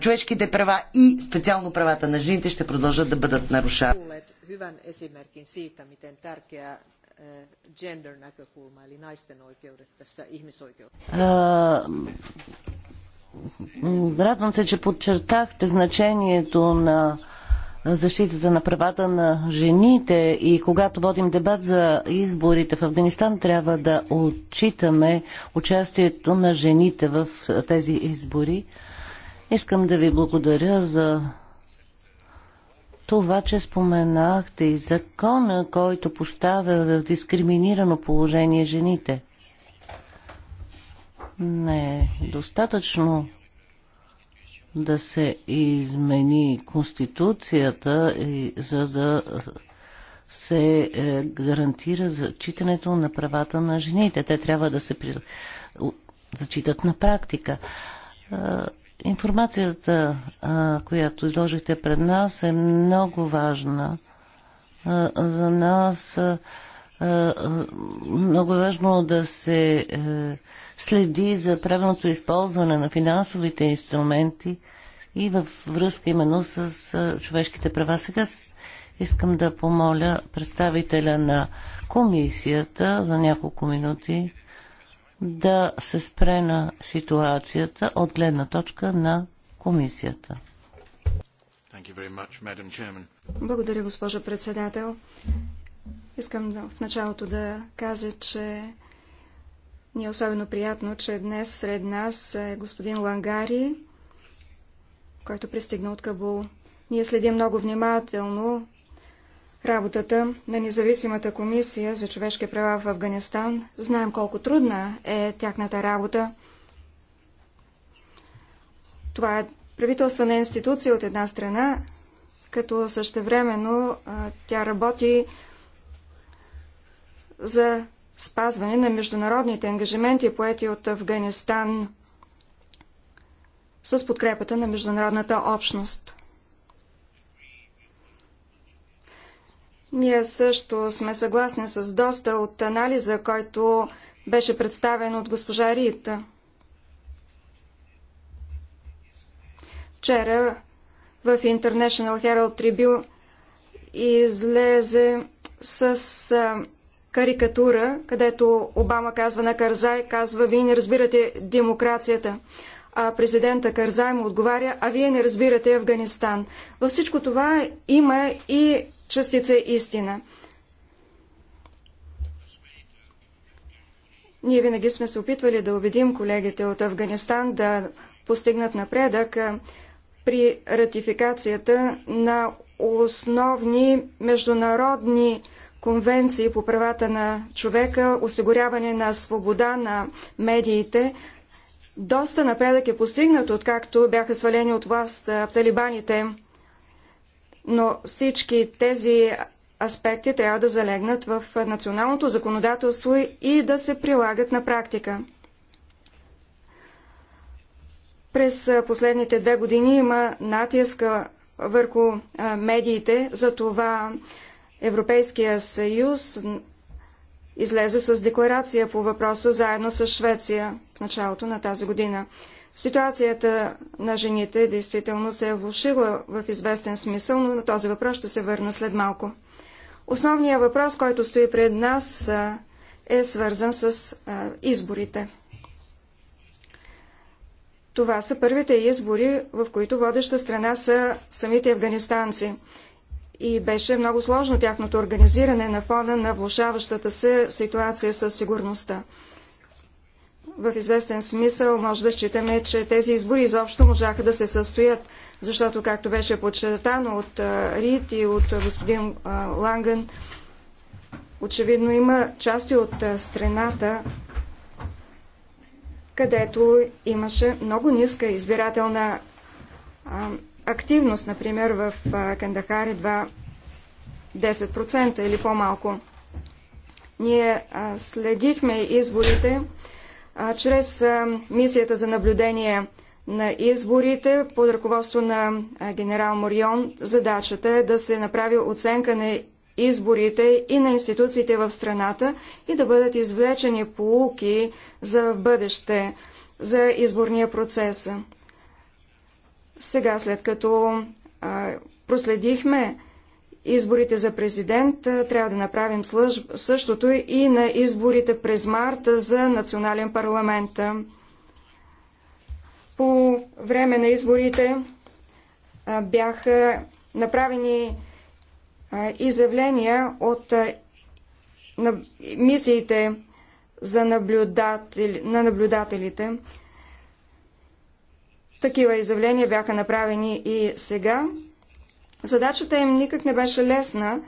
[SPEAKER 2] човешките права и специално правата на жените ще продължат да бъдат нарушавани
[SPEAKER 1] hyvän esimerkin siitä, miten tärkeä äh, gender-näkökulma eli naisten oikeudet tässä ihmisoikeudessa.
[SPEAKER 3] Äh, радвам се, че подчертахте значението на защитата на правата на жените и когато водим дебат за изборите в Афганистан, трябва да отчитаме участието на жените в тези избори. Искам да ви благодаря за това, че споменахте и закона, който поставя в дискриминирано положение жените. Не е достатъчно да се измени конституцията, и, за да се е, гарантира зачитането на правата на жените. Те трябва да се при... зачитат на практика. Информацията, която изложихте пред нас, е много важна. За нас много е важно да се е, следи за правилното използване на финансовите инструменти и във връзка именно с човешките права. Сега искам да помоля представителя на комисията за няколко минути да се спре на ситуацията от гледна точка на комисията.
[SPEAKER 4] Much, Благодаря, госпожо председател. Искам да, в началото да кажа, че ни е особено приятно, че днес сред нас е господин Лангари, който пристигна от Кабул. Ние следим много внимателно работата на независимата комисия за човешки права в Афганистан. Знаем колко трудна е тяхната работа. Това е правителствена институция от една страна, като същевременно тя работи за спазване на международните ангажименти, поети от Афганистан с подкрепата на международната общност. Ние също сме съгласни с доста от анализа, който беше представен от госпожа Рита. Вчера в International Herald Tribune излезе с карикатура, където Обама казва на Карзай, казва, вие не разбирате демокрацията а президента Карзай му отговаря, а вие не разбирате Афганистан. Във всичко това има и частица истина. Ние винаги сме се опитвали да убедим колегите от Афганистан да постигнат напредък при ратификацията на основни международни конвенции по правата на човека, осигуряване на свобода на медиите, доста напредък е постигнат, откакто бяха свалени от власт талибаните, но всички тези аспекти трябва да залегнат в националното законодателство и да се прилагат на практика. През последните две години има натиска върху медиите, за това Европейския съюз излезе с декларация по въпроса заедно с Швеция в началото на тази година. Ситуацията на жените действително се е влушила в известен смисъл, но на този въпрос ще се върна след малко. Основният въпрос, който стои пред нас, е свързан с изборите. Това са първите избори, в които водеща страна са самите афганистанци и беше много сложно тяхното организиране на фона на влушаващата се ситуация със сигурността. В известен смисъл може да считаме, че тези избори изобщо можаха да се състоят, защото, както беше подчертано от Рид и от господин Ланган, очевидно има части от страната, където имаше много ниска избирателна активност, например, в Кандахар едва 10% или по-малко. Ние следихме изборите чрез мисията за наблюдение на изборите под ръководство на генерал Морион. Задачата е да се направи оценка на изборите и на институциите в страната и да бъдат извлечени полуки за бъдеще за изборния процес. Сега, след като а, проследихме изборите за президент, трябва да направим същото и на изборите през марта за национален парламент. По време на изборите бяха направени изявления от мисиите за наблюдатели, на наблюдателите. Такива изявления бяха направени и сега. Задачата им никак не беше лесна.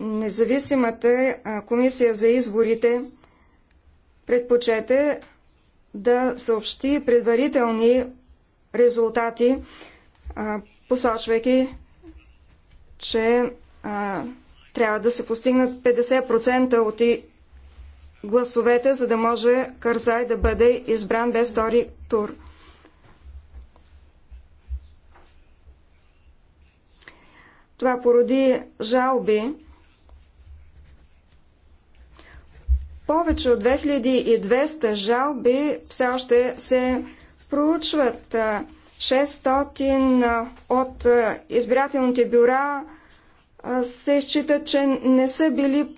[SPEAKER 4] Независимата комисия за изборите предпочете да съобщи предварителни резултати, посочвайки, че трябва да се постигнат 50% от гласовете, за да може Карзай да бъде избран без втори тур. Това породи жалби. Повече от 2200 жалби все още се проучват. 600 от избирателните бюра се считат, че не са били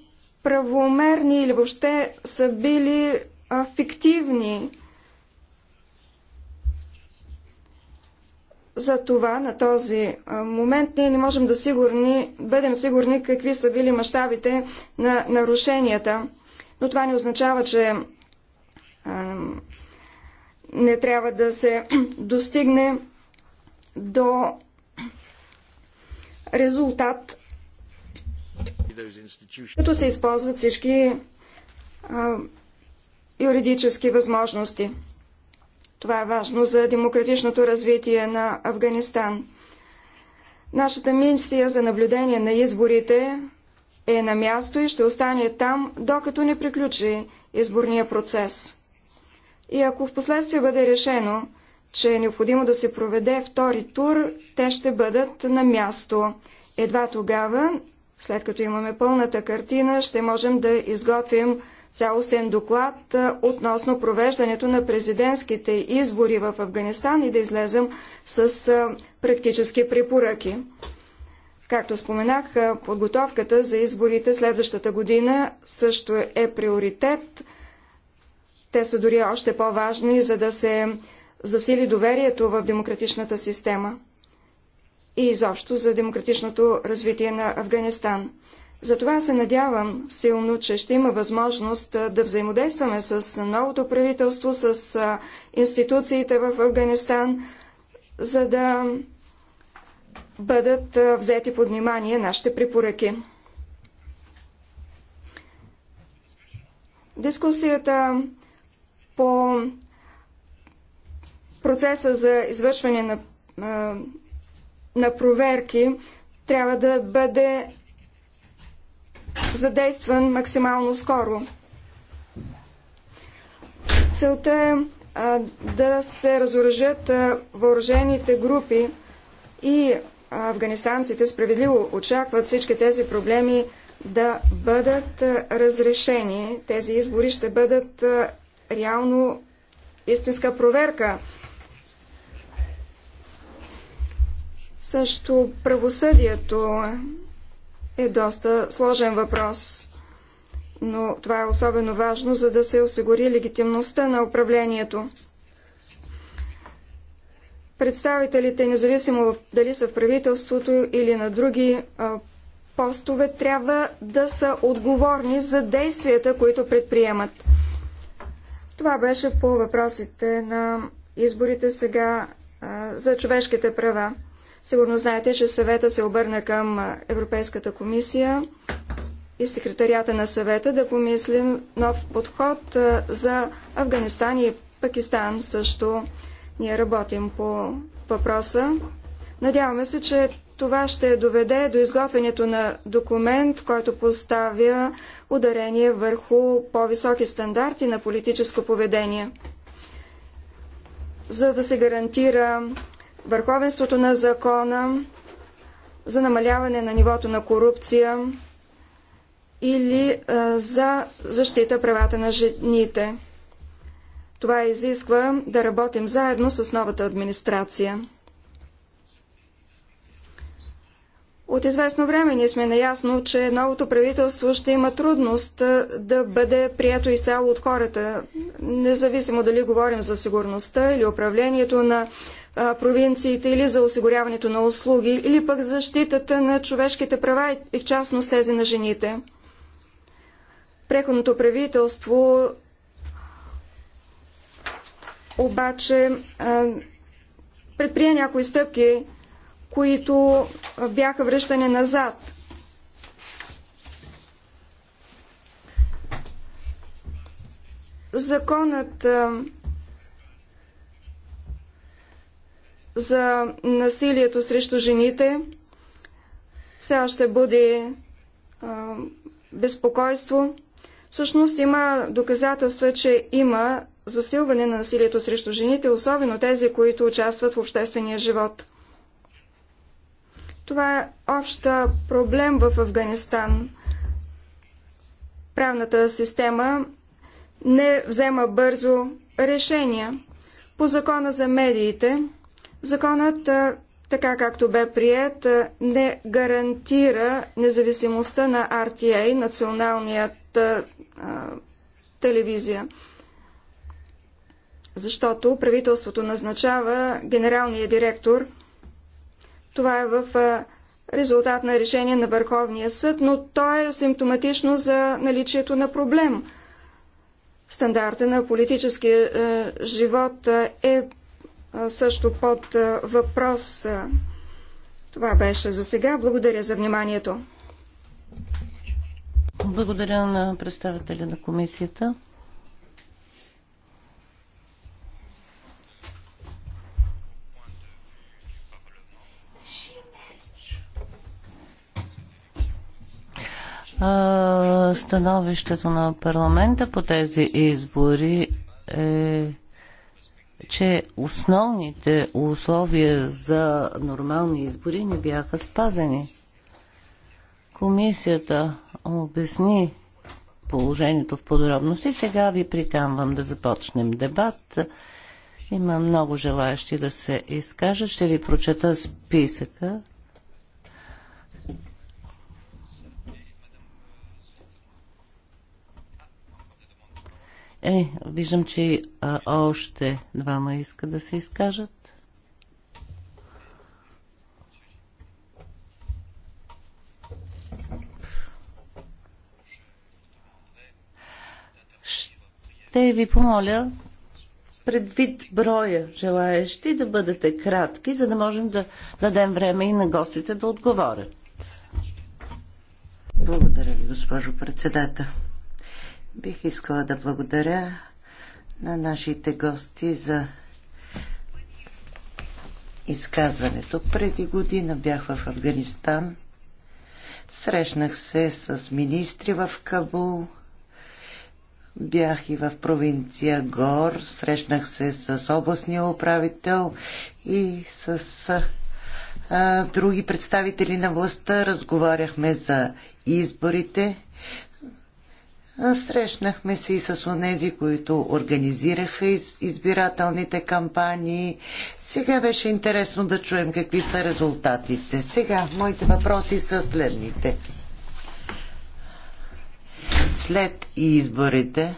[SPEAKER 4] правомерни или въобще са били а, фиктивни. За това на този момент ние не можем да сигурни, бъдем сигурни какви са били мащабите на нарушенията. Но това не означава, че а, не трябва да се [CLEARS THROAT] достигне до резултат като се използват всички а, юридически възможности. Това е важно за демократичното развитие на Афганистан. Нашата мисия за наблюдение на изборите е на място и ще остане там, докато не приключи изборния процес. И ако в последствие бъде решено, че е необходимо да се проведе втори тур, те ще бъдат на място. Едва тогава след като имаме пълната картина, ще можем да изготвим цялостен доклад относно провеждането на президентските избори в Афганистан и да излезем с практически препоръки. Както споменах, подготовката за изборите следващата година също е приоритет. Те са дори още по-важни, за да се засили доверието в демократичната система и изобщо за демократичното развитие на Афганистан. Затова се надявам силно, че ще има възможност да взаимодействаме с новото правителство, с институциите в Афганистан, за да бъдат взети под внимание нашите препоръки. Дискусията по процеса за извършване на на проверки трябва да бъде задействан максимално скоро. Целта е а, да се разоръжат а, въоръжените групи и афганистанците справедливо очакват всички тези проблеми да бъдат разрешени. Тези избори ще бъдат реално истинска проверка Също правосъдието е доста сложен въпрос, но това е особено важно, за да се осигури легитимността на управлението. Представителите, независимо дали са в правителството или на други постове, трябва да са отговорни за действията, които предприемат. Това беше по въпросите на изборите сега за човешките права. Сигурно знаете, че съвета се обърна към Европейската комисия и секретарията на съвета да помислим нов подход за Афганистан и Пакистан също. Ние работим по въпроса. Надяваме се, че това ще доведе до изготвянето на документ, който поставя ударение върху по-високи стандарти на политическо поведение. За да се гарантира върховенството на закона, за намаляване на нивото на корупция или а, за защита правата на жените. Това изисква да работим заедно с новата администрация. От известно време ние сме наясно, че новото правителство ще има трудност да бъде прието изцяло от хората, независимо дали говорим за сигурността или управлението на провинциите или за осигуряването на услуги, или пък защитата на човешките права и в частност тези на жените. Преходното правителство обаче предприе някои стъпки, които бяха връщане назад. Законът за насилието срещу жените все още буди а, безпокойство. Всъщност има доказателства, че има засилване на насилието срещу жените, особено тези, които участват в обществения живот. Това е обща проблем в Афганистан. Правната система не взема бързо решения. По закона за медиите, Законът, така както бе прият, не гарантира независимостта на RTA, националният а, телевизия. Защото правителството назначава генералния директор. Това е в а, резултат на решение на Върховния съд, но то е симптоматично за наличието на проблем. Стандарта на политическия е, живот е също под въпрос. Това беше за сега. Благодаря за вниманието.
[SPEAKER 3] Благодаря на представителя на комисията. Становището на парламента по тези избори е че основните условия за нормални избори не бяха спазени. Комисията обясни положението в подробности. Сега ви приканвам да започнем дебат. Има много желаящи да се изкажат. Ще ви прочета списъка. Е, виждам, че а, още двама иска да се изкажат. Ще ви помоля, предвид броя желаящи, да бъдете кратки, за да можем да дадем време и на гостите да отговорят. Благодаря ви, госпожо
[SPEAKER 2] председател. Бих искала да благодаря на нашите гости за изказването. Преди година бях в Афганистан. Срещнах се с министри в Кабул. Бях и в провинция Гор. Срещнах се с областния управител и с а, други представители на властта. Разговаряхме за изборите. Срещнахме се и с онези, които организираха избирателните кампании. Сега беше интересно да чуем какви са резултатите. Сега моите въпроси са следните. След изборите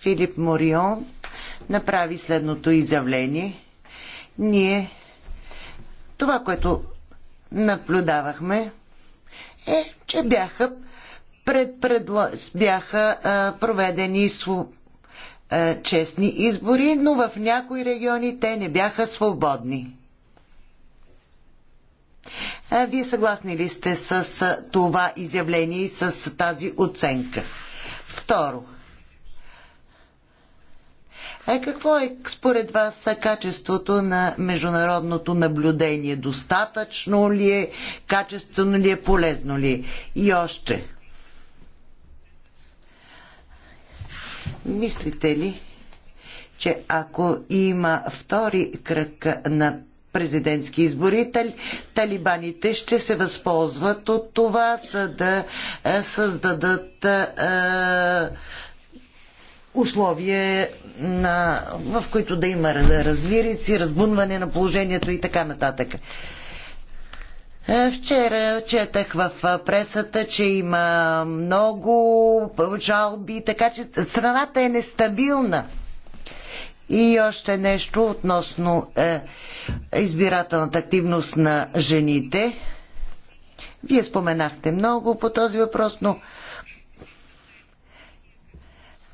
[SPEAKER 2] Филип Морион направи следното изявление. Ние това, което наблюдавахме, е, че бяха пред, пред, бяха а, проведени а, честни избори, но в някои региони те не бяха свободни. А, вие съгласни ли сте с това изявление и с тази оценка? Второ. Е, какво е според вас качеството на международното наблюдение? Достатъчно ли е? Качествено ли е? Полезно ли е? И още. Мислите ли, че ако има втори кръг на президентски избори, талибаните ще се възползват от това, за да е, създадат е, условия, на, в които да има размирици, разбунване на положението и така нататък. Е, вчера четах в пресата, че има много жалби, така че страната е нестабилна. И още нещо относно е, избирателната активност на жените. Вие споменахте много по този въпрос, но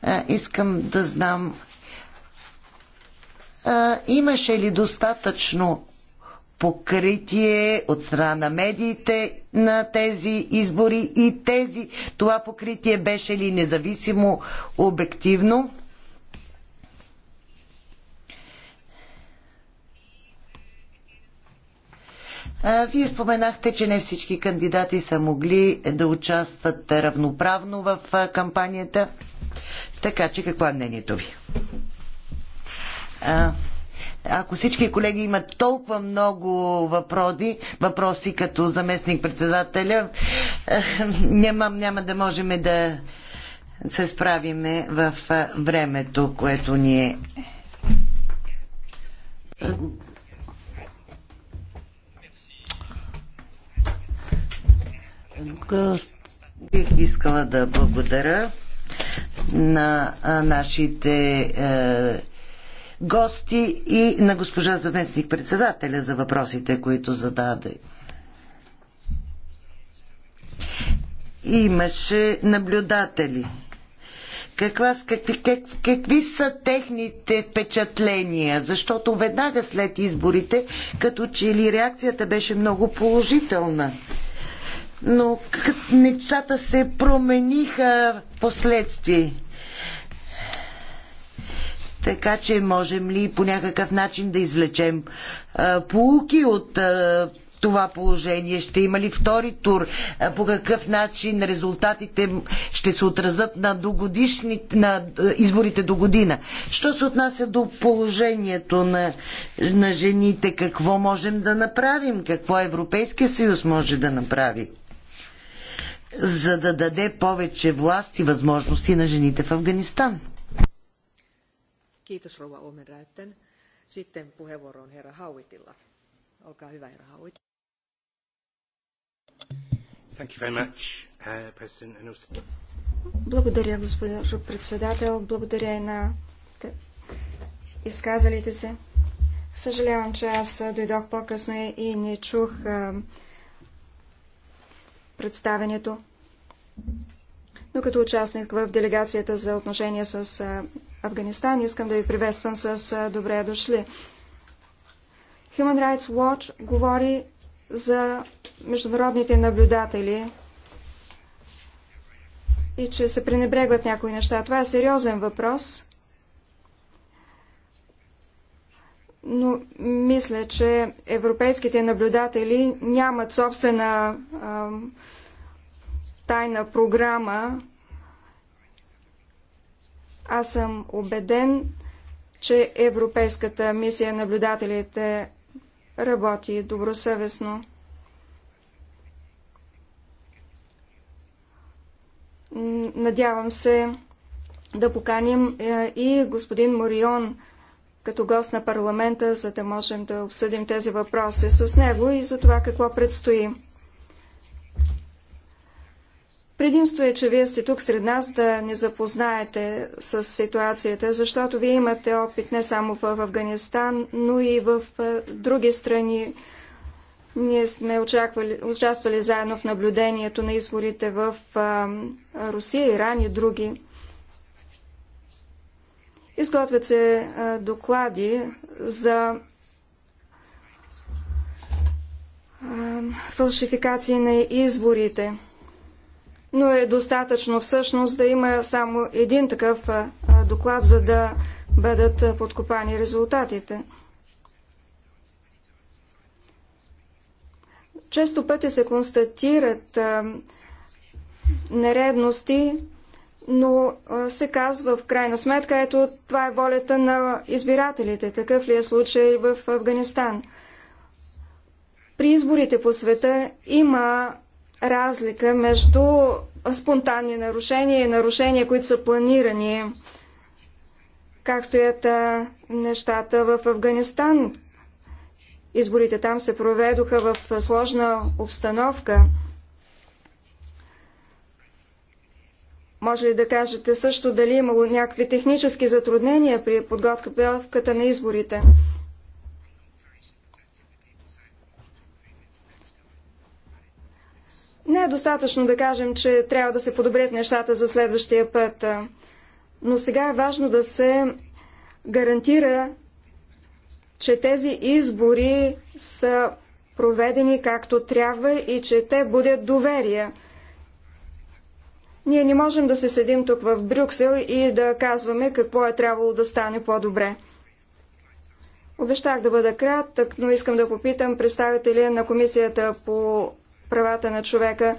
[SPEAKER 2] е, искам да знам е, имаше ли достатъчно покритие от страна на медиите на тези избори и тези, това покритие беше ли независимо обективно? Вие споменахте, че не всички кандидати са могли да участват равноправно в кампанията. Така че какво е мнението ви? ако всички колеги имат толкова много въпроси, въпроси като заместник председателя, няма, няма да можем да се справиме в времето, което ни е. Бих искала да благодаря на нашите е, гости и на госпожа заместник председателя за въпросите, които зададе. Имаше наблюдатели. Каква, какви, как, какви са техните впечатления? Защото веднага след изборите, като че ли реакцията беше много положителна но нещата се промениха в последствие. Така че можем ли по някакъв начин да извлечем а, полуки от а, това положение? Ще има ли втори тур? А, по какъв начин резултатите ще се отразят на, на изборите до година? Що се отнася до положението на, на жените? Какво можем да направим? Какво Европейския съюз може да направи? за да даде повече власт и възможности на жените в Афганистан.
[SPEAKER 1] Kiitos rouva Omenräytten. Sitten puheenvuoro on herra Hauitilla.
[SPEAKER 3] Olkaa hyvä, herra Hauit.
[SPEAKER 4] Thank you very much, uh, President. Благодаря, госпожо председател. Благодаря и на изказалите се. Съжалявам, че аз дойдох по-късно и не чух представенето. Но като участник в делегацията за отношения с Афганистан. Искам да ви приветствам с добре дошли. Human Rights Watch говори за международните наблюдатели и че се пренебрегват някои неща. Това е сериозен въпрос, но мисля, че европейските наблюдатели нямат собствена а, тайна програма аз съм убеден, че Европейската мисия наблюдателите работи добросъвестно. Надявам се да поканим е, и господин Морион като гост на парламента, за да можем да обсъдим тези въпроси с него и за това какво предстои. Предимство е, че вие сте тук сред нас да не запознаете с ситуацията, защото вие имате опит не само в Афганистан, но и в други страни. Ние сме очаквали, участвали заедно в наблюдението на изборите в Русия, Иран и други. Изготвят се доклади за фалшификации на изборите но е достатъчно всъщност да има само един такъв доклад, за да бъдат подкопани резултатите. Често пъти се констатират нередности, но се казва в крайна сметка, ето това е волята на избирателите. Такъв ли е случай в Афганистан? При изборите по света има разлика между спонтанни нарушения и нарушения, които са планирани. Как стоят нещата в Афганистан? Изборите там се проведоха в сложна обстановка. Може ли да кажете също дали имало някакви технически затруднения при подготовката на изборите? Не е достатъчно да кажем, че трябва да се подобрят нещата за следващия път, но сега е важно да се гарантира, че тези избори са проведени както трябва и че те будят доверие. Ние не можем да се седим тук в Брюксел и да казваме какво е трябвало да стане по-добре. Обещах да бъда кратък, но искам да попитам представителя на комисията по правата на човека,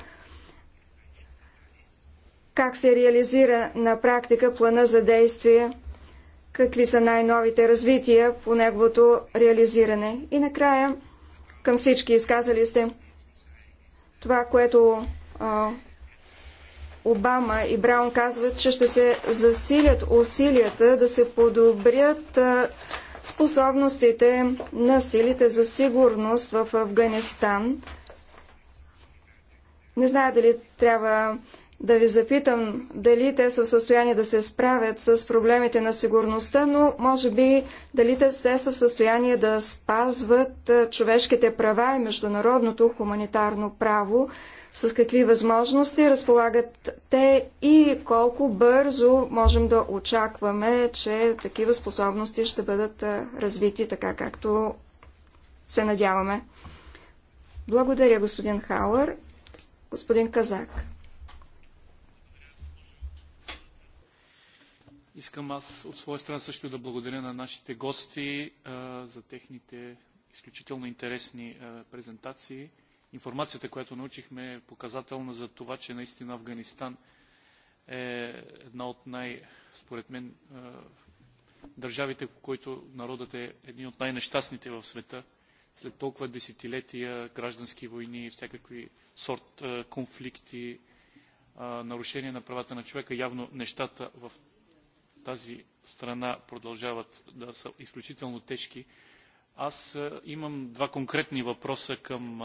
[SPEAKER 4] как се реализира на практика плана за действие, какви са най-новите развития по неговото реализиране. И накрая, към всички изказали сте това, което а, Обама и Браун казват, че ще се засилят усилията да се подобрят а, способностите на силите за сигурност в Афганистан, не зная дали трябва да ви запитам дали те са в състояние да се справят с проблемите на сигурността, но може би дали те са в състояние да спазват човешките права и международното хуманитарно право, с какви възможности разполагат те и колко бързо можем да очакваме, че такива способности ще бъдат развити така, както се надяваме. Благодаря, господин Хауър. Господин Казак.
[SPEAKER 5] Искам аз от своя страна също да благодаря на нашите гости а, за техните изключително интересни а, презентации. Информацията, която научихме е показателна за това, че наистина Афганистан е една от най, според мен, а, държавите, в които народът е един от най-нещастните в света след толкова десетилетия граждански войни, всякакви сорт конфликти, нарушения на правата на човека, явно нещата в тази страна продължават да са изключително тежки. Аз имам два конкретни въпроса към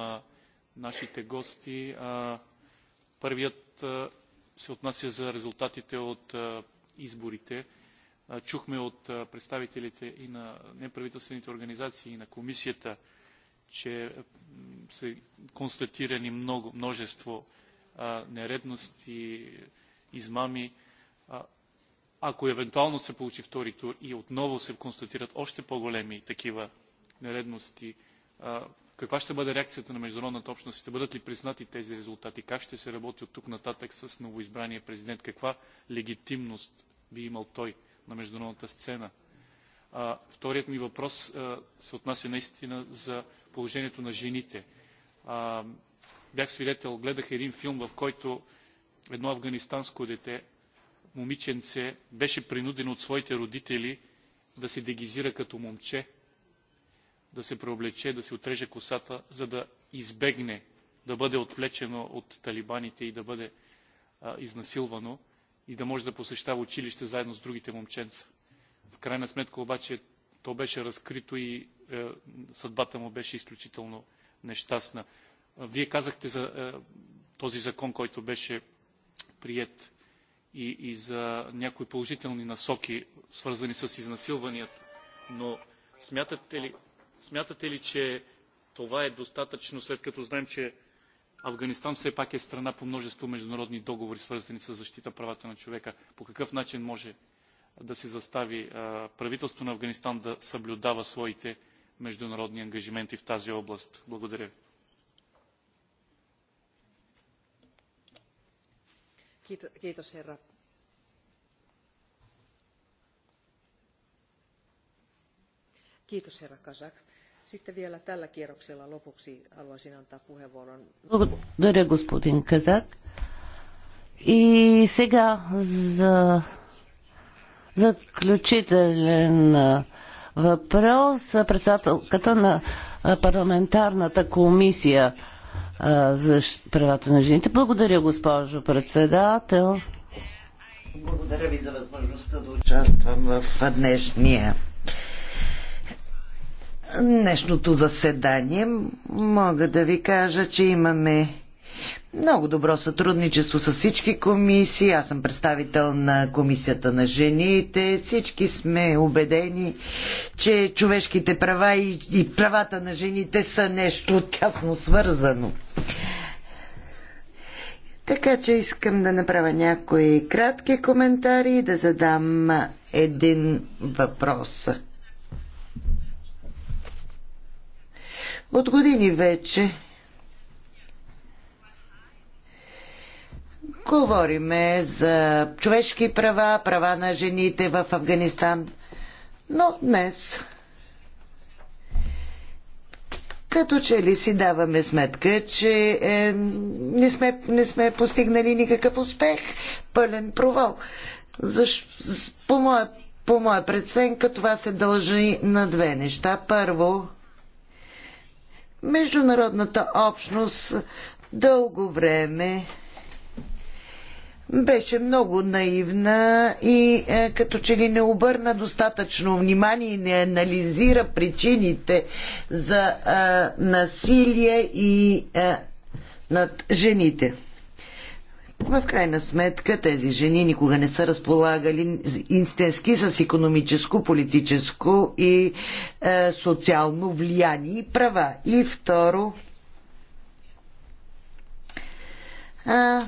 [SPEAKER 5] нашите гости. Първият се отнася за резултатите от изборите. Чухме от представителите и на неправителствените организации, и на комисията че са констатирани много, множество а, нередности, измами. А, ако евентуално се получи втори тур и отново се констатират още по-големи такива нередности, а, каква ще бъде реакцията на международната общност? Ще бъдат ли признати тези резултати? Как ще се работи от тук нататък с новоизбрания президент? Каква легитимност би имал той на международната сцена? Вторият ми въпрос се отнася наистина за положението на жените. Бях свидетел, гледах един филм, в който едно афганистанско дете, момиченце, беше принудено от своите родители да се дегизира като момче, да се преоблече, да се отреже косата, за да избегне да бъде отвлечено от талибаните и да бъде а, изнасилвано и да може да посещава училище заедно с другите момченца. В крайна сметка обаче то беше разкрито и е, съдбата му беше изключително нещастна. Вие казахте за е, този закон, който беше прият и, и за някои положителни насоки, свързани с изнасилванията, но смятате ли, смятате ли, че това е достатъчно, след като знаем, че Афганистан все пак е страна по множество международни договори, свързани с защита правата на човека? По какъв начин може да се застави правителството на Афганистан да съблюдава своите международни ангажименти в тази област. Благодаря ви.
[SPEAKER 1] Kiitos herra Kazak. Sitten vielä tällä kierroksella lopuksi haluaisin antaa puheenvuoron.
[SPEAKER 3] Благодаря господин Казак. И сега за Заключителен въпрос. Председателката на парламентарната комисия за правата на жените. Благодаря, госпожо председател.
[SPEAKER 2] Благодаря ви за възможността да участвам в днешния днешното заседание. Мога да ви кажа, че имаме много добро сътрудничество с всички комисии. Аз съм представител на комисията на жените. Всички сме убедени, че човешките права и, и правата на жените са нещо тясно свързано. Така че искам да направя някои кратки коментари и да задам един въпрос. От години вече Говориме за човешки права, права на жените в Афганистан. Но днес като че ли си даваме сметка, че е, не, сме, не сме постигнали никакъв успех, пълен провал. Защ, по, моя, по моя преценка това се дължи на две неща. Първо, международната общност дълго време беше много наивна и е, като че ли не обърна достатъчно внимание и не анализира причините за е, насилие и е, над жените. В крайна сметка тези жени никога не са разполагали истински с економическо, политическо и е, социално влияние и права. И второ, а,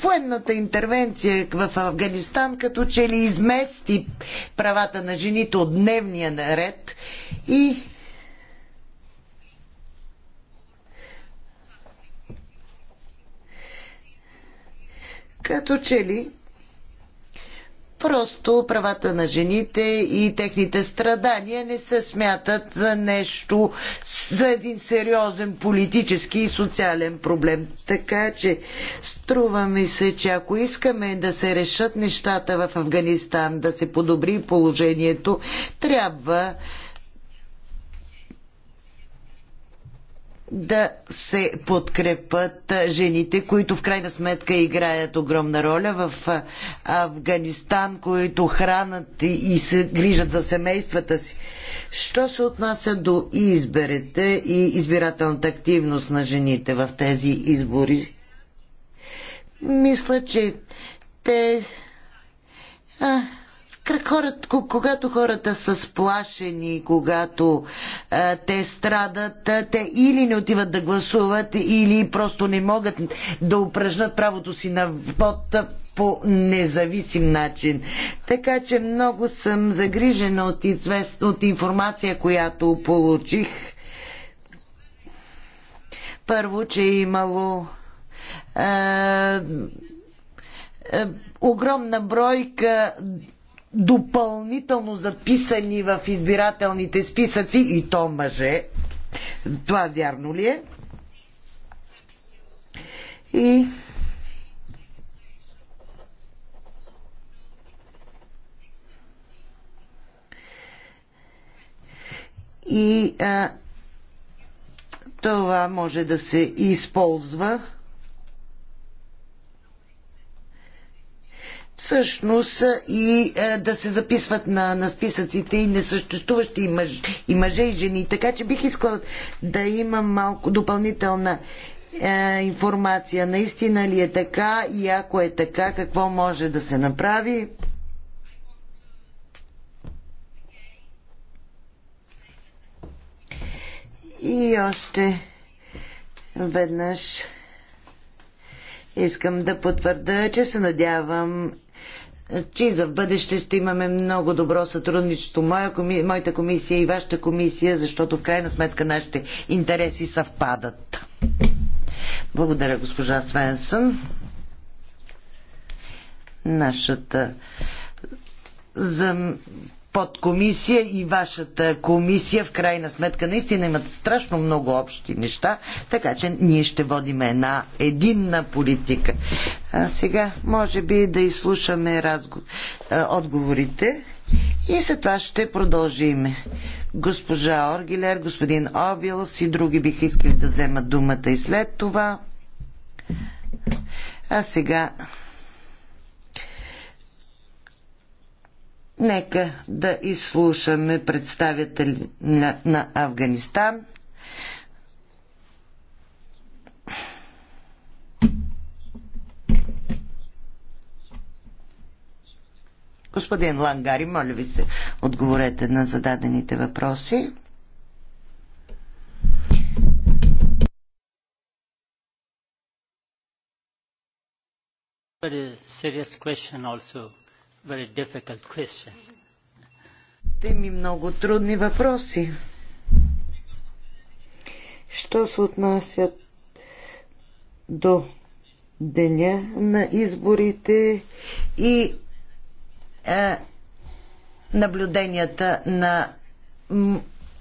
[SPEAKER 2] военната интервенция в Афганистан като че ли измести правата на жените от дневния наред и като че ли Просто правата на жените и техните страдания не се смятат за нещо, за един сериозен политически и социален проблем. Така че струва ми се, че ако искаме да се решат нещата в Афганистан, да се подобри положението, трябва да се подкрепат жените, които в крайна сметка играят огромна роля в Афганистан, които хранат и се грижат за семействата си. Що се отнася до изберете и избирателната активност на жените в тези избори? Мисля, че те. А, хората, когато хората са сплашени, когато а, те страдат, а, те или не отиват да гласуват, или просто не могат да упражнат правото си на вод по независим начин. Така че много съм загрижена от, извест... от информация, която получих. Първо, че е имало а, огромна бройка допълнително записани в избирателните списъци и то мъже. Това вярно ли е? И и а, това може да се използва всъщност и е, да се записват на, на списъците и несъществуващи и, мъж, и мъже и жени. Така че бих искала да имам малко допълнителна е, информация. Наистина ли е така и ако е така, какво може да се направи? И още веднъж искам да потвърда, че се надявам че значи, за в бъдеще ще имаме много добро сътрудничество. Моя, моята комисия и вашата комисия, защото в крайна сметка нашите интереси съвпадат. Благодаря, госпожа Свенсън. Нашата за подкомисия и вашата комисия в крайна сметка наистина имат страшно много общи неща, така че ние ще водим една единна политика. А сега може би да изслушаме разго... отговорите и след това ще продължим. Госпожа Оргилер, господин Обилс и други биха искали да вземат думата и след това. А сега Нека да изслушаме представители на, на Афганистан. Господин Лангари, моля ви се, отговорете на зададените въпроси.
[SPEAKER 3] Very serious question also very difficult question.
[SPEAKER 2] Те ми много трудни въпроси. Що се отнасят до деня на изборите и е, наблюденията на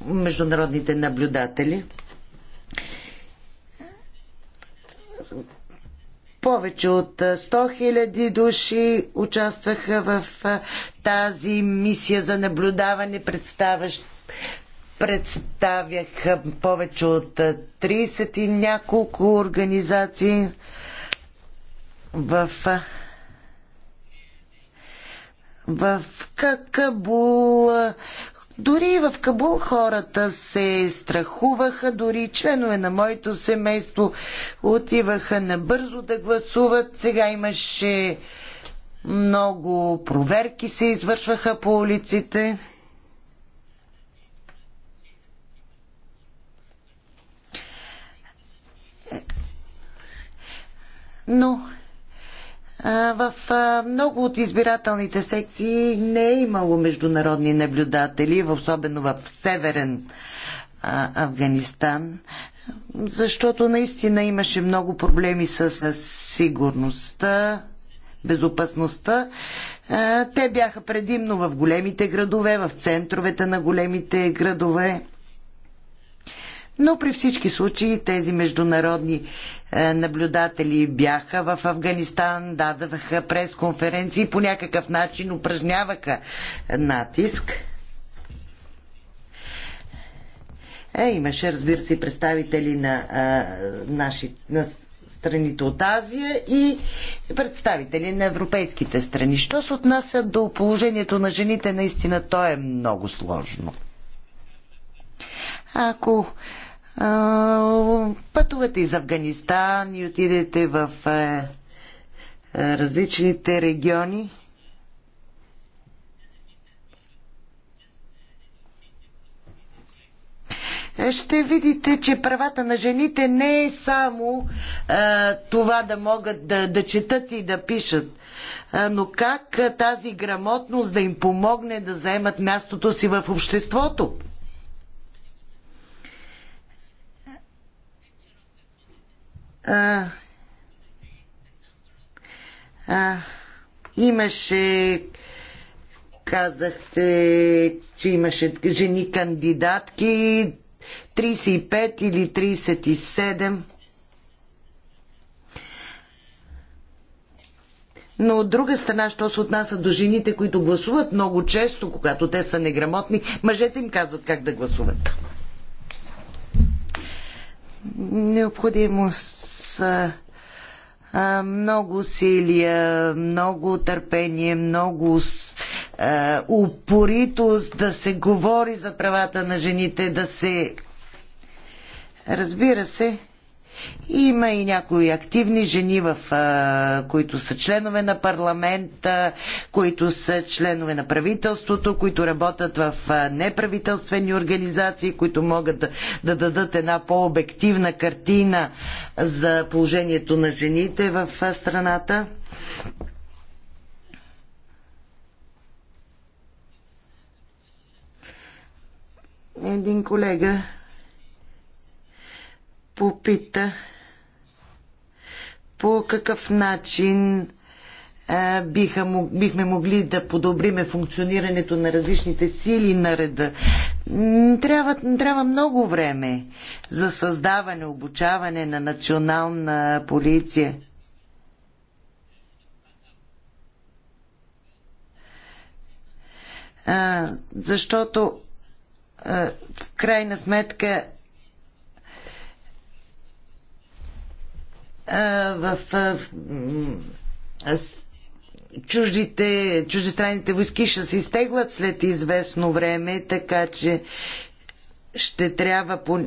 [SPEAKER 2] международните наблюдатели? Повече от 100 хиляди души участваха в тази мисия за наблюдаване, представяха повече от 30 и няколко организации в в Какабул, дори в Кабул хората се страхуваха, дори членове на моето семейство отиваха набързо да гласуват. Сега имаше много проверки се извършваха по улиците. Но в много от избирателните секции не е имало международни наблюдатели, особено в Северен Афганистан, защото наистина имаше много проблеми с сигурността, безопасността. Те бяха предимно в големите градове, в центровете на големите градове. Но при всички случаи тези международни е, наблюдатели бяха в Афганистан, дадаха пресконференции, по някакъв начин упражняваха натиск. Е, имаше, разбира се, представители на, а, наши, на страните от Азия и представители на европейските страни. Що се отнася до положението на жените, наистина то е много сложно. Ако пътувате из Афганистан и отидете в е, е, различните региони. Е, ще видите, че правата на жените не е само а, това да могат да, да четат и да пишат, а, но как а, тази грамотност да им помогне да заемат мястото си в обществото. а, а, имаше казахте, че имаше жени кандидатки 35 или 37 Но от друга страна, що се отнася до жените, които гласуват много често, когато те са неграмотни, мъжете им казват как да гласуват. Необходимост много усилия, много търпение, много упоритост да се говори за правата на жените, да се. Разбира се, има и някои активни жени, в, а, които са членове на парламента, които са членове на правителството, които работят в а, неправителствени организации, които могат да, да дадат една по-обективна картина за положението на жените в а, страната. Един колега попита по какъв начин биха, бихме могли да подобриме функционирането на различните сили на реда. Трябва, трябва много време за създаване, обучаване на национална полиция. А, защото а, в крайна сметка в, в, в чуждите, чуждестранните войски ще се изтеглят след известно време, така че ще трябва по...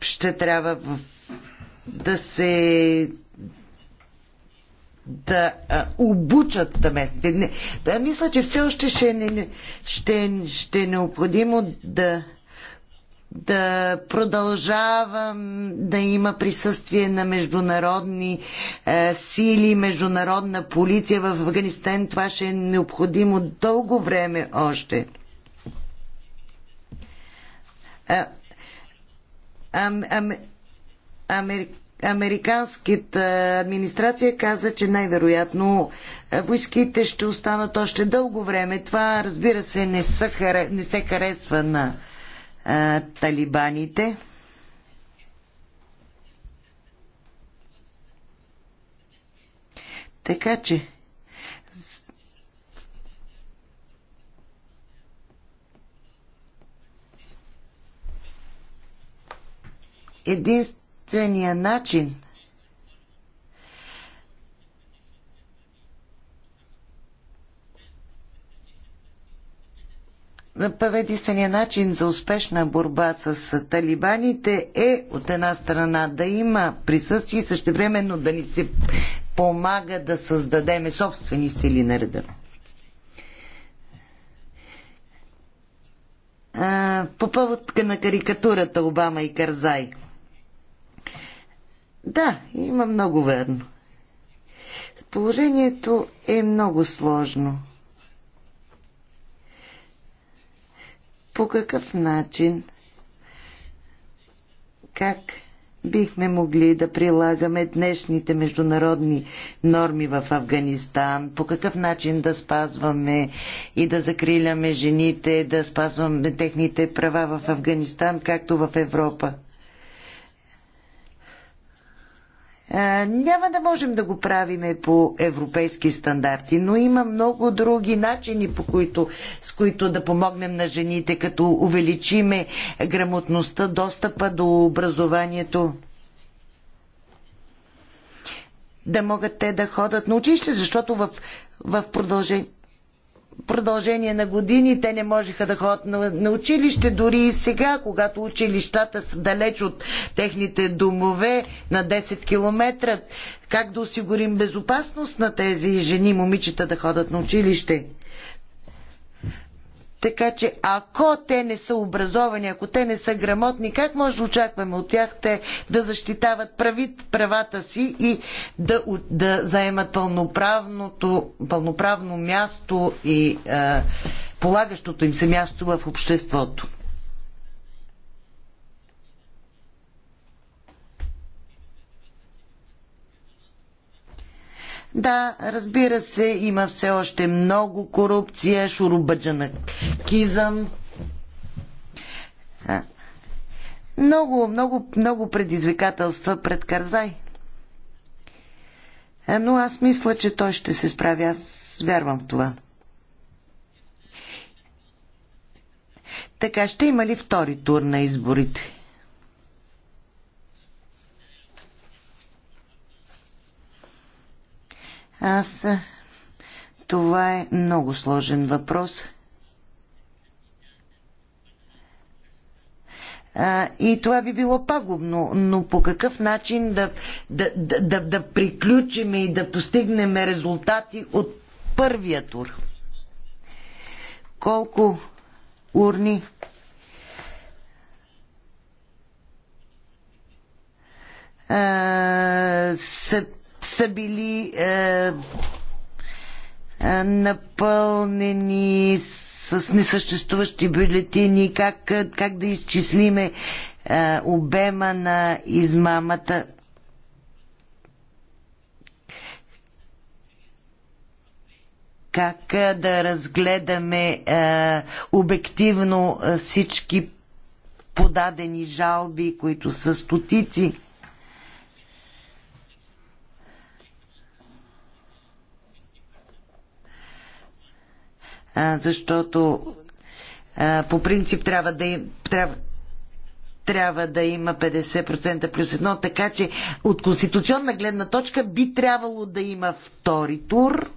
[SPEAKER 2] ще трябва в... да се да а, обучат да Не, да, мисля, че все още ще, е не, ще, е, ще е необходимо да да продължавам да има присъствие на международни е, сили, международна полиция в Афганистан. Това ще е необходимо дълго време още. А, е, ам, ам, амер, американската е, администрация каза, че най-вероятно е, войските ще останат още дълго време. Това, разбира се, не, са, не се харесва на а, талибаните. Така че единствения начин единствения начин за успешна борба с талибаните е от една страна да има присъствие и същевременно да ни се помага да създадеме собствени сили на реда. По повод на карикатурата Обама и Карзай. Да, има много верно. Положението е много сложно – по какъв начин, как бихме могли да прилагаме днешните международни норми в Афганистан, по какъв начин да спазваме и да закриляме жените, да спазваме техните права в Афганистан, както в Европа. Е, няма да можем да го правиме по европейски стандарти, но има много други начини, по които, с които да помогнем на жените, като увеличиме грамотността, достъпа до образованието. Да могат те да ходят на училище, защото в, в продължение продължение на години те не можеха да ходят на, на училище, дори и сега, когато училищата са далеч от техните домове на 10 км. Как да осигурим безопасност на тези жени, момичета да ходят на училище? Така че ако те не са образовани, ако те не са грамотни, как може да очакваме от тях те да защитават правит, правата си и да, да заемат пълноправното, пълноправно място и а, полагащото им се място в обществото? Да, разбира се, има все още много корупция, шурубаджанакизъм. Много, много, много предизвикателства пред Карзай. Но аз мисля, че той ще се справи. Аз вярвам в това. Така, ще има ли втори тур на изборите? Аз. Това е много сложен въпрос. А, и това би било пагубно, но по какъв начин да, да, да, да, да приключим и да постигнем резултати от първия тур? Колко урни а, са са били е, е, напълнени с несъществуващи бюлетини, как, как да изчислиме е, обема на измамата. Как е, да разгледаме е, обективно е, всички подадени жалби, които са стотици. защото по принцип трябва да, трябва, трябва да има 50% плюс едно, така че от конституционна гледна точка би трябвало да има втори тур.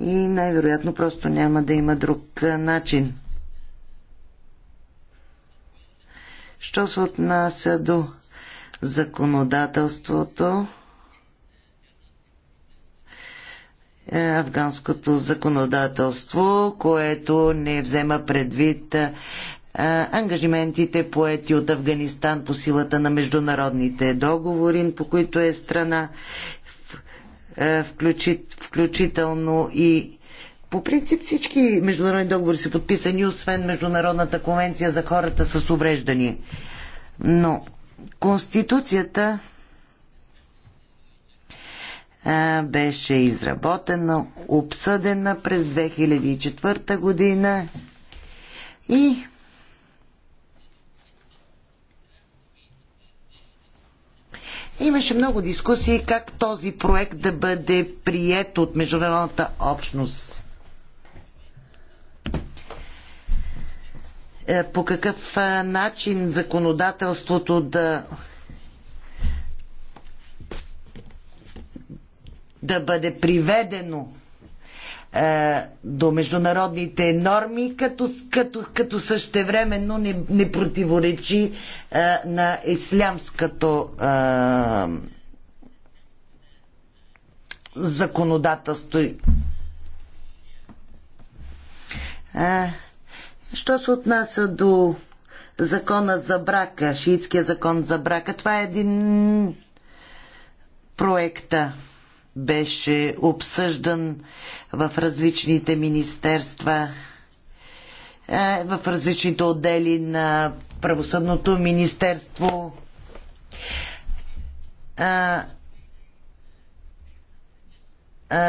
[SPEAKER 2] И най-вероятно просто няма да има друг начин. Що се отнася до законодателството е, афганското законодателство, което не взема предвид е, ангажиментите поети от Афганистан по силата на международните договори, по които е страна, е, включително и по принцип всички международни договори са подписани, освен Международната конвенция за хората с увреждания. Но Конституцията беше изработена, обсъдена през 2004 година и Имаше много дискусии как този проект да бъде прият от международната общност. Е, по какъв е, начин законодателството да да бъде приведено е, до международните норми, като, като, като същевременно не, не противоречи на ислямското законодателство. А, Що се отнася до закона за брака, шиитския закон за брака, това е един проекта беше обсъждан в различните министерства, е, в различните отдели на правосъдното министерство. Е,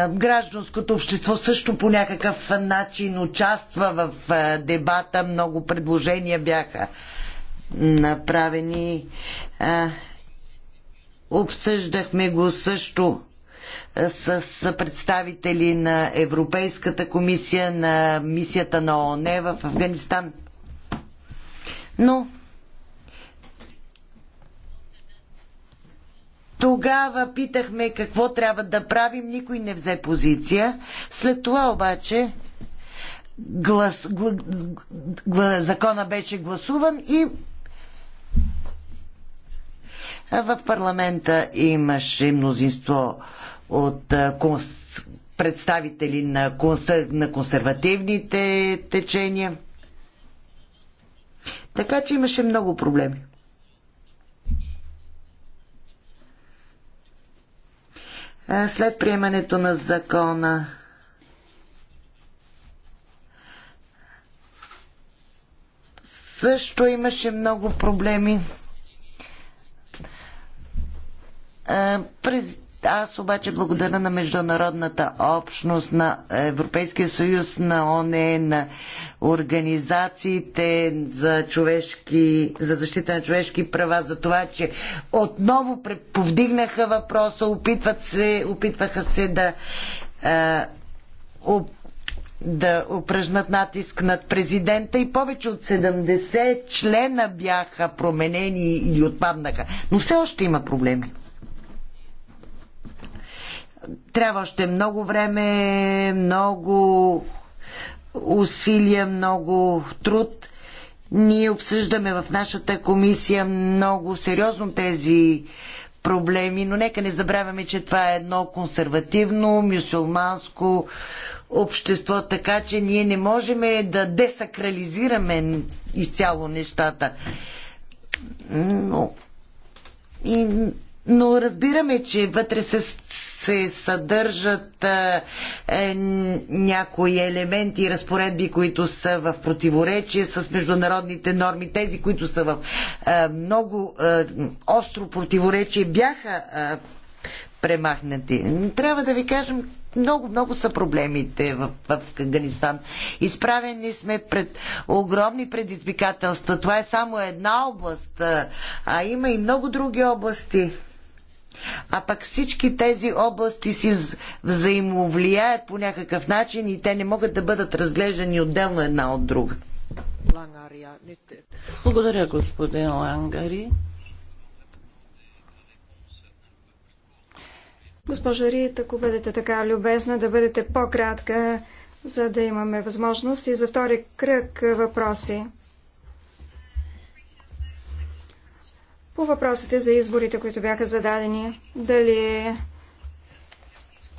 [SPEAKER 2] Гражданското общество също по някакъв начин участва в дебата. Много предложения бяха направени. Обсъждахме го също с представители на Европейската комисия, на мисията на ООН в Афганистан. Но Тогава питахме какво трябва да правим, никой не взе позиция. След това обаче глас, гла, гла, закона беше гласуван и в парламента имаше мнозинство от конс... представители на, конс... на консервативните течения. Така че имаше много проблеми. След приемането на закона също имаше много проблеми. През аз обаче благодаря на международната общност, на Европейския съюз, на ОНЕ, на организациите за, човешки, за защита на човешки права, за това, че отново повдигнаха въпроса, опитват се, опитваха се да да упражнат натиск над президента и повече от 70 члена бяха променени или отпаднаха. Но все още има проблеми трябва още много време, много усилия, много труд. Ние обсъждаме в нашата комисия много сериозно тези проблеми, но нека не забравяме, че това е едно консервативно, мюсюлманско общество, така че ние не можем да десакрализираме изцяло нещата. Но, и, но разбираме, че вътре се се съдържат а, е, някои елементи и разпоредби, които са в противоречие с международните норми, тези, които са в а, много а, остро противоречие, бяха а, премахнати. Трябва да ви кажем, много, много са проблемите в, в Афганистан. Изправени сме пред огромни предизвикателства. Това е само една област, а има и много други области. А пък всички тези области си взаимовлияят по някакъв начин и те не могат да бъдат разглеждани отделно една от друга.
[SPEAKER 3] Благодаря, господин Лангари.
[SPEAKER 4] Госпожо Рит, ако бъдете така любезна да бъдете по-кратка, за да имаме възможност и за втори кръг въпроси. По въпросите за изборите, които бяха зададени, дали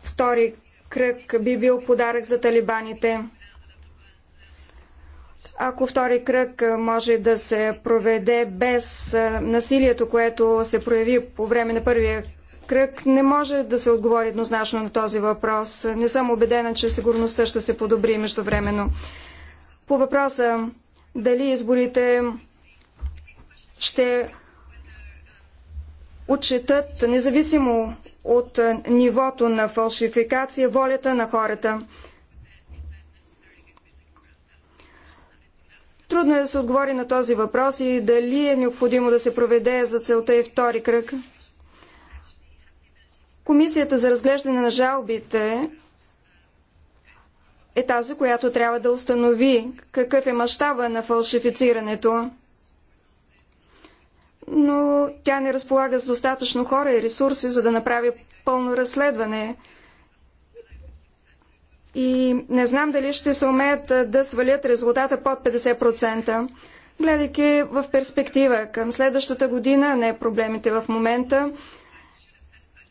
[SPEAKER 4] втори кръг би бил подарък за талибаните? Ако втори кръг може да се проведе без насилието, което се прояви по време на първия кръг, не може да се отговори еднозначно на този въпрос. Не съм убедена, че сигурността ще се подобри междувременно. По въпроса дали изборите ще отчетат, независимо от е, нивото на фалшификация, волята на хората. Трудно е да се отговори на този въпрос и дали е необходимо да се проведе за целта и втори кръг. Комисията за разглеждане на жалбите е тази, която трябва да установи какъв е мащаба на фалшифицирането но тя не разполага с достатъчно хора и ресурси, за да направи пълно разследване. И не знам дали ще се умеят да свалят резултата под 50%. Гледайки в перспектива към следващата година, не проблемите в момента,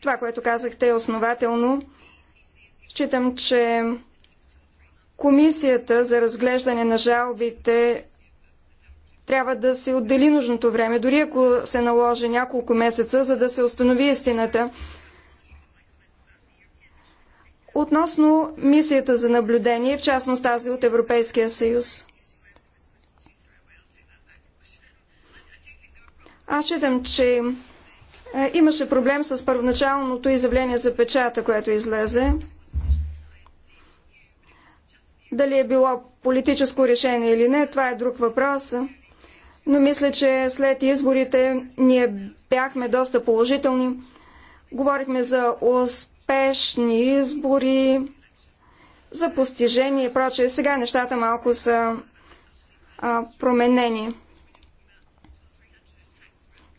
[SPEAKER 4] това, което казахте е основателно. Считам, че Комисията за разглеждане на жалбите трябва да се отдели нужното време, дори ако се наложи няколко месеца, за да се установи истината. Относно мисията за наблюдение, в частност тази от Европейския съюз. Аз считам, че е, имаше проблем с първоначалното изявление за печата, което излезе. Дали е било политическо решение или не, това е друг въпрос но мисля, че след изборите ние бяхме доста положителни. Говорихме за успешни избори, за постижения и прочее. Сега нещата малко са а, променени.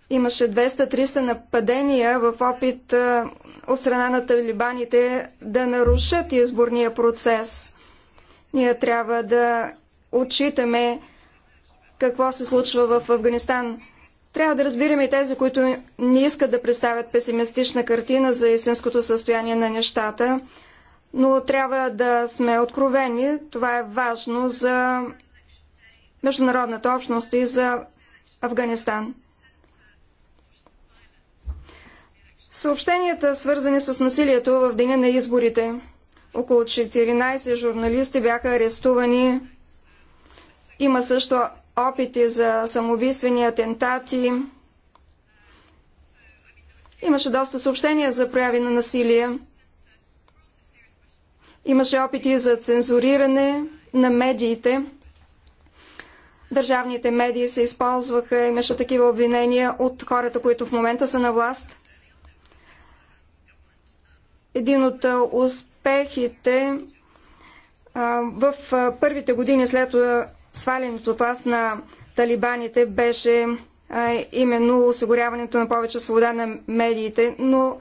[SPEAKER 4] Имаше 200-300 нападения в опит а, от страна на талибаните да нарушат изборния процес. Ние трябва да отчитаме какво се случва в Афганистан. Трябва да разбираме и тези, които не искат да представят песимистична картина за истинското състояние на нещата, но трябва да сме откровени. Това е важно за международната общност и за Афганистан. Съобщенията, свързани с насилието в деня на изборите. Около 14 журналисти бяха арестувани. Има също опити за самоубийствени атентати. Имаше доста съобщения за прояви на насилие. Имаше опити за цензуриране на медиите. Държавните медии се използваха, имаше такива обвинения от хората, които в момента са на власт. Един от успехите в първите години след свалянето от власт на талибаните беше а, именно осигуряването на повече свобода на медиите, но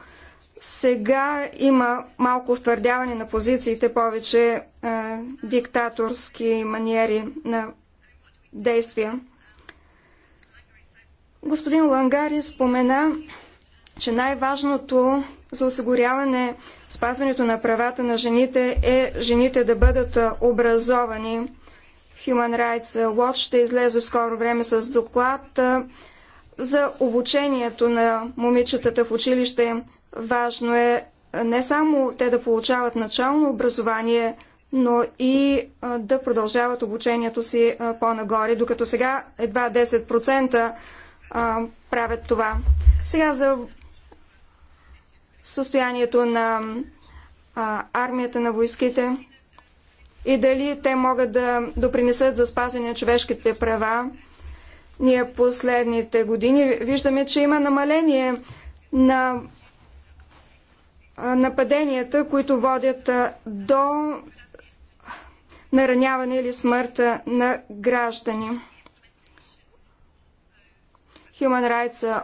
[SPEAKER 4] сега има малко втвърдяване на позициите, повече а, диктаторски маниери на действия. Господин Лангари спомена, че най-важното за осигуряване спазването на правата на жените е жените да бъдат образовани Human Rights Watch ще излезе в скоро време с доклад за обучението на момичетата в училище. Важно е не само те да получават начално образование, но и да продължават обучението си по-нагоре, докато сега едва 10% правят това. Сега за състоянието на армията на войските и дали те могат да допринесат за спазване на човешките права. Ние последните години виждаме, че има намаление на нападенията, които водят до нараняване или смърт на граждани. Human Rights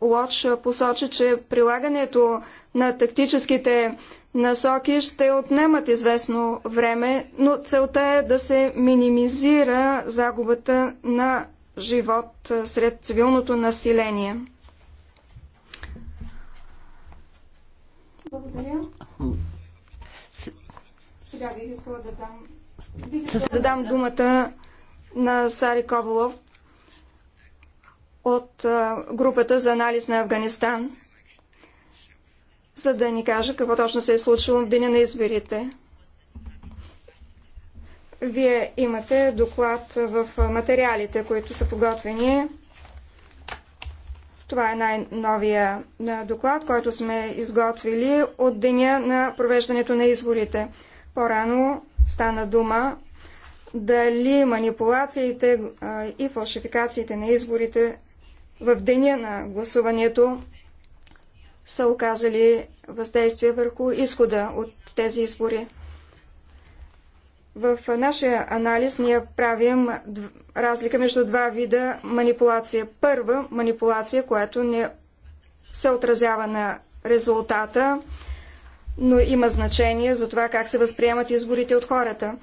[SPEAKER 4] Watch посочи, че прилагането на тактическите насоки ще отнемат известно време, но целта е да се минимизира загубата на живот сред цивилното население. Благодаря. Сега бих искала да дам, бих искала да дам думата на Сари Коболов от групата за анализ на Афганистан за да ни каже какво точно се е случило в деня на изборите. Вие имате доклад в материалите, които са подготвени. Това е най-новия доклад, който сме изготвили от деня на провеждането на изборите. По-рано стана дума дали манипулациите и фалшификациите на изборите в деня на гласуването са оказали въздействие върху изхода от тези избори. В нашия анализ ние правим разлика между два вида манипулация. Първа манипулация, която не се отразява на резултата, но има значение за това как се възприемат изборите от хората.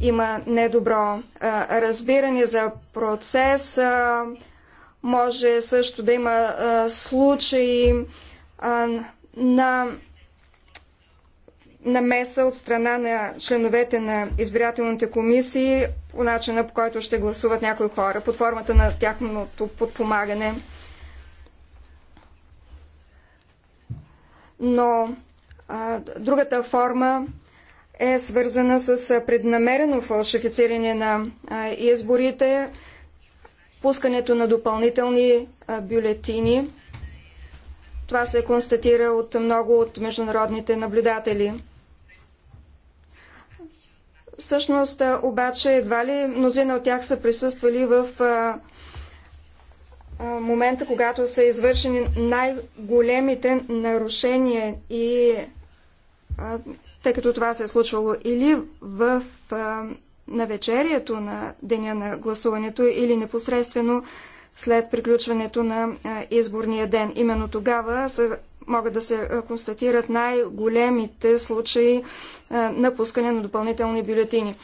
[SPEAKER 4] Има недобро а, разбиране за процеса, може също да има а, случаи на намеса от страна на членовете на избирателните комисии по начина по който ще гласуват някои хора, под формата на тяхното подпомагане. Но а, другата форма е свързана с преднамерено фалшифициране на а, изборите, пускането на допълнителни а, бюлетини това се констатира от много от международните наблюдатели. Всъщност, обаче, едва ли мнозина от тях са присъствали в момента, когато са извършени най-големите нарушения и тъй като това се е случвало или в навечерието на деня на гласуването, или непосредствено след приключването на изборния ден. Именно тогава са, могат да се констатират най-големите случаи на пускане на допълнителни бюлетини.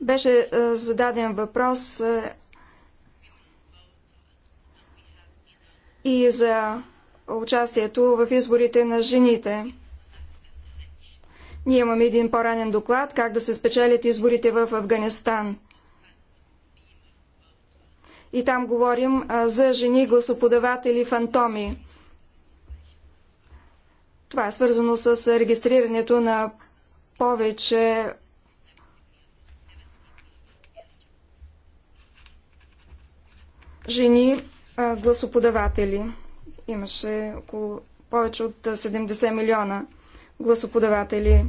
[SPEAKER 4] Беше зададен въпрос и за участието в изборите на жените. Ние имаме един по-ранен доклад как да се спечелят изборите в Афганистан – и там говорим за жени гласоподаватели фантоми. Това е свързано с регистрирането на повече жени гласоподаватели. Имаше около повече от 70 милиона гласоподаватели.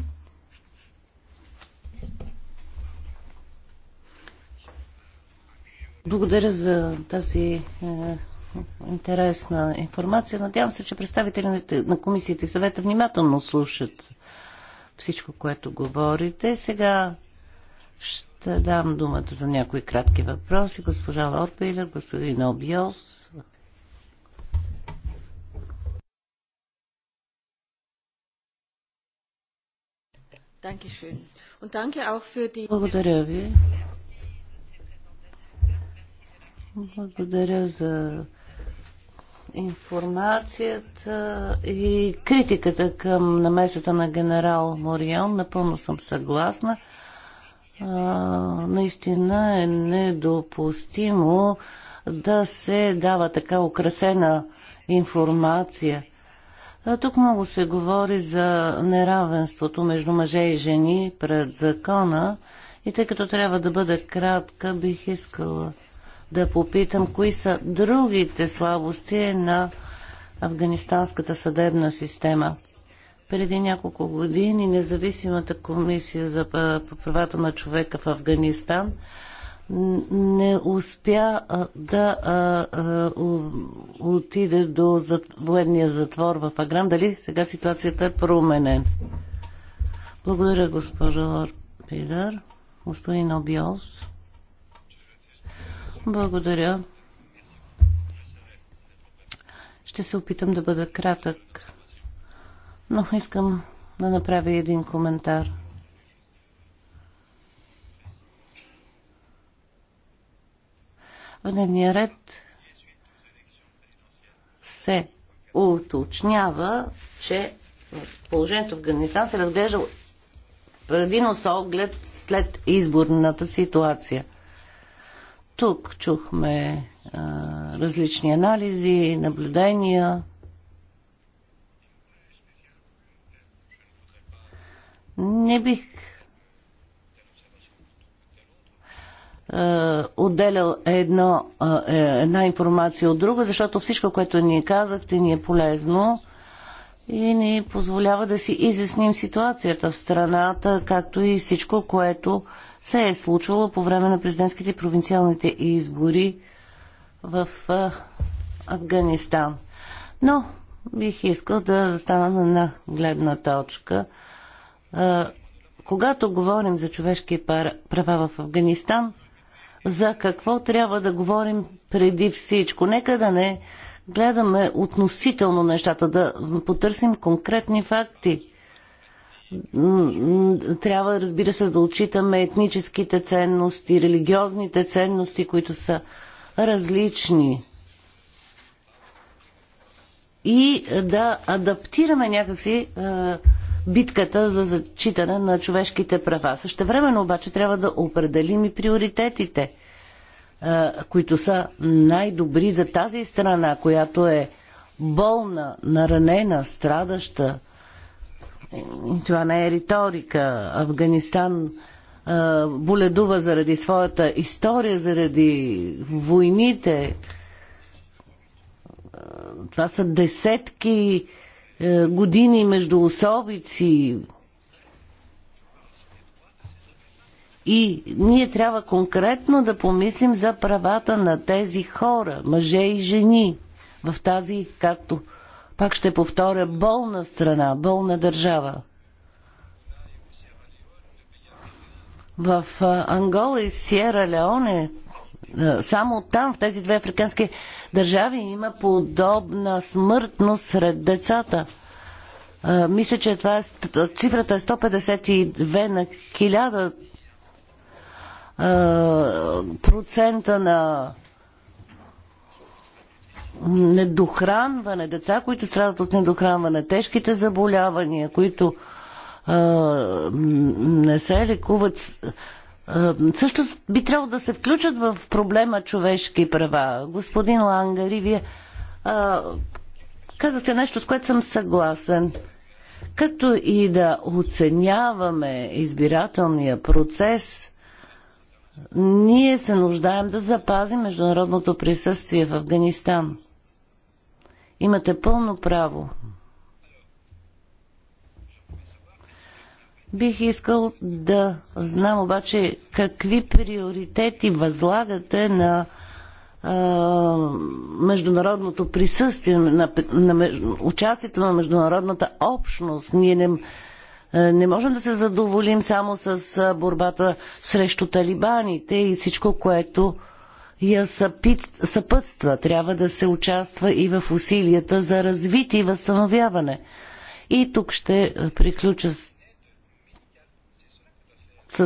[SPEAKER 3] Благодаря за тази е, интересна информация. Надявам се, че представителите на комисията и съвета внимателно слушат всичко, което говорите. Сега ще дам думата за някои кратки въпроси. Госпожа Лорпейлер, господин Обиос. Благодаря ви. Благодаря за информацията и критиката към намесата на генерал Морион. Напълно съм съгласна. А, наистина е недопустимо да се дава така украсена информация. А, тук много се говори за неравенството между мъже и жени пред закона и тъй като трябва да бъда кратка, бих искала да попитам кои са другите слабости на афганистанската съдебна система. Преди няколко години независимата комисия за правата на човека в Афганистан не успя да а, а, отиде до военния затвор в Агран. Дали сега ситуацията е променен? Благодаря, госпожа Пидар. Господин Обиос. Благодаря. Ще се опитам да бъда кратък, но искам да направя един коментар. В дневния ред се уточнява, че положението в Афганистан се разглежда предимно с оглед след изборната ситуация. Тук чухме а, различни анализи, наблюдения. Не бих отделял едно, е, една информация от друга, защото всичко, което ни казахте, ни е полезно и ни позволява да си изясним ситуацията в страната, както и всичко, което се е случвало по време на президентските и провинциалните избори в Афганистан. Но бих искал да застана на една гледна точка. Когато говорим за човешки права в Афганистан, за какво трябва да говорим преди всичко? Нека да не гледаме относително нещата, да потърсим конкретни факти трябва, разбира се, да отчитаме етническите ценности, религиозните ценности, които са различни. И да адаптираме някакси е, битката за зачитане на човешките права. Също времено обаче трябва да определим и приоритетите, е, които са най-добри за тази страна, която е болна, наранена, страдаща, това не е риторика. Афганистан боледува заради своята история, заради войните. Това са десетки е, години между особици. И ние трябва конкретно да помислим за правата на тези хора, мъже и жени, в тази, както пак ще повторя, болна страна, болна държава. В Ангола и Сиера Леоне, само там, в тези две африкански държави, има подобна смъртност сред децата. Мисля, че това е, цифрата е 152 на 1000 процента на недохранване, деца, които страдат от недохранване, тежките заболявания, които а, не се лекуват, а, също би трябвало да се включат в проблема човешки права. Господин Лангари, вие а, казахте нещо, с което съм съгласен. Както и да оценяваме избирателния процес, ние се нуждаем да запазим международното присъствие в Афганистан. Имате пълно право. Бих искал да знам обаче какви приоритети възлагате на а, международното присъствие, на, на, на участието на международната общност. Ние не е, не можем да се задоволим само с е, борбата срещу талибаните и всичко, което я съпътства. Трябва да се участва и в усилията за развитие и възстановяване. И тук ще е, приключа с,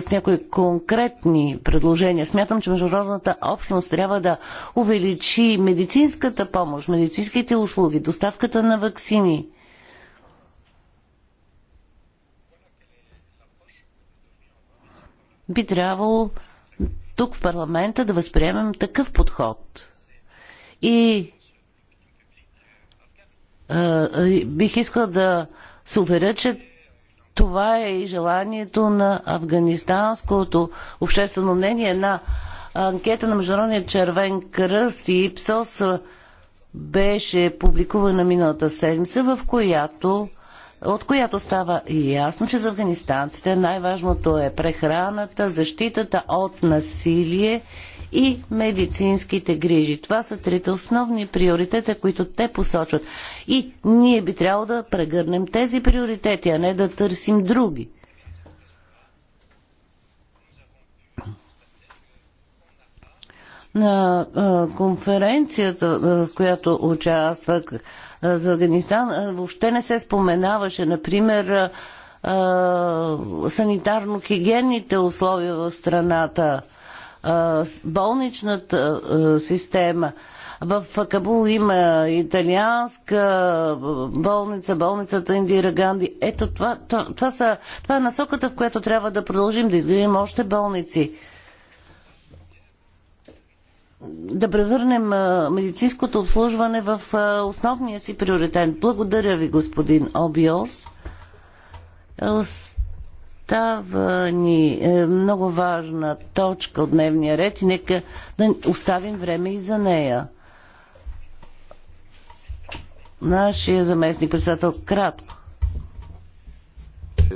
[SPEAKER 3] с някои конкретни предложения. Смятам, че международната общност трябва да увеличи медицинската помощ, медицинските услуги, доставката на вакцини би трябвало тук в парламента да възприемем такъв подход. И а, бих искала да се уверя, че това е и желанието на афганистанското обществено мнение. Една анкета на Международния червен кръст и ИПСОС беше публикувана миналата седмица, в която от която става ясно, че за афганистанците най-важното е прехраната, защитата от насилие и медицинските грижи. Това са трите основни приоритета, които те посочват. И ние би трябвало да прегърнем тези приоритети, а не да търсим други. На конференцията, в която участвах, за Афганистан въобще не се споменаваше. Например, санитарно-хигиенните условия в страната, болничната система. В Кабул има италианска болница, болницата Индира Ганди. Ето това, това, това, са, това е насоката, в която трябва да продължим да изградим още болници да превърнем медицинското обслужване в основния си приоритет. Благодаря ви, господин Обиос. Остава ни е, много важна точка от дневния ред и нека да оставим време и за нея. Нашия заместник председател кратко. Е,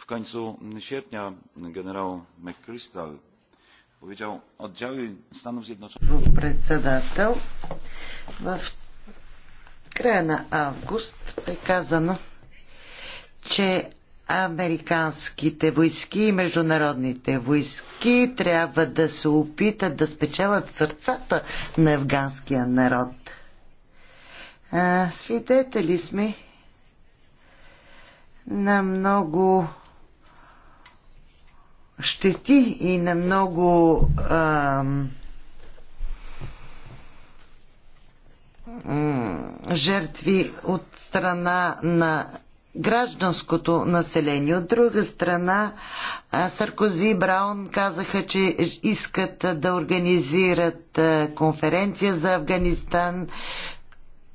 [SPEAKER 3] в концу сierpnia генерал Меккристал powiedział oddziały Stanów Zjednoczonych.
[SPEAKER 2] Председател, в края на август е казано, че американските войски и международните войски трябва да се опитат да спечелят сърцата на афганския народ. А, свидетели сме на много щети и на много а, жертви от страна на гражданското население. От друга страна, Саркози и Браун казаха, че искат да организират конференция за Афганистан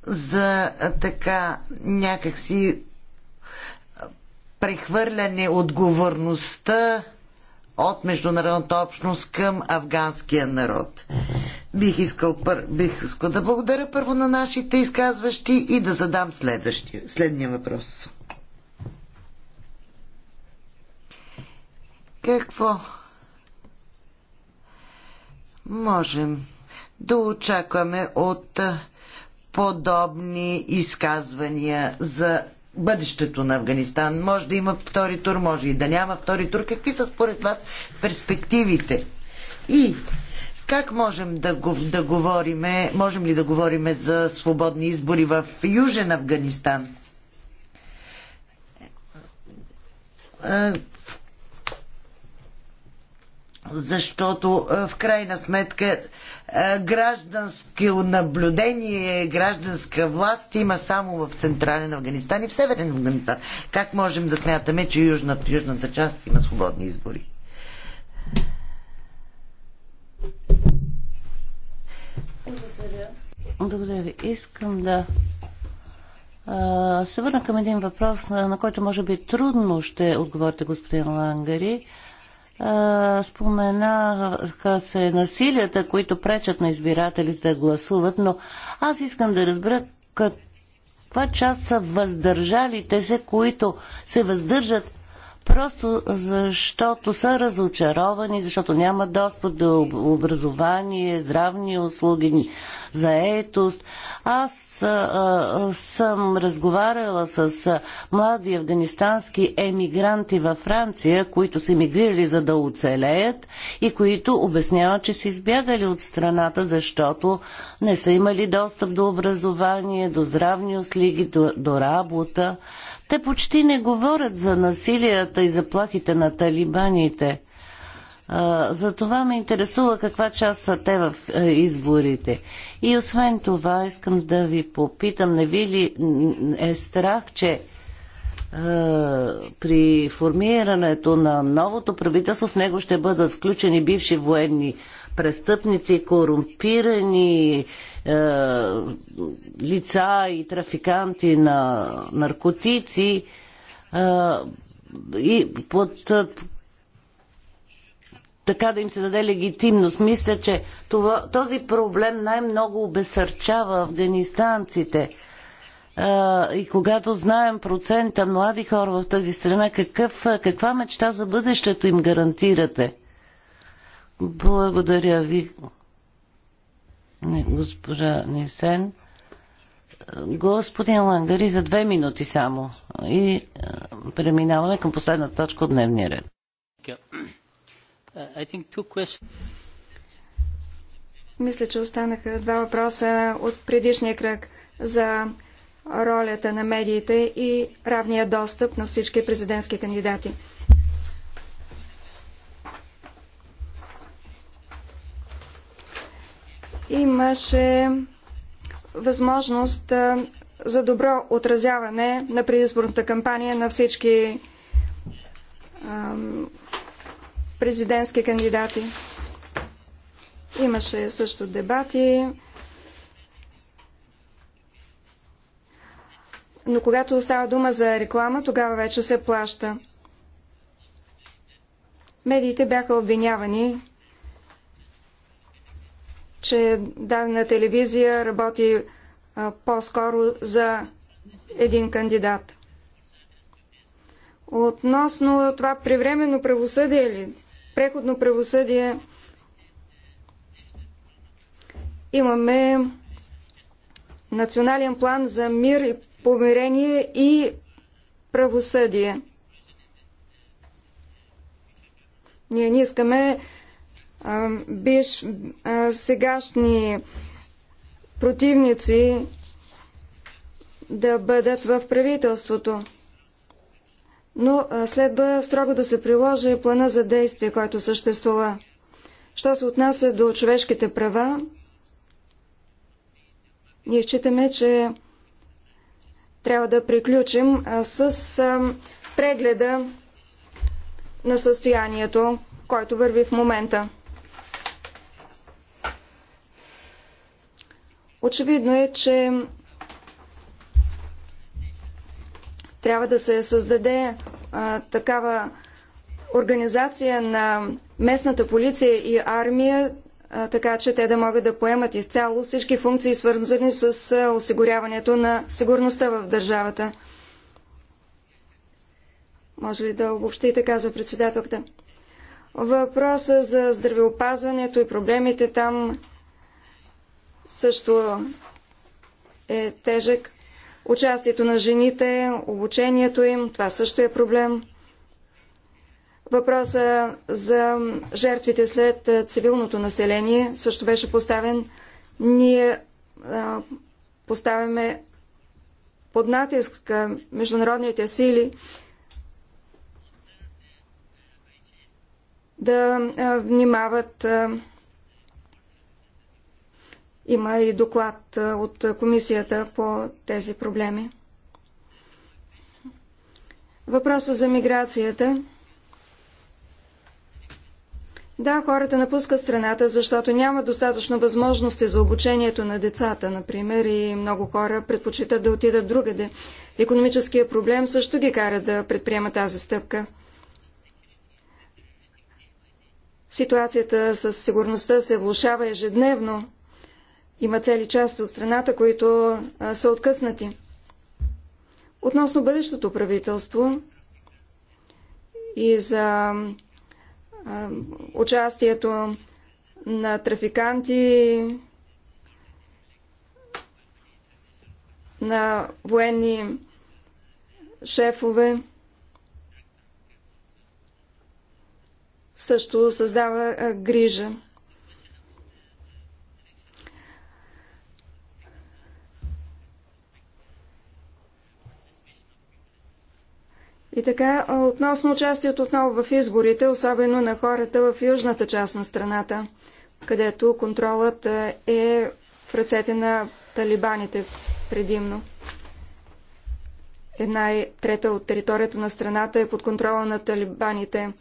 [SPEAKER 2] за така някакси прехвърляне отговорността от международната общност към афганския народ. Бих искал, пър... бих искал да благодаря първо на нашите изказващи и да задам следващия, следния въпрос. Какво можем да очакваме от подобни изказвания за бъдещето на Афганистан. Може да има втори тур, може и да няма втори тур. Какви са според вас перспективите? И как можем да, да говорим, можем ли да говорим за свободни избори в Южен Афганистан? Е, защото е, в крайна сметка е, гражданско наблюдение, гражданска власт има само в Централен Афганистан и в Северен Афганистан. Как можем да смятаме, че в южната част има свободни
[SPEAKER 1] избори?
[SPEAKER 3] Благодаря. ви. Искам да а, се върна към един въпрос, на, на който може би трудно ще отговорите господин Лангари. А, споменаха се насилията, които пречат на избирателите да гласуват, но аз искам да разбера каква част са въздържалите се, които се въздържат просто защото са разочаровани, защото няма достъп до образование, здравни услуги, заетост. Аз а, съм разговаряла с млади афганистански емигранти във Франция, които са емигрирали за да оцелеят и които обясняват, че са избягали от страната, защото не са имали достъп до образование, до здравни услуги, до, до работа. Те почти не говорят за насилията и заплахите на талибаните. За това ме интересува каква част са те в изборите. И освен това, искам да ви попитам, не ви ли е страх, че при формирането на новото правителство в него ще бъдат включени бивши военни престъпници, корумпирани е, лица и трафиканти на наркотици е, и под е, така да им се даде легитимност. Мисля, че това, този проблем най-много обесърчава афганистанците. А, и когато знаем процента млади хора в тази страна, какъв, каква мечта за бъдещето им гарантирате? Благодаря ви госпожа Нисен. Господин Лангари, за две минути само и е, преминаваме към последната точка от дневния ред. Uh,
[SPEAKER 4] Мисля, че останаха два въпроса от предишния кръг за ролята на медиите и равния достъп на всички президентски кандидати. имаше възможност за добро отразяване на предизборната кампания на всички президентски кандидати. Имаше също дебати. Но когато става дума за реклама, тогава вече се плаща. Медиите бяха обвинявани че дадена телевизия работи по-скоро за един кандидат. Относно това превременно правосъдие или преходно правосъдие, имаме национален план за мир и помирение и правосъдие. Ние не искаме биш, сегашни противници да бъдат в правителството. Но следва строго да се приложи плана за действие, който съществува. Що се отнася до човешките права, ние считаме, че трябва да приключим с прегледа на състоянието, който върви в момента. Очевидно е, че трябва да се създаде а, такава организация на местната полиция и армия, а, така че те да могат да поемат изцяло всички функции, свързани с а, осигуряването на сигурността в държавата. Може ли да обобщите, каза председателката. Въпроса за здравеопазването и проблемите там също е тежък. Участието на жените, обучението им, това също е проблем. Въпроса за жертвите след цивилното население също беше поставен. Ние а, поставяме под натиск към международните сили да внимават а, има и доклад от комисията по тези проблеми. Въпросът за миграцията. Да, хората напускат страната, защото няма достатъчно възможности за обучението на децата, например, и много хора предпочитат да отидат другаде. Економическия проблем също ги кара да предприема тази стъпка. Ситуацията с сигурността се влушава ежедневно. Има цели части от страната, които са откъснати. Относно бъдещото правителство и за участието на трафиканти, на военни шефове, също създава грижа. И така, относно участието отново в изборите, особено на хората в южната част на страната, където контролът е в ръцете на талибаните предимно. Една и трета от територията на страната е под контрола на талибаните.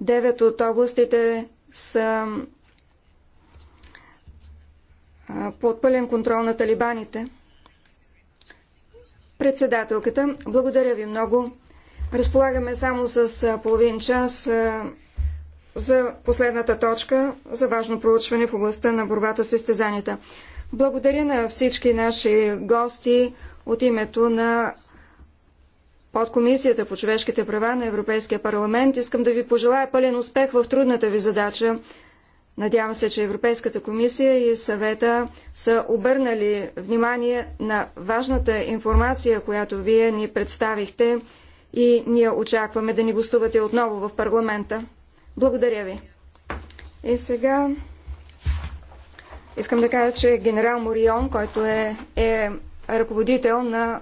[SPEAKER 4] Девет от областите са под пълен контрол на талибаните. Председателката, благодаря ви много. Разполагаме само с половин час за последната точка за важно проучване в областта на борбата с изтезанията. Благодаря на всички наши гости от името на подкомисията по човешките права на Европейския парламент. Искам да ви пожелая пълен успех в трудната ви задача. Надявам се, че Европейската комисия и съвета са обърнали внимание на важната информация, която вие ни представихте и ние очакваме да ни гостувате отново в парламента. Благодаря ви. И сега искам да кажа, че генерал Морион, който е, е ръководител на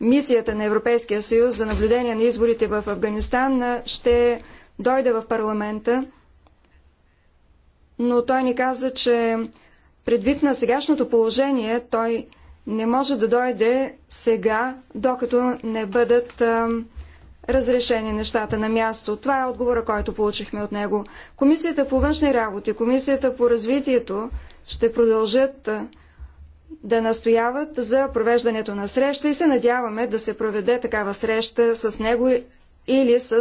[SPEAKER 4] мисията на Европейския съюз за наблюдение на изборите в Афганистан, ще дойде в парламента, но той ни каза, че предвид на сегашното положение, той не може да дойде сега, докато не бъдат разрешени нещата на място. Това е отговора, който получихме от него. Комисията по външни работи, Комисията по развитието ще продължат да настояват за провеждането на среща и се надяваме да се проведе такава среща с него или с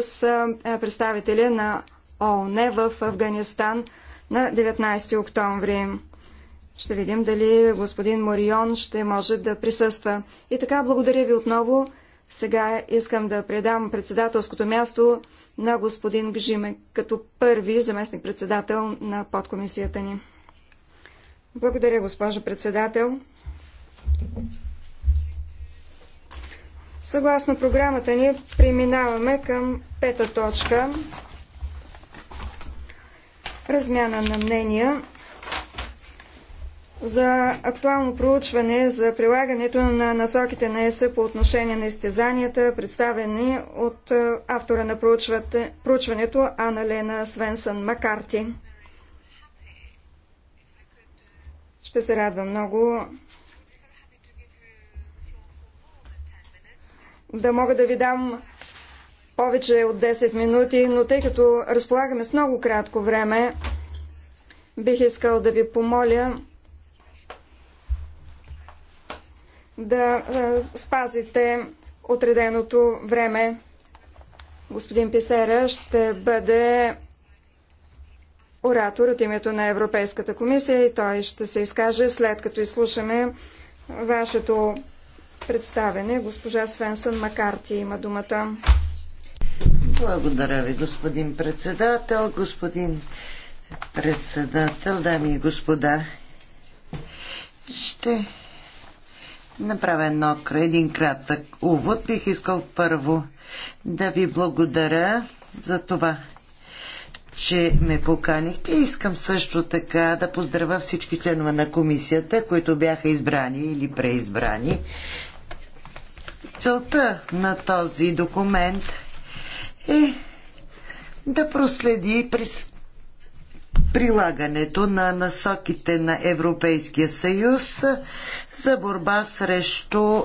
[SPEAKER 4] представителя на ООН в Афганистан на 19 октомври. Ще видим дали господин Морион ще може да присъства. И така, благодаря ви отново. Сега искам да предам председателското място на господин Гжиме като първи заместник-председател на подкомисията ни. Благодаря, госпожо председател. Съгласно програмата ни преминаваме към пета точка. Размяна на мнения за актуално проучване за прилагането на насоките на ЕС по отношение на изтезанията, представени от е, автора на проучването Анна Лена Свенсън Макарти. Ще се радвам много да мога да ви дам повече от 10 минути, но тъй като разполагаме с много кратко време, бих искал да ви помоля да е, спазите отреденото време. Господин Писера ще бъде оратор от името на Европейската комисия и той ще се изкаже след като изслушаме вашето представене. Госпожа Свенсън Макарти има думата.
[SPEAKER 2] Благодаря ви, господин председател, господин председател, дами и господа. Ще направя едно, един кратък увод. Бих искал първо да ви благодаря за това, че ме поканихте. Искам също така да поздравя всички членове на комисията, които бяха избрани или преизбрани. Целта на този документ е да проследи през прилагането на насоките на Европейския съюз за борба срещу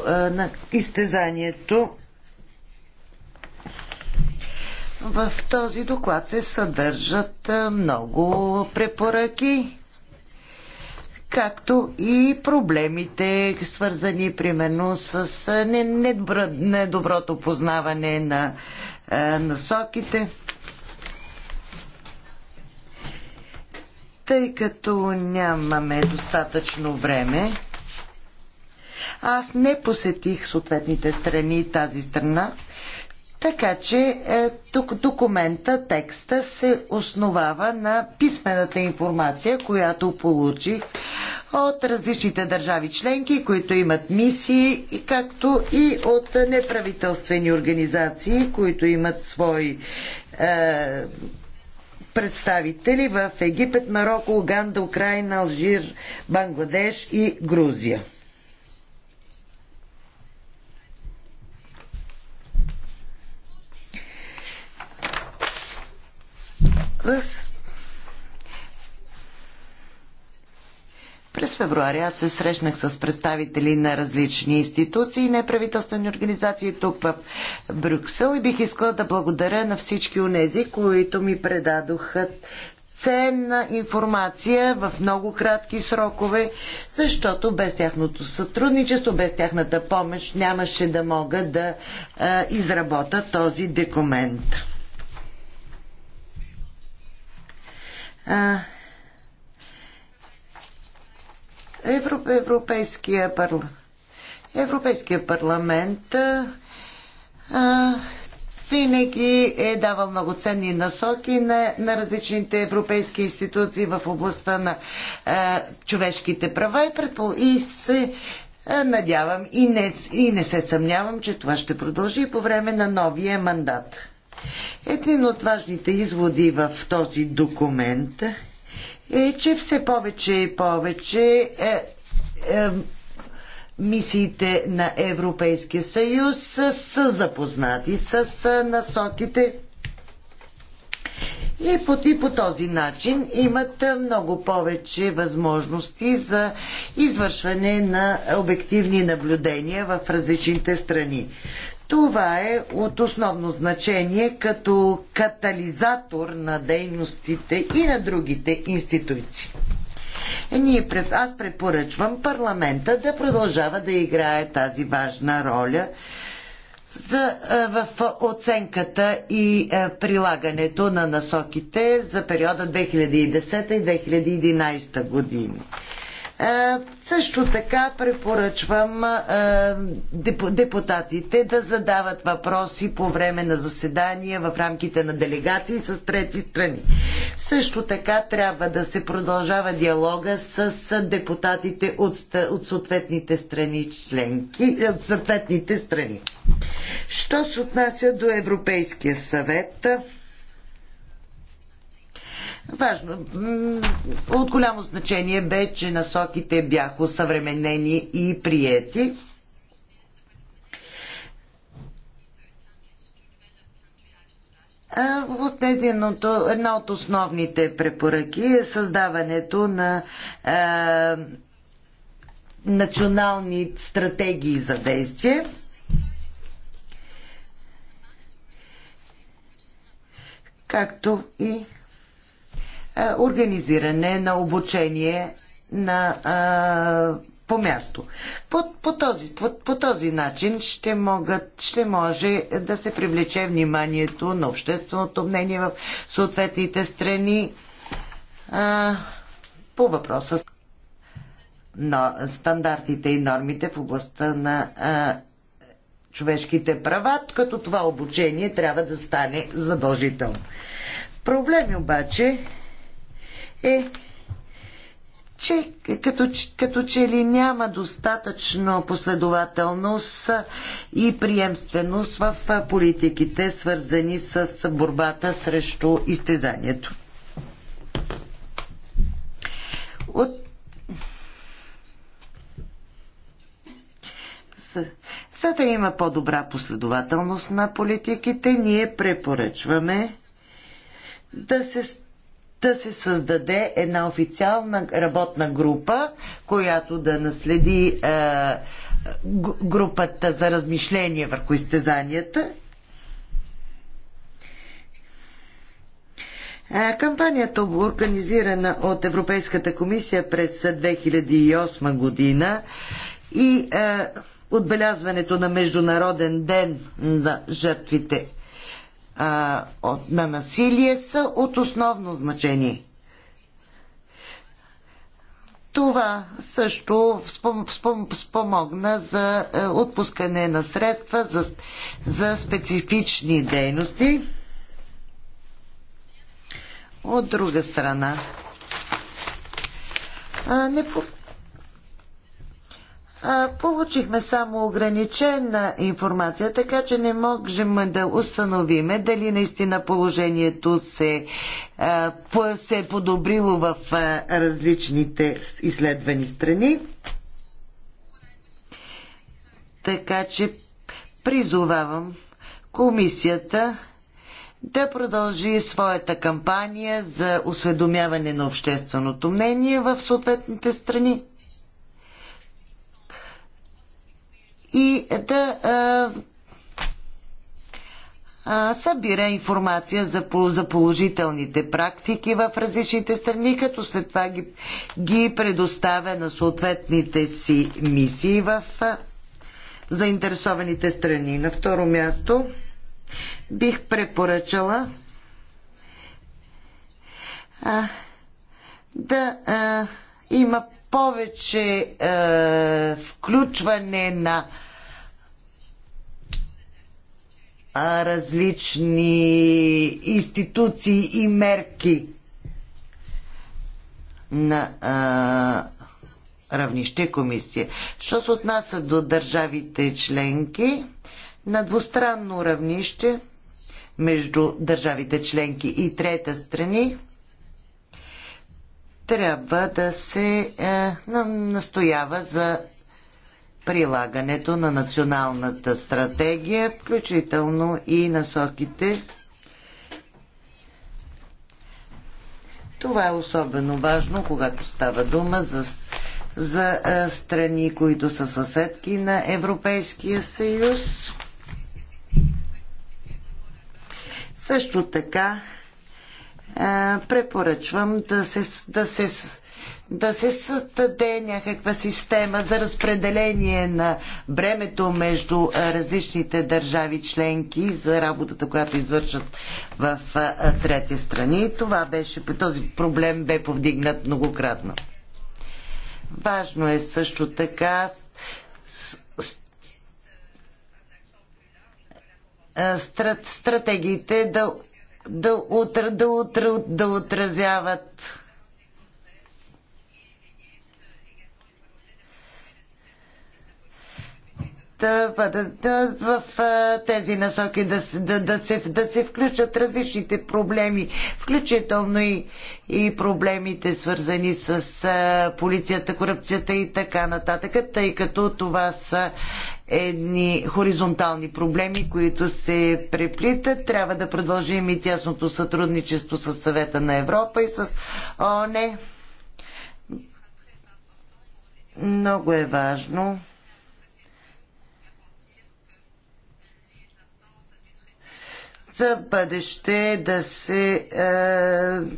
[SPEAKER 2] изтезанието. В този доклад се съдържат много препоръки, както и проблемите, свързани примерно с недоброто познаване на насоките. Тъй като нямаме достатъчно време, аз не посетих съответните страни тази страна, така че е, тук документа, текста се основава на писмената информация, която получих от различните държави членки, които имат мисии, както и от неправителствени организации, които имат свои е, представители в Египет, Марокко, Уганда, Украина, Алжир, Бангладеш и Грузия. С През февруари аз се срещнах с представители на различни институции и неправителствени организации тук в Брюксел и бих искала да благодаря на всички онези, които ми предадоха ценна информация в много кратки срокове, защото без тяхното сътрудничество, без тяхната помощ нямаше да мога да а, изработа този документ. А, Европейския, парламент. Европейския парламент а, винаги е давал много ценни насоки на, на различните европейски институции в областта на а, човешките права и, предпол... и се а, надявам и не, и не се съмнявам, че това ще продължи по време на новия мандат. Един от важните изводи в този документ е, че все повече и повече е, е, мисиите на Европейския съюз са, са запознати с е, насоките и по, и по този начин имат е, много повече възможности за извършване на обективни наблюдения в различните страни. Това е от основно значение като катализатор на дейностите и на другите институции. Ние, аз препоръчвам парламента да продължава да играе тази важна роля за, в оценката и прилагането на насоките за периода 2010 и 2011 години. Е, също така препоръчвам е, депутатите да задават въпроси по време на заседания в рамките на делегации с трети страни. Също така трябва да се продължава диалога с депутатите от, съответните страни членки, е, от съответните страни. Що се отнася до Европейския съвет, Важно. От голямо значение бе, че насоките бяха съвременени и приети. От единото, една от основните препоръки е създаването на е, национални стратегии за действие. Както и е, организиране на обучение на, а, е, по място. По, по, този, по, по този начин ще, могат, ще може да се привлече вниманието на общественото мнение в съответните страни а, е, по въпроса на стандартите и нормите в областта на а, човешките права, като това обучение трябва да стане задължително. Проблеми обаче е, че като, като че ли няма достатъчно последователност и приемственост в политиките, свързани с борбата срещу изтезанието. От За да има по-добра последователност на политиките, ние препоръчваме да се да се създаде една официална работна група, която да наследи е, групата за размишление върху изтезанията. Е, кампанията, организирана от Европейската комисия през 2008 година и е, отбелязването на Международен ден на жертвите а, от, на насилие са от основно значение. Това също спом, спом, спомогна за е, отпускане на средства за, за специфични дейности. От друга страна, не, Получихме само ограничена информация, така че не можем да установиме дали наистина положението се, се е подобрило в различните изследвани страни. Така че призовавам комисията да продължи своята кампания за осведомяване на общественото мнение в съответните страни и да а, а, събира информация за, за положителните практики в различните страни, като след това ги, ги предоставя на съответните си мисии в а, заинтересованите страни. На второ място бих препоръчала а, да а, има повече е, включване на различни институции и мерки на а, равнище комисия. Що се отнася до държавите членки, на двустранно равнище между държавите членки и трета страни, трябва да се е, настоява за прилагането на националната стратегия, включително и насоките. Това е особено важно, когато става дума за, за е, страни, които са съседки на Европейския съюз. Също така препоръчвам да се, да се да се създаде някаква система за разпределение на бремето между различните държави членки за работата, която извършат в трети страни. Това беше, този проблем бе повдигнат многократно. Важно е също така стратегиите да да, утре, да, да отразяват да бъдат да, в а, тези насоки да, да, да, се, да се включат различните проблеми, включително и, и проблемите свързани с а, полицията, корупцията и така нататък, тъй като това са едни хоризонтални проблеми, които се преплитат. Трябва да продължим и тясното сътрудничество с съвета на Европа и с ОНЕ. Много е важно. За бъдеще да се е,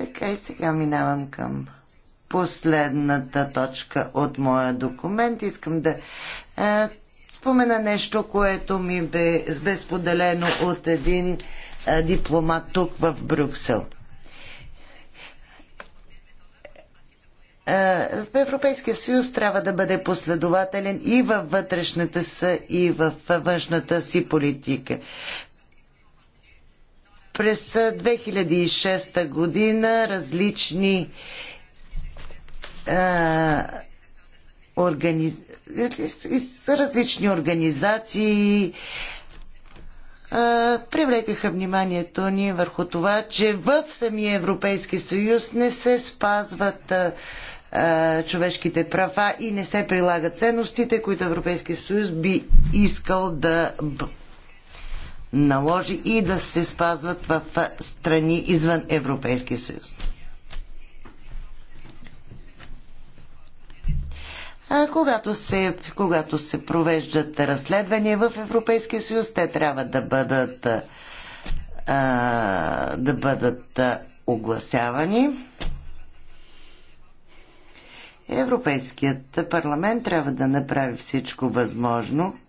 [SPEAKER 2] Така и сега минавам към последната точка от моя документ. Искам да е, спомена нещо, което ми бе, бе споделено от един е, дипломат тук в Брюксел. Е, в Европейския съюз трябва да бъде последователен и във вътрешната си, и във външната си политика. През 2006 година различни а, различни организации привлекаха вниманието ни върху това, че в самия Европейски съюз не се спазват а, човешките права и не се прилагат ценностите, които Европейския съюз би искал да наложи и да се спазват в страни извън Европейския съюз. А когато се, когато се провеждат разследвания в Европейския съюз, те трябва да бъдат, а, да бъдат огласявани. Европейският парламент трябва да направи всичко възможно –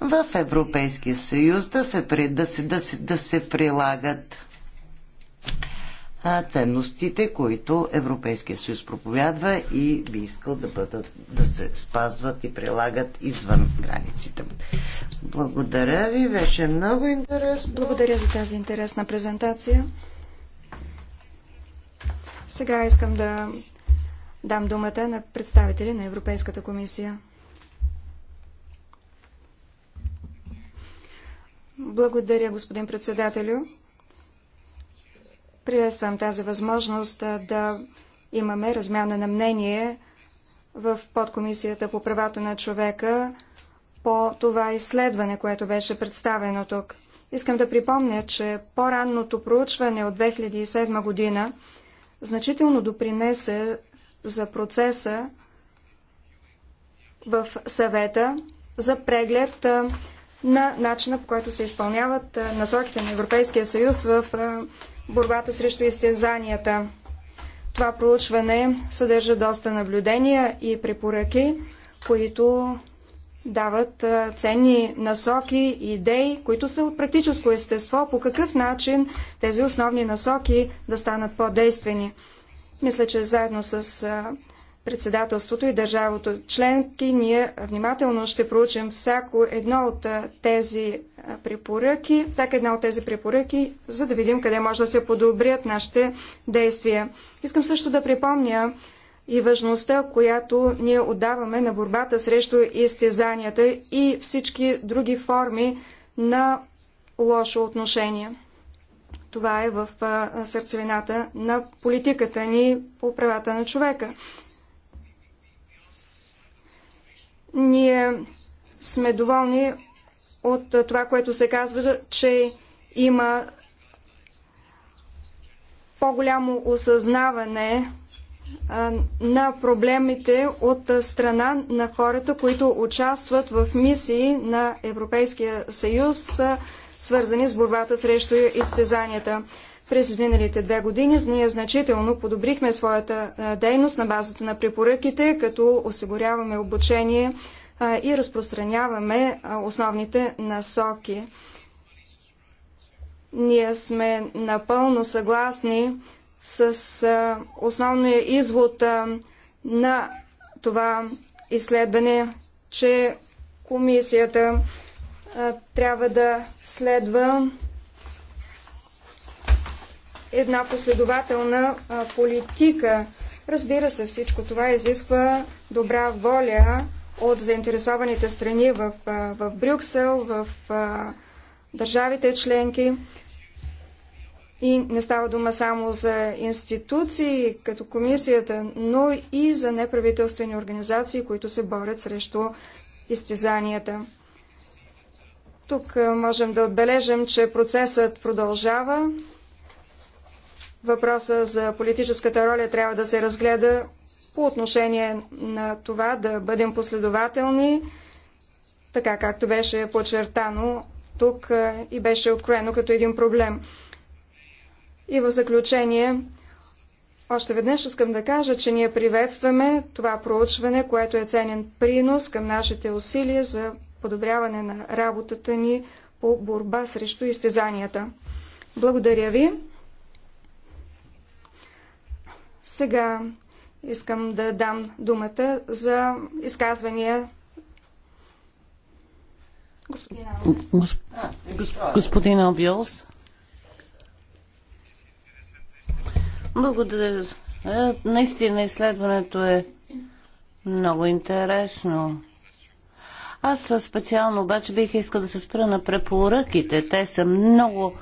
[SPEAKER 2] в Европейския съюз да се, да се, да се, да се прилагат а, ценностите, които Европейския съюз проповядва и би искал да, бъдат, да се спазват и прилагат извън границите. Благодаря ви, беше много
[SPEAKER 4] интересно. Благодаря за тази интересна презентация. Сега искам да дам думата на представители на Европейската комисия. Благодаря, господин председателю. Приветствам тази възможност да имаме размяна на мнение в подкомисията по правата на човека по това изследване, което беше представено тук. Искам да припомня, че по-ранното проучване от 2007 година значително допринесе за процеса в съвета за преглед на начина по който се изпълняват насоките на Европейския съюз в борбата срещу изтезанията. Това проучване съдържа доста наблюдения и препоръки, които дават ценни насоки и идеи, които са от практическо естество, по какъв начин тези основни насоки да станат по-действени. Мисля, че заедно с председателството и държавото членки. Ние внимателно ще проучим всяко едно от тези препоръки, всяка една от тези препоръки, за да видим къде може да се подобрят нашите действия. Искам също да припомня и важността, която ние отдаваме на борбата срещу изтезанията и всички други форми на лошо отношение. Това е в сърцевината на политиката ни по правата на човека. Ние сме доволни от това, което се казва, че има по-голямо осъзнаване на проблемите от страна на хората, които участват в мисии на Европейския съюз, свързани с борбата срещу изтезанията. През миналите две години ние значително подобрихме своята дейност на базата на препоръките, като осигуряваме обучение и разпространяваме основните насоки. Ние сме напълно съгласни с основния извод на това изследване, че комисията трябва да следва една последователна политика. Разбира се, всичко това изисква добра воля от заинтересованите страни в, в Брюксел, в държавите членки. И не става дума само за институции, като комисията, но и за неправителствени организации, които се борят срещу изтезанията. Тук можем да отбележим, че процесът продължава. Въпроса за политическата роля трябва да се разгледа по отношение на това да бъдем последователни, така както беше подчертано тук и беше откроено като един проблем. И в заключение, още веднъж искам да кажа, че ние приветстваме това проучване, което е ценен принос към нашите усилия за подобряване на работата ни по борба срещу изтезанията. Благодаря ви. Сега искам да дам думата за изказвания.
[SPEAKER 3] Господин Албиос. Е, господин Благодаря. Е, наистина изследването е много интересно. Аз специално обаче бих искал да се спра на препоръките. Те са много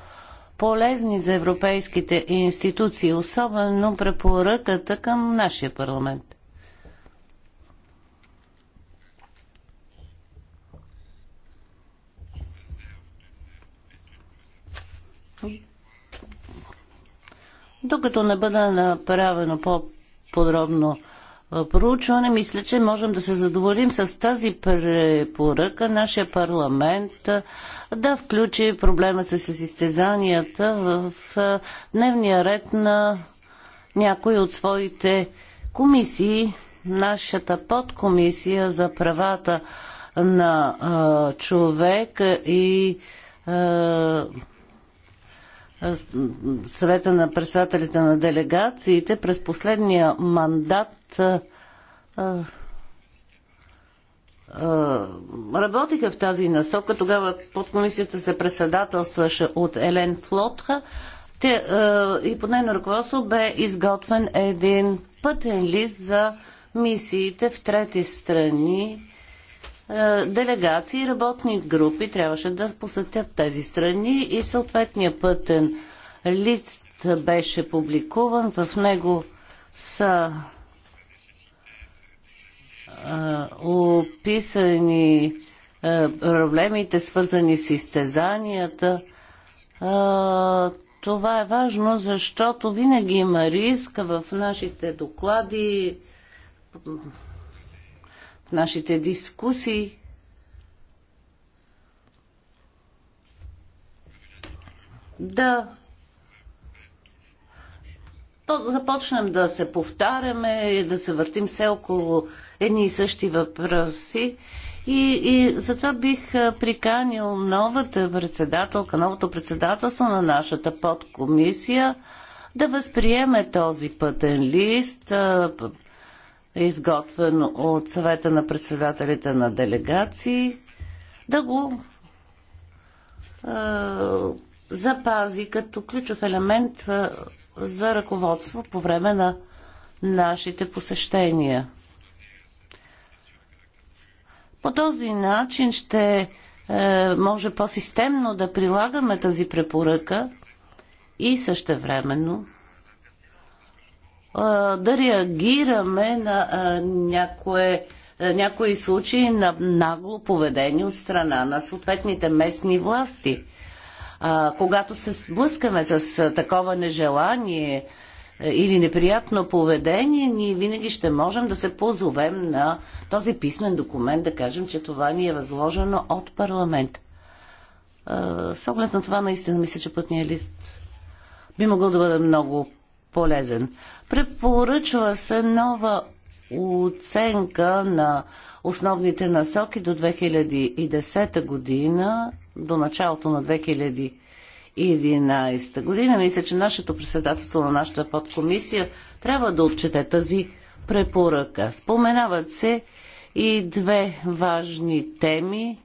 [SPEAKER 3] полезни за европейските институции, особено препоръката към нашия парламент. Докато не бъде направено по-подробно проучване, мисля, че можем да се задоволим с тази препоръка нашия парламент да включи проблема с изтезанията в дневния ред на някои от своите комисии, нашата подкомисия за правата на човек и съвета на председателите на делегациите през последния мандат работиха в тази насока. Тогава под комисията се председателстваше от Елен Флотха. Те, и под нейно ръководство бе изготвен един пътен лист за мисиите в трети страни е, делегации и работни групи трябваше да посетят тези страни и съответния пътен лист беше публикуван. В него са е, описани е, проблемите, свързани с изтезанията. Това е важно, защото винаги има риск в нашите доклади в нашите дискусии. Да започнем да се повтаряме и да се въртим все около едни и същи въпроси. И, и затова бих приканил новата председателка, новото председателство на нашата подкомисия да възприеме този пътен лист, изготвен от съвета на председателите на делегации, да го е, запази като ключов елемент е, за ръководство по време на нашите посещения. По този начин ще е, може по-системно да прилагаме тази препоръка и същевременно да реагираме на някое, някои случаи на нагло поведение от страна на съответните местни власти. Когато се сблъскаме с такова нежелание или неприятно поведение, ние винаги ще можем да се позовем на този писмен документ, да кажем, че това ни е възложено от парламент. С оглед на това, наистина мисля, че пътния лист би могъл да бъде много полезен. Препоръчва се нова оценка на основните насоки до 2010 година, до началото на 2011 година. Мисля, че нашето председателство на нашата подкомисия трябва да отчете тази препоръка. Споменават се и две важни теми.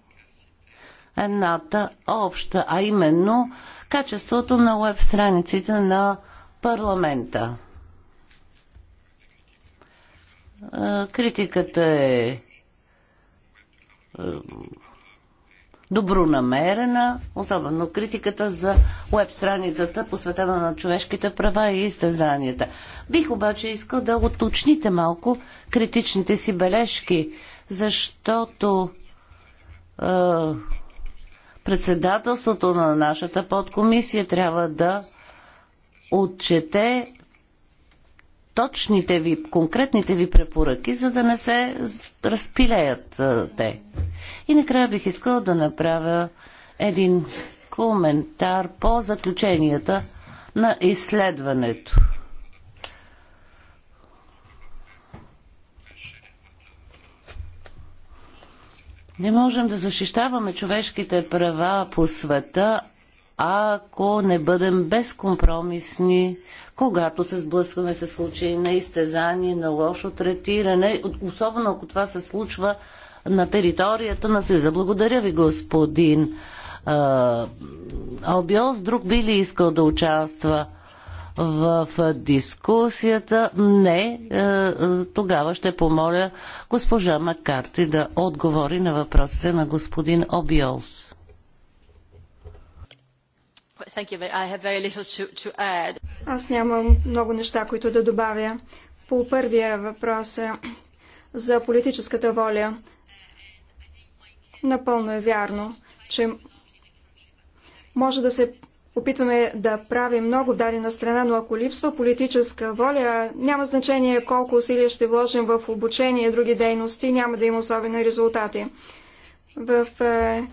[SPEAKER 3] Едната обща, а именно качеството на веб страниците на парламента. Критиката е, е добронамерена, особено критиката за веб страницата, посветена на човешките права и изтезанията. Бих обаче искал да уточните малко критичните си бележки, защото е, председателството на нашата подкомисия трябва да отчете точните ви, конкретните ви препоръки, за да не се разпилеят те. И накрая бих искал да направя един коментар по заключенията на изследването. Не можем да защищаваме човешките права по света, ако не бъдем безкомпромисни, когато се сблъскваме с случаи на изтезание, на лошо третиране, особено ако това се случва на територията на Съюза. Благодаря ви, господин Обиос. Друг би ли искал да участва в дискусията? Не. Тогава ще помоля госпожа Маккарти да отговори на въпросите на господин Обиос.
[SPEAKER 4] Thank you. I have very little to, to add. Аз нямам много неща, които да добавя. По първия въпрос е за политическата воля. Напълно е вярно, че може да се опитваме да правим много дадена страна, но ако липсва политическа воля, няма значение колко усилия ще вложим в обучение и други дейности, няма да има особени резултати. В е,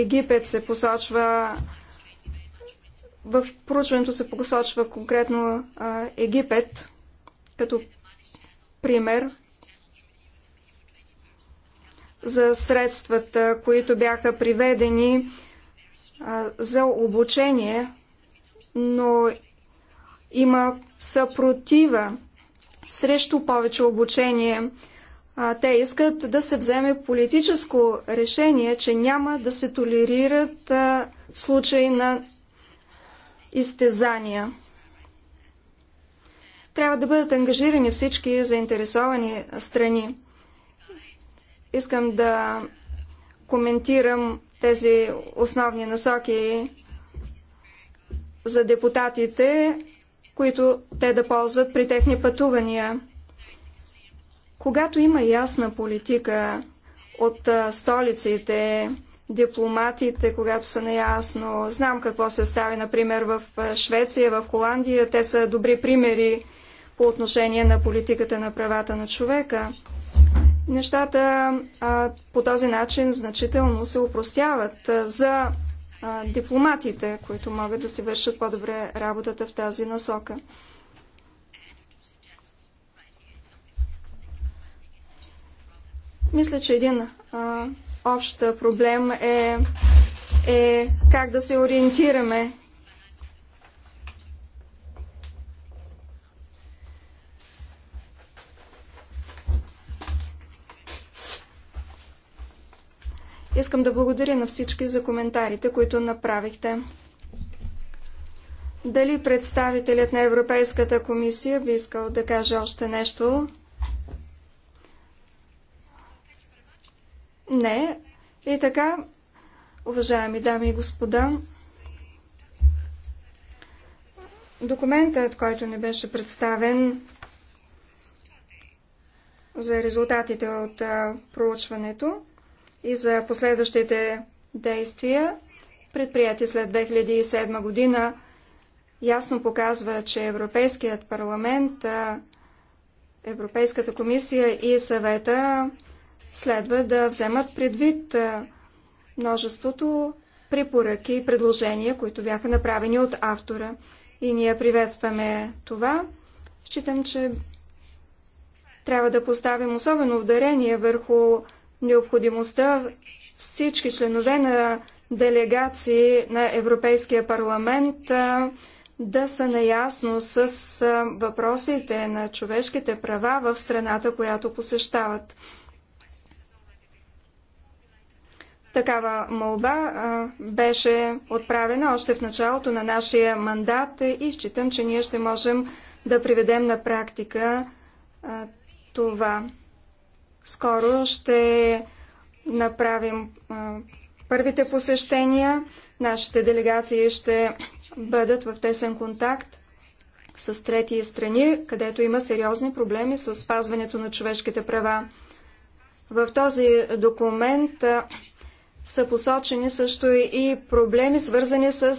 [SPEAKER 4] Египет се посочва в проучването се посочва конкретно Египет като пример за средствата, които бяха приведени за обучение, но има съпротива срещу повече обучение. Те искат да се вземе политическо решение, че няма да се толерират случаи на изтезания. Трябва да бъдат ангажирани всички заинтересовани страни. Искам да коментирам тези основни насоки за депутатите, които те да ползват при техни пътувания. Когато има ясна политика от столиците, дипломатите, когато са наясно. Знам какво се стави, например, в Швеция, в Холандия. Те са добри примери по отношение на политиката на правата на човека. Нещата а, по този начин значително се упростяват за а, дипломатите, които могат да си вършат по-добре работата в тази насока. Мисля, че един а, общ проблем е, е как да се ориентираме. Искам да благодаря на всички за коментарите, които направихте. Дали представителят на Европейската комисия би искал да каже още нещо? Не. И така, уважаеми дами и господа, документът, който ни беше представен за резултатите от проучването и за последващите действия, предприяти след 2007 година, ясно показва, че Европейският парламент, Европейската комисия и съвета следва да вземат предвид множеството препоръки и предложения, които бяха направени от автора. И ние приветстваме това. Считам, че трябва да поставим особено ударение върху необходимостта всички членове на делегации на Европейския парламент да са наясно с въпросите на човешките права в страната, която посещават. Такава молба беше отправена още в началото на нашия мандат и считам, че ние ще можем да приведем на практика а, това. Скоро ще направим а, първите посещения. Нашите делегации ще бъдат в тесен контакт с трети страни, където има сериозни проблеми с спазването на човешките права. В този документ са посочени също и проблеми, свързани с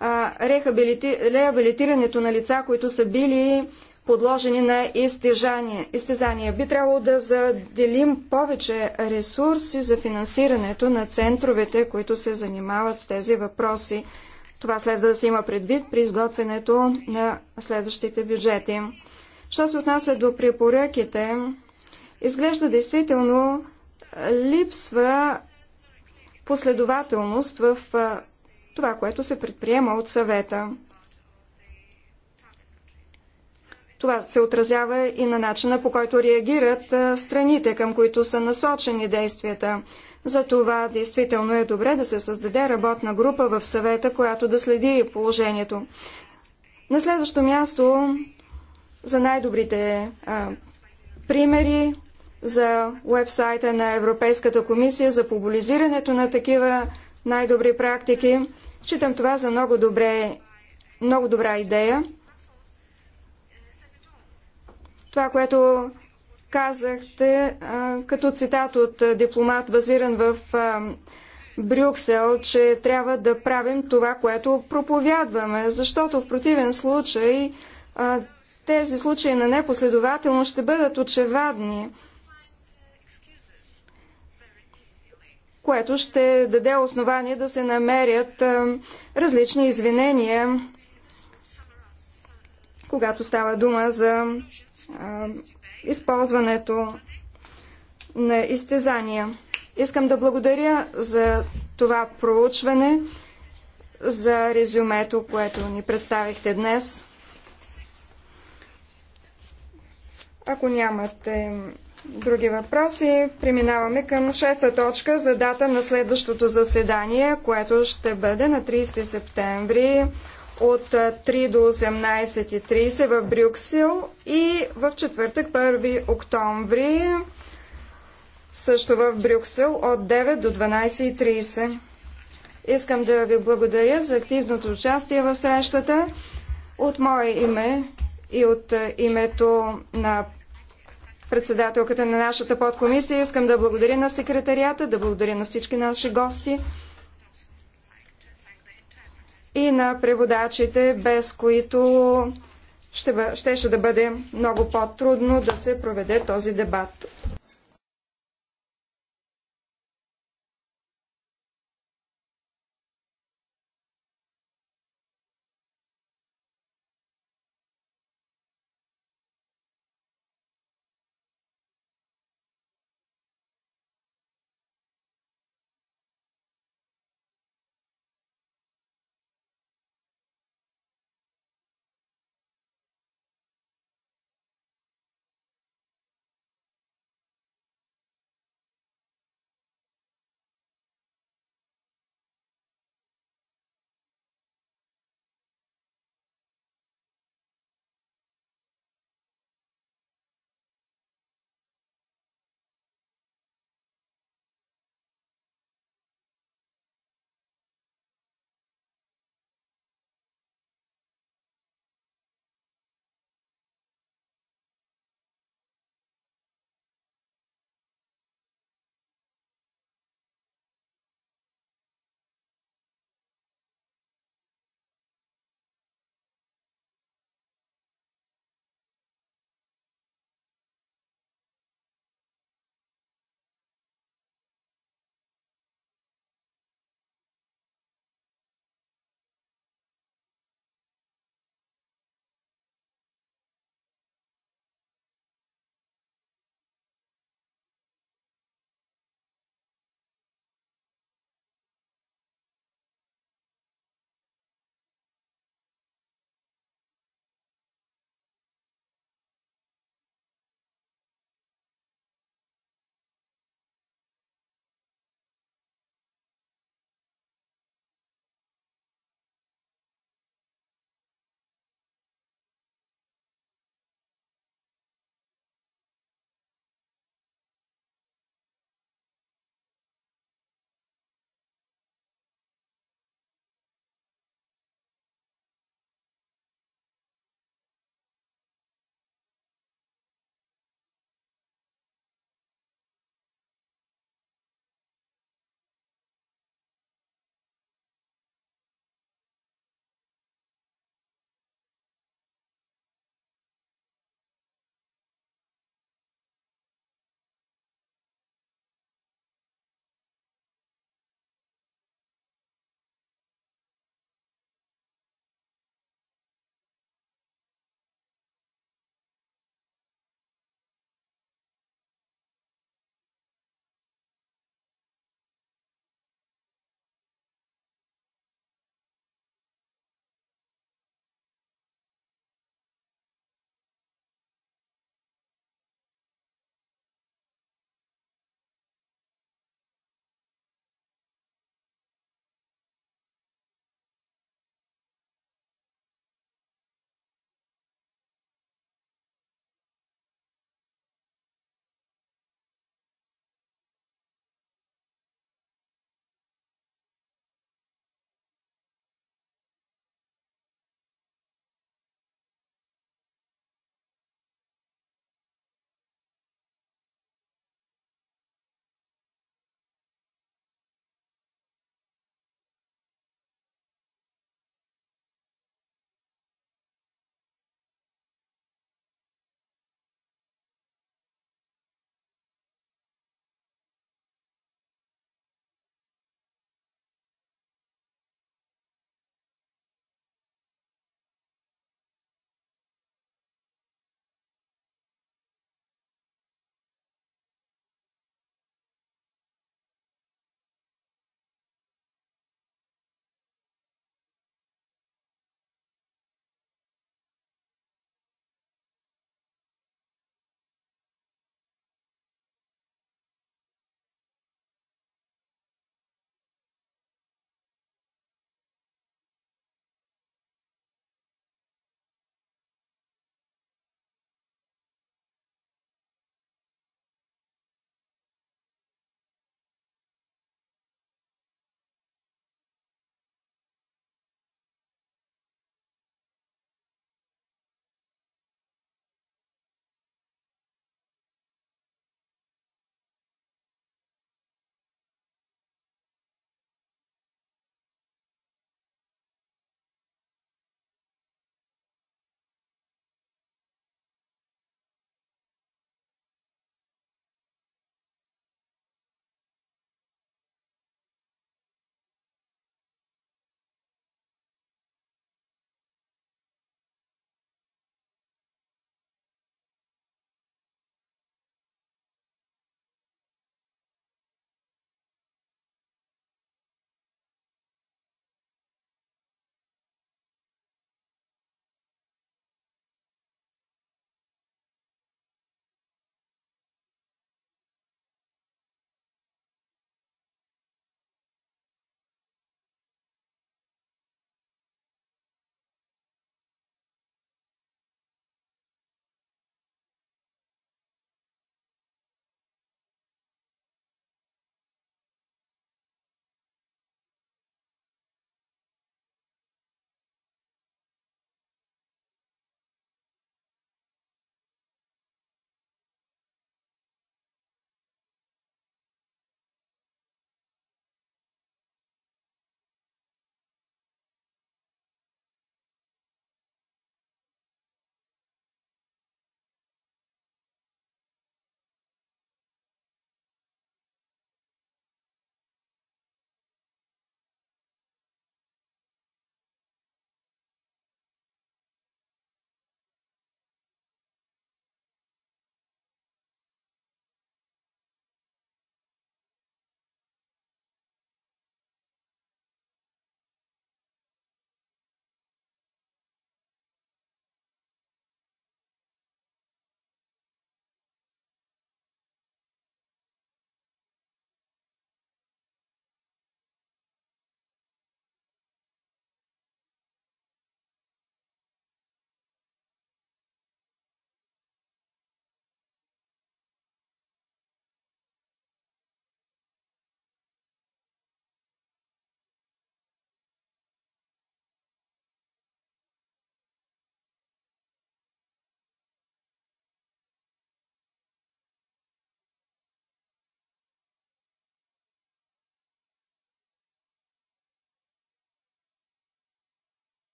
[SPEAKER 4] реабилитирането на лица, които са били подложени на изтежание. изтезания. Би трябвало да заделим повече ресурси за финансирането на центровете, които се занимават с тези въпроси. Това следва да се има предвид при изготвянето на следващите бюджети. Що се отнася до препоръките, изглежда действително липсва последователност в това, което се предприема от съвета. Това се отразява и на начина по който реагират страните, към които са насочени действията. Затова действително е добре да се създаде работна група в съвета, която да следи положението. На следващо място за най-добрите примери за уебсайта на Европейската комисия за популизирането на такива най-добри практики. Считам това за много, добре, много добра идея. Това, което казахте като цитат от дипломат, базиран в Брюксел, че трябва да правим това, което проповядваме, защото в противен случай тези случаи на непоследователност ще бъдат очевадни. което ще даде основание да се намерят различни извинения, когато става дума за използването на изтезания. Искам да благодаря за това проучване, за резюмето, което ни представихте днес. Ако нямате други въпроси. Преминаваме към шеста точка за дата на следващото заседание, което ще бъде на 30 септември от 3 до 18.30 в Брюксел и в четвъртък 1 октомври също в Брюксел от 9 до 12.30. Искам да ви благодаря за активното участие в срещата. От мое име и от името на председателката на нашата подкомисия. Искам да благодаря на секретарията, да благодаря на всички наши гости и на преводачите, без които ще, ще, ще да бъде много по-трудно да се проведе този дебат.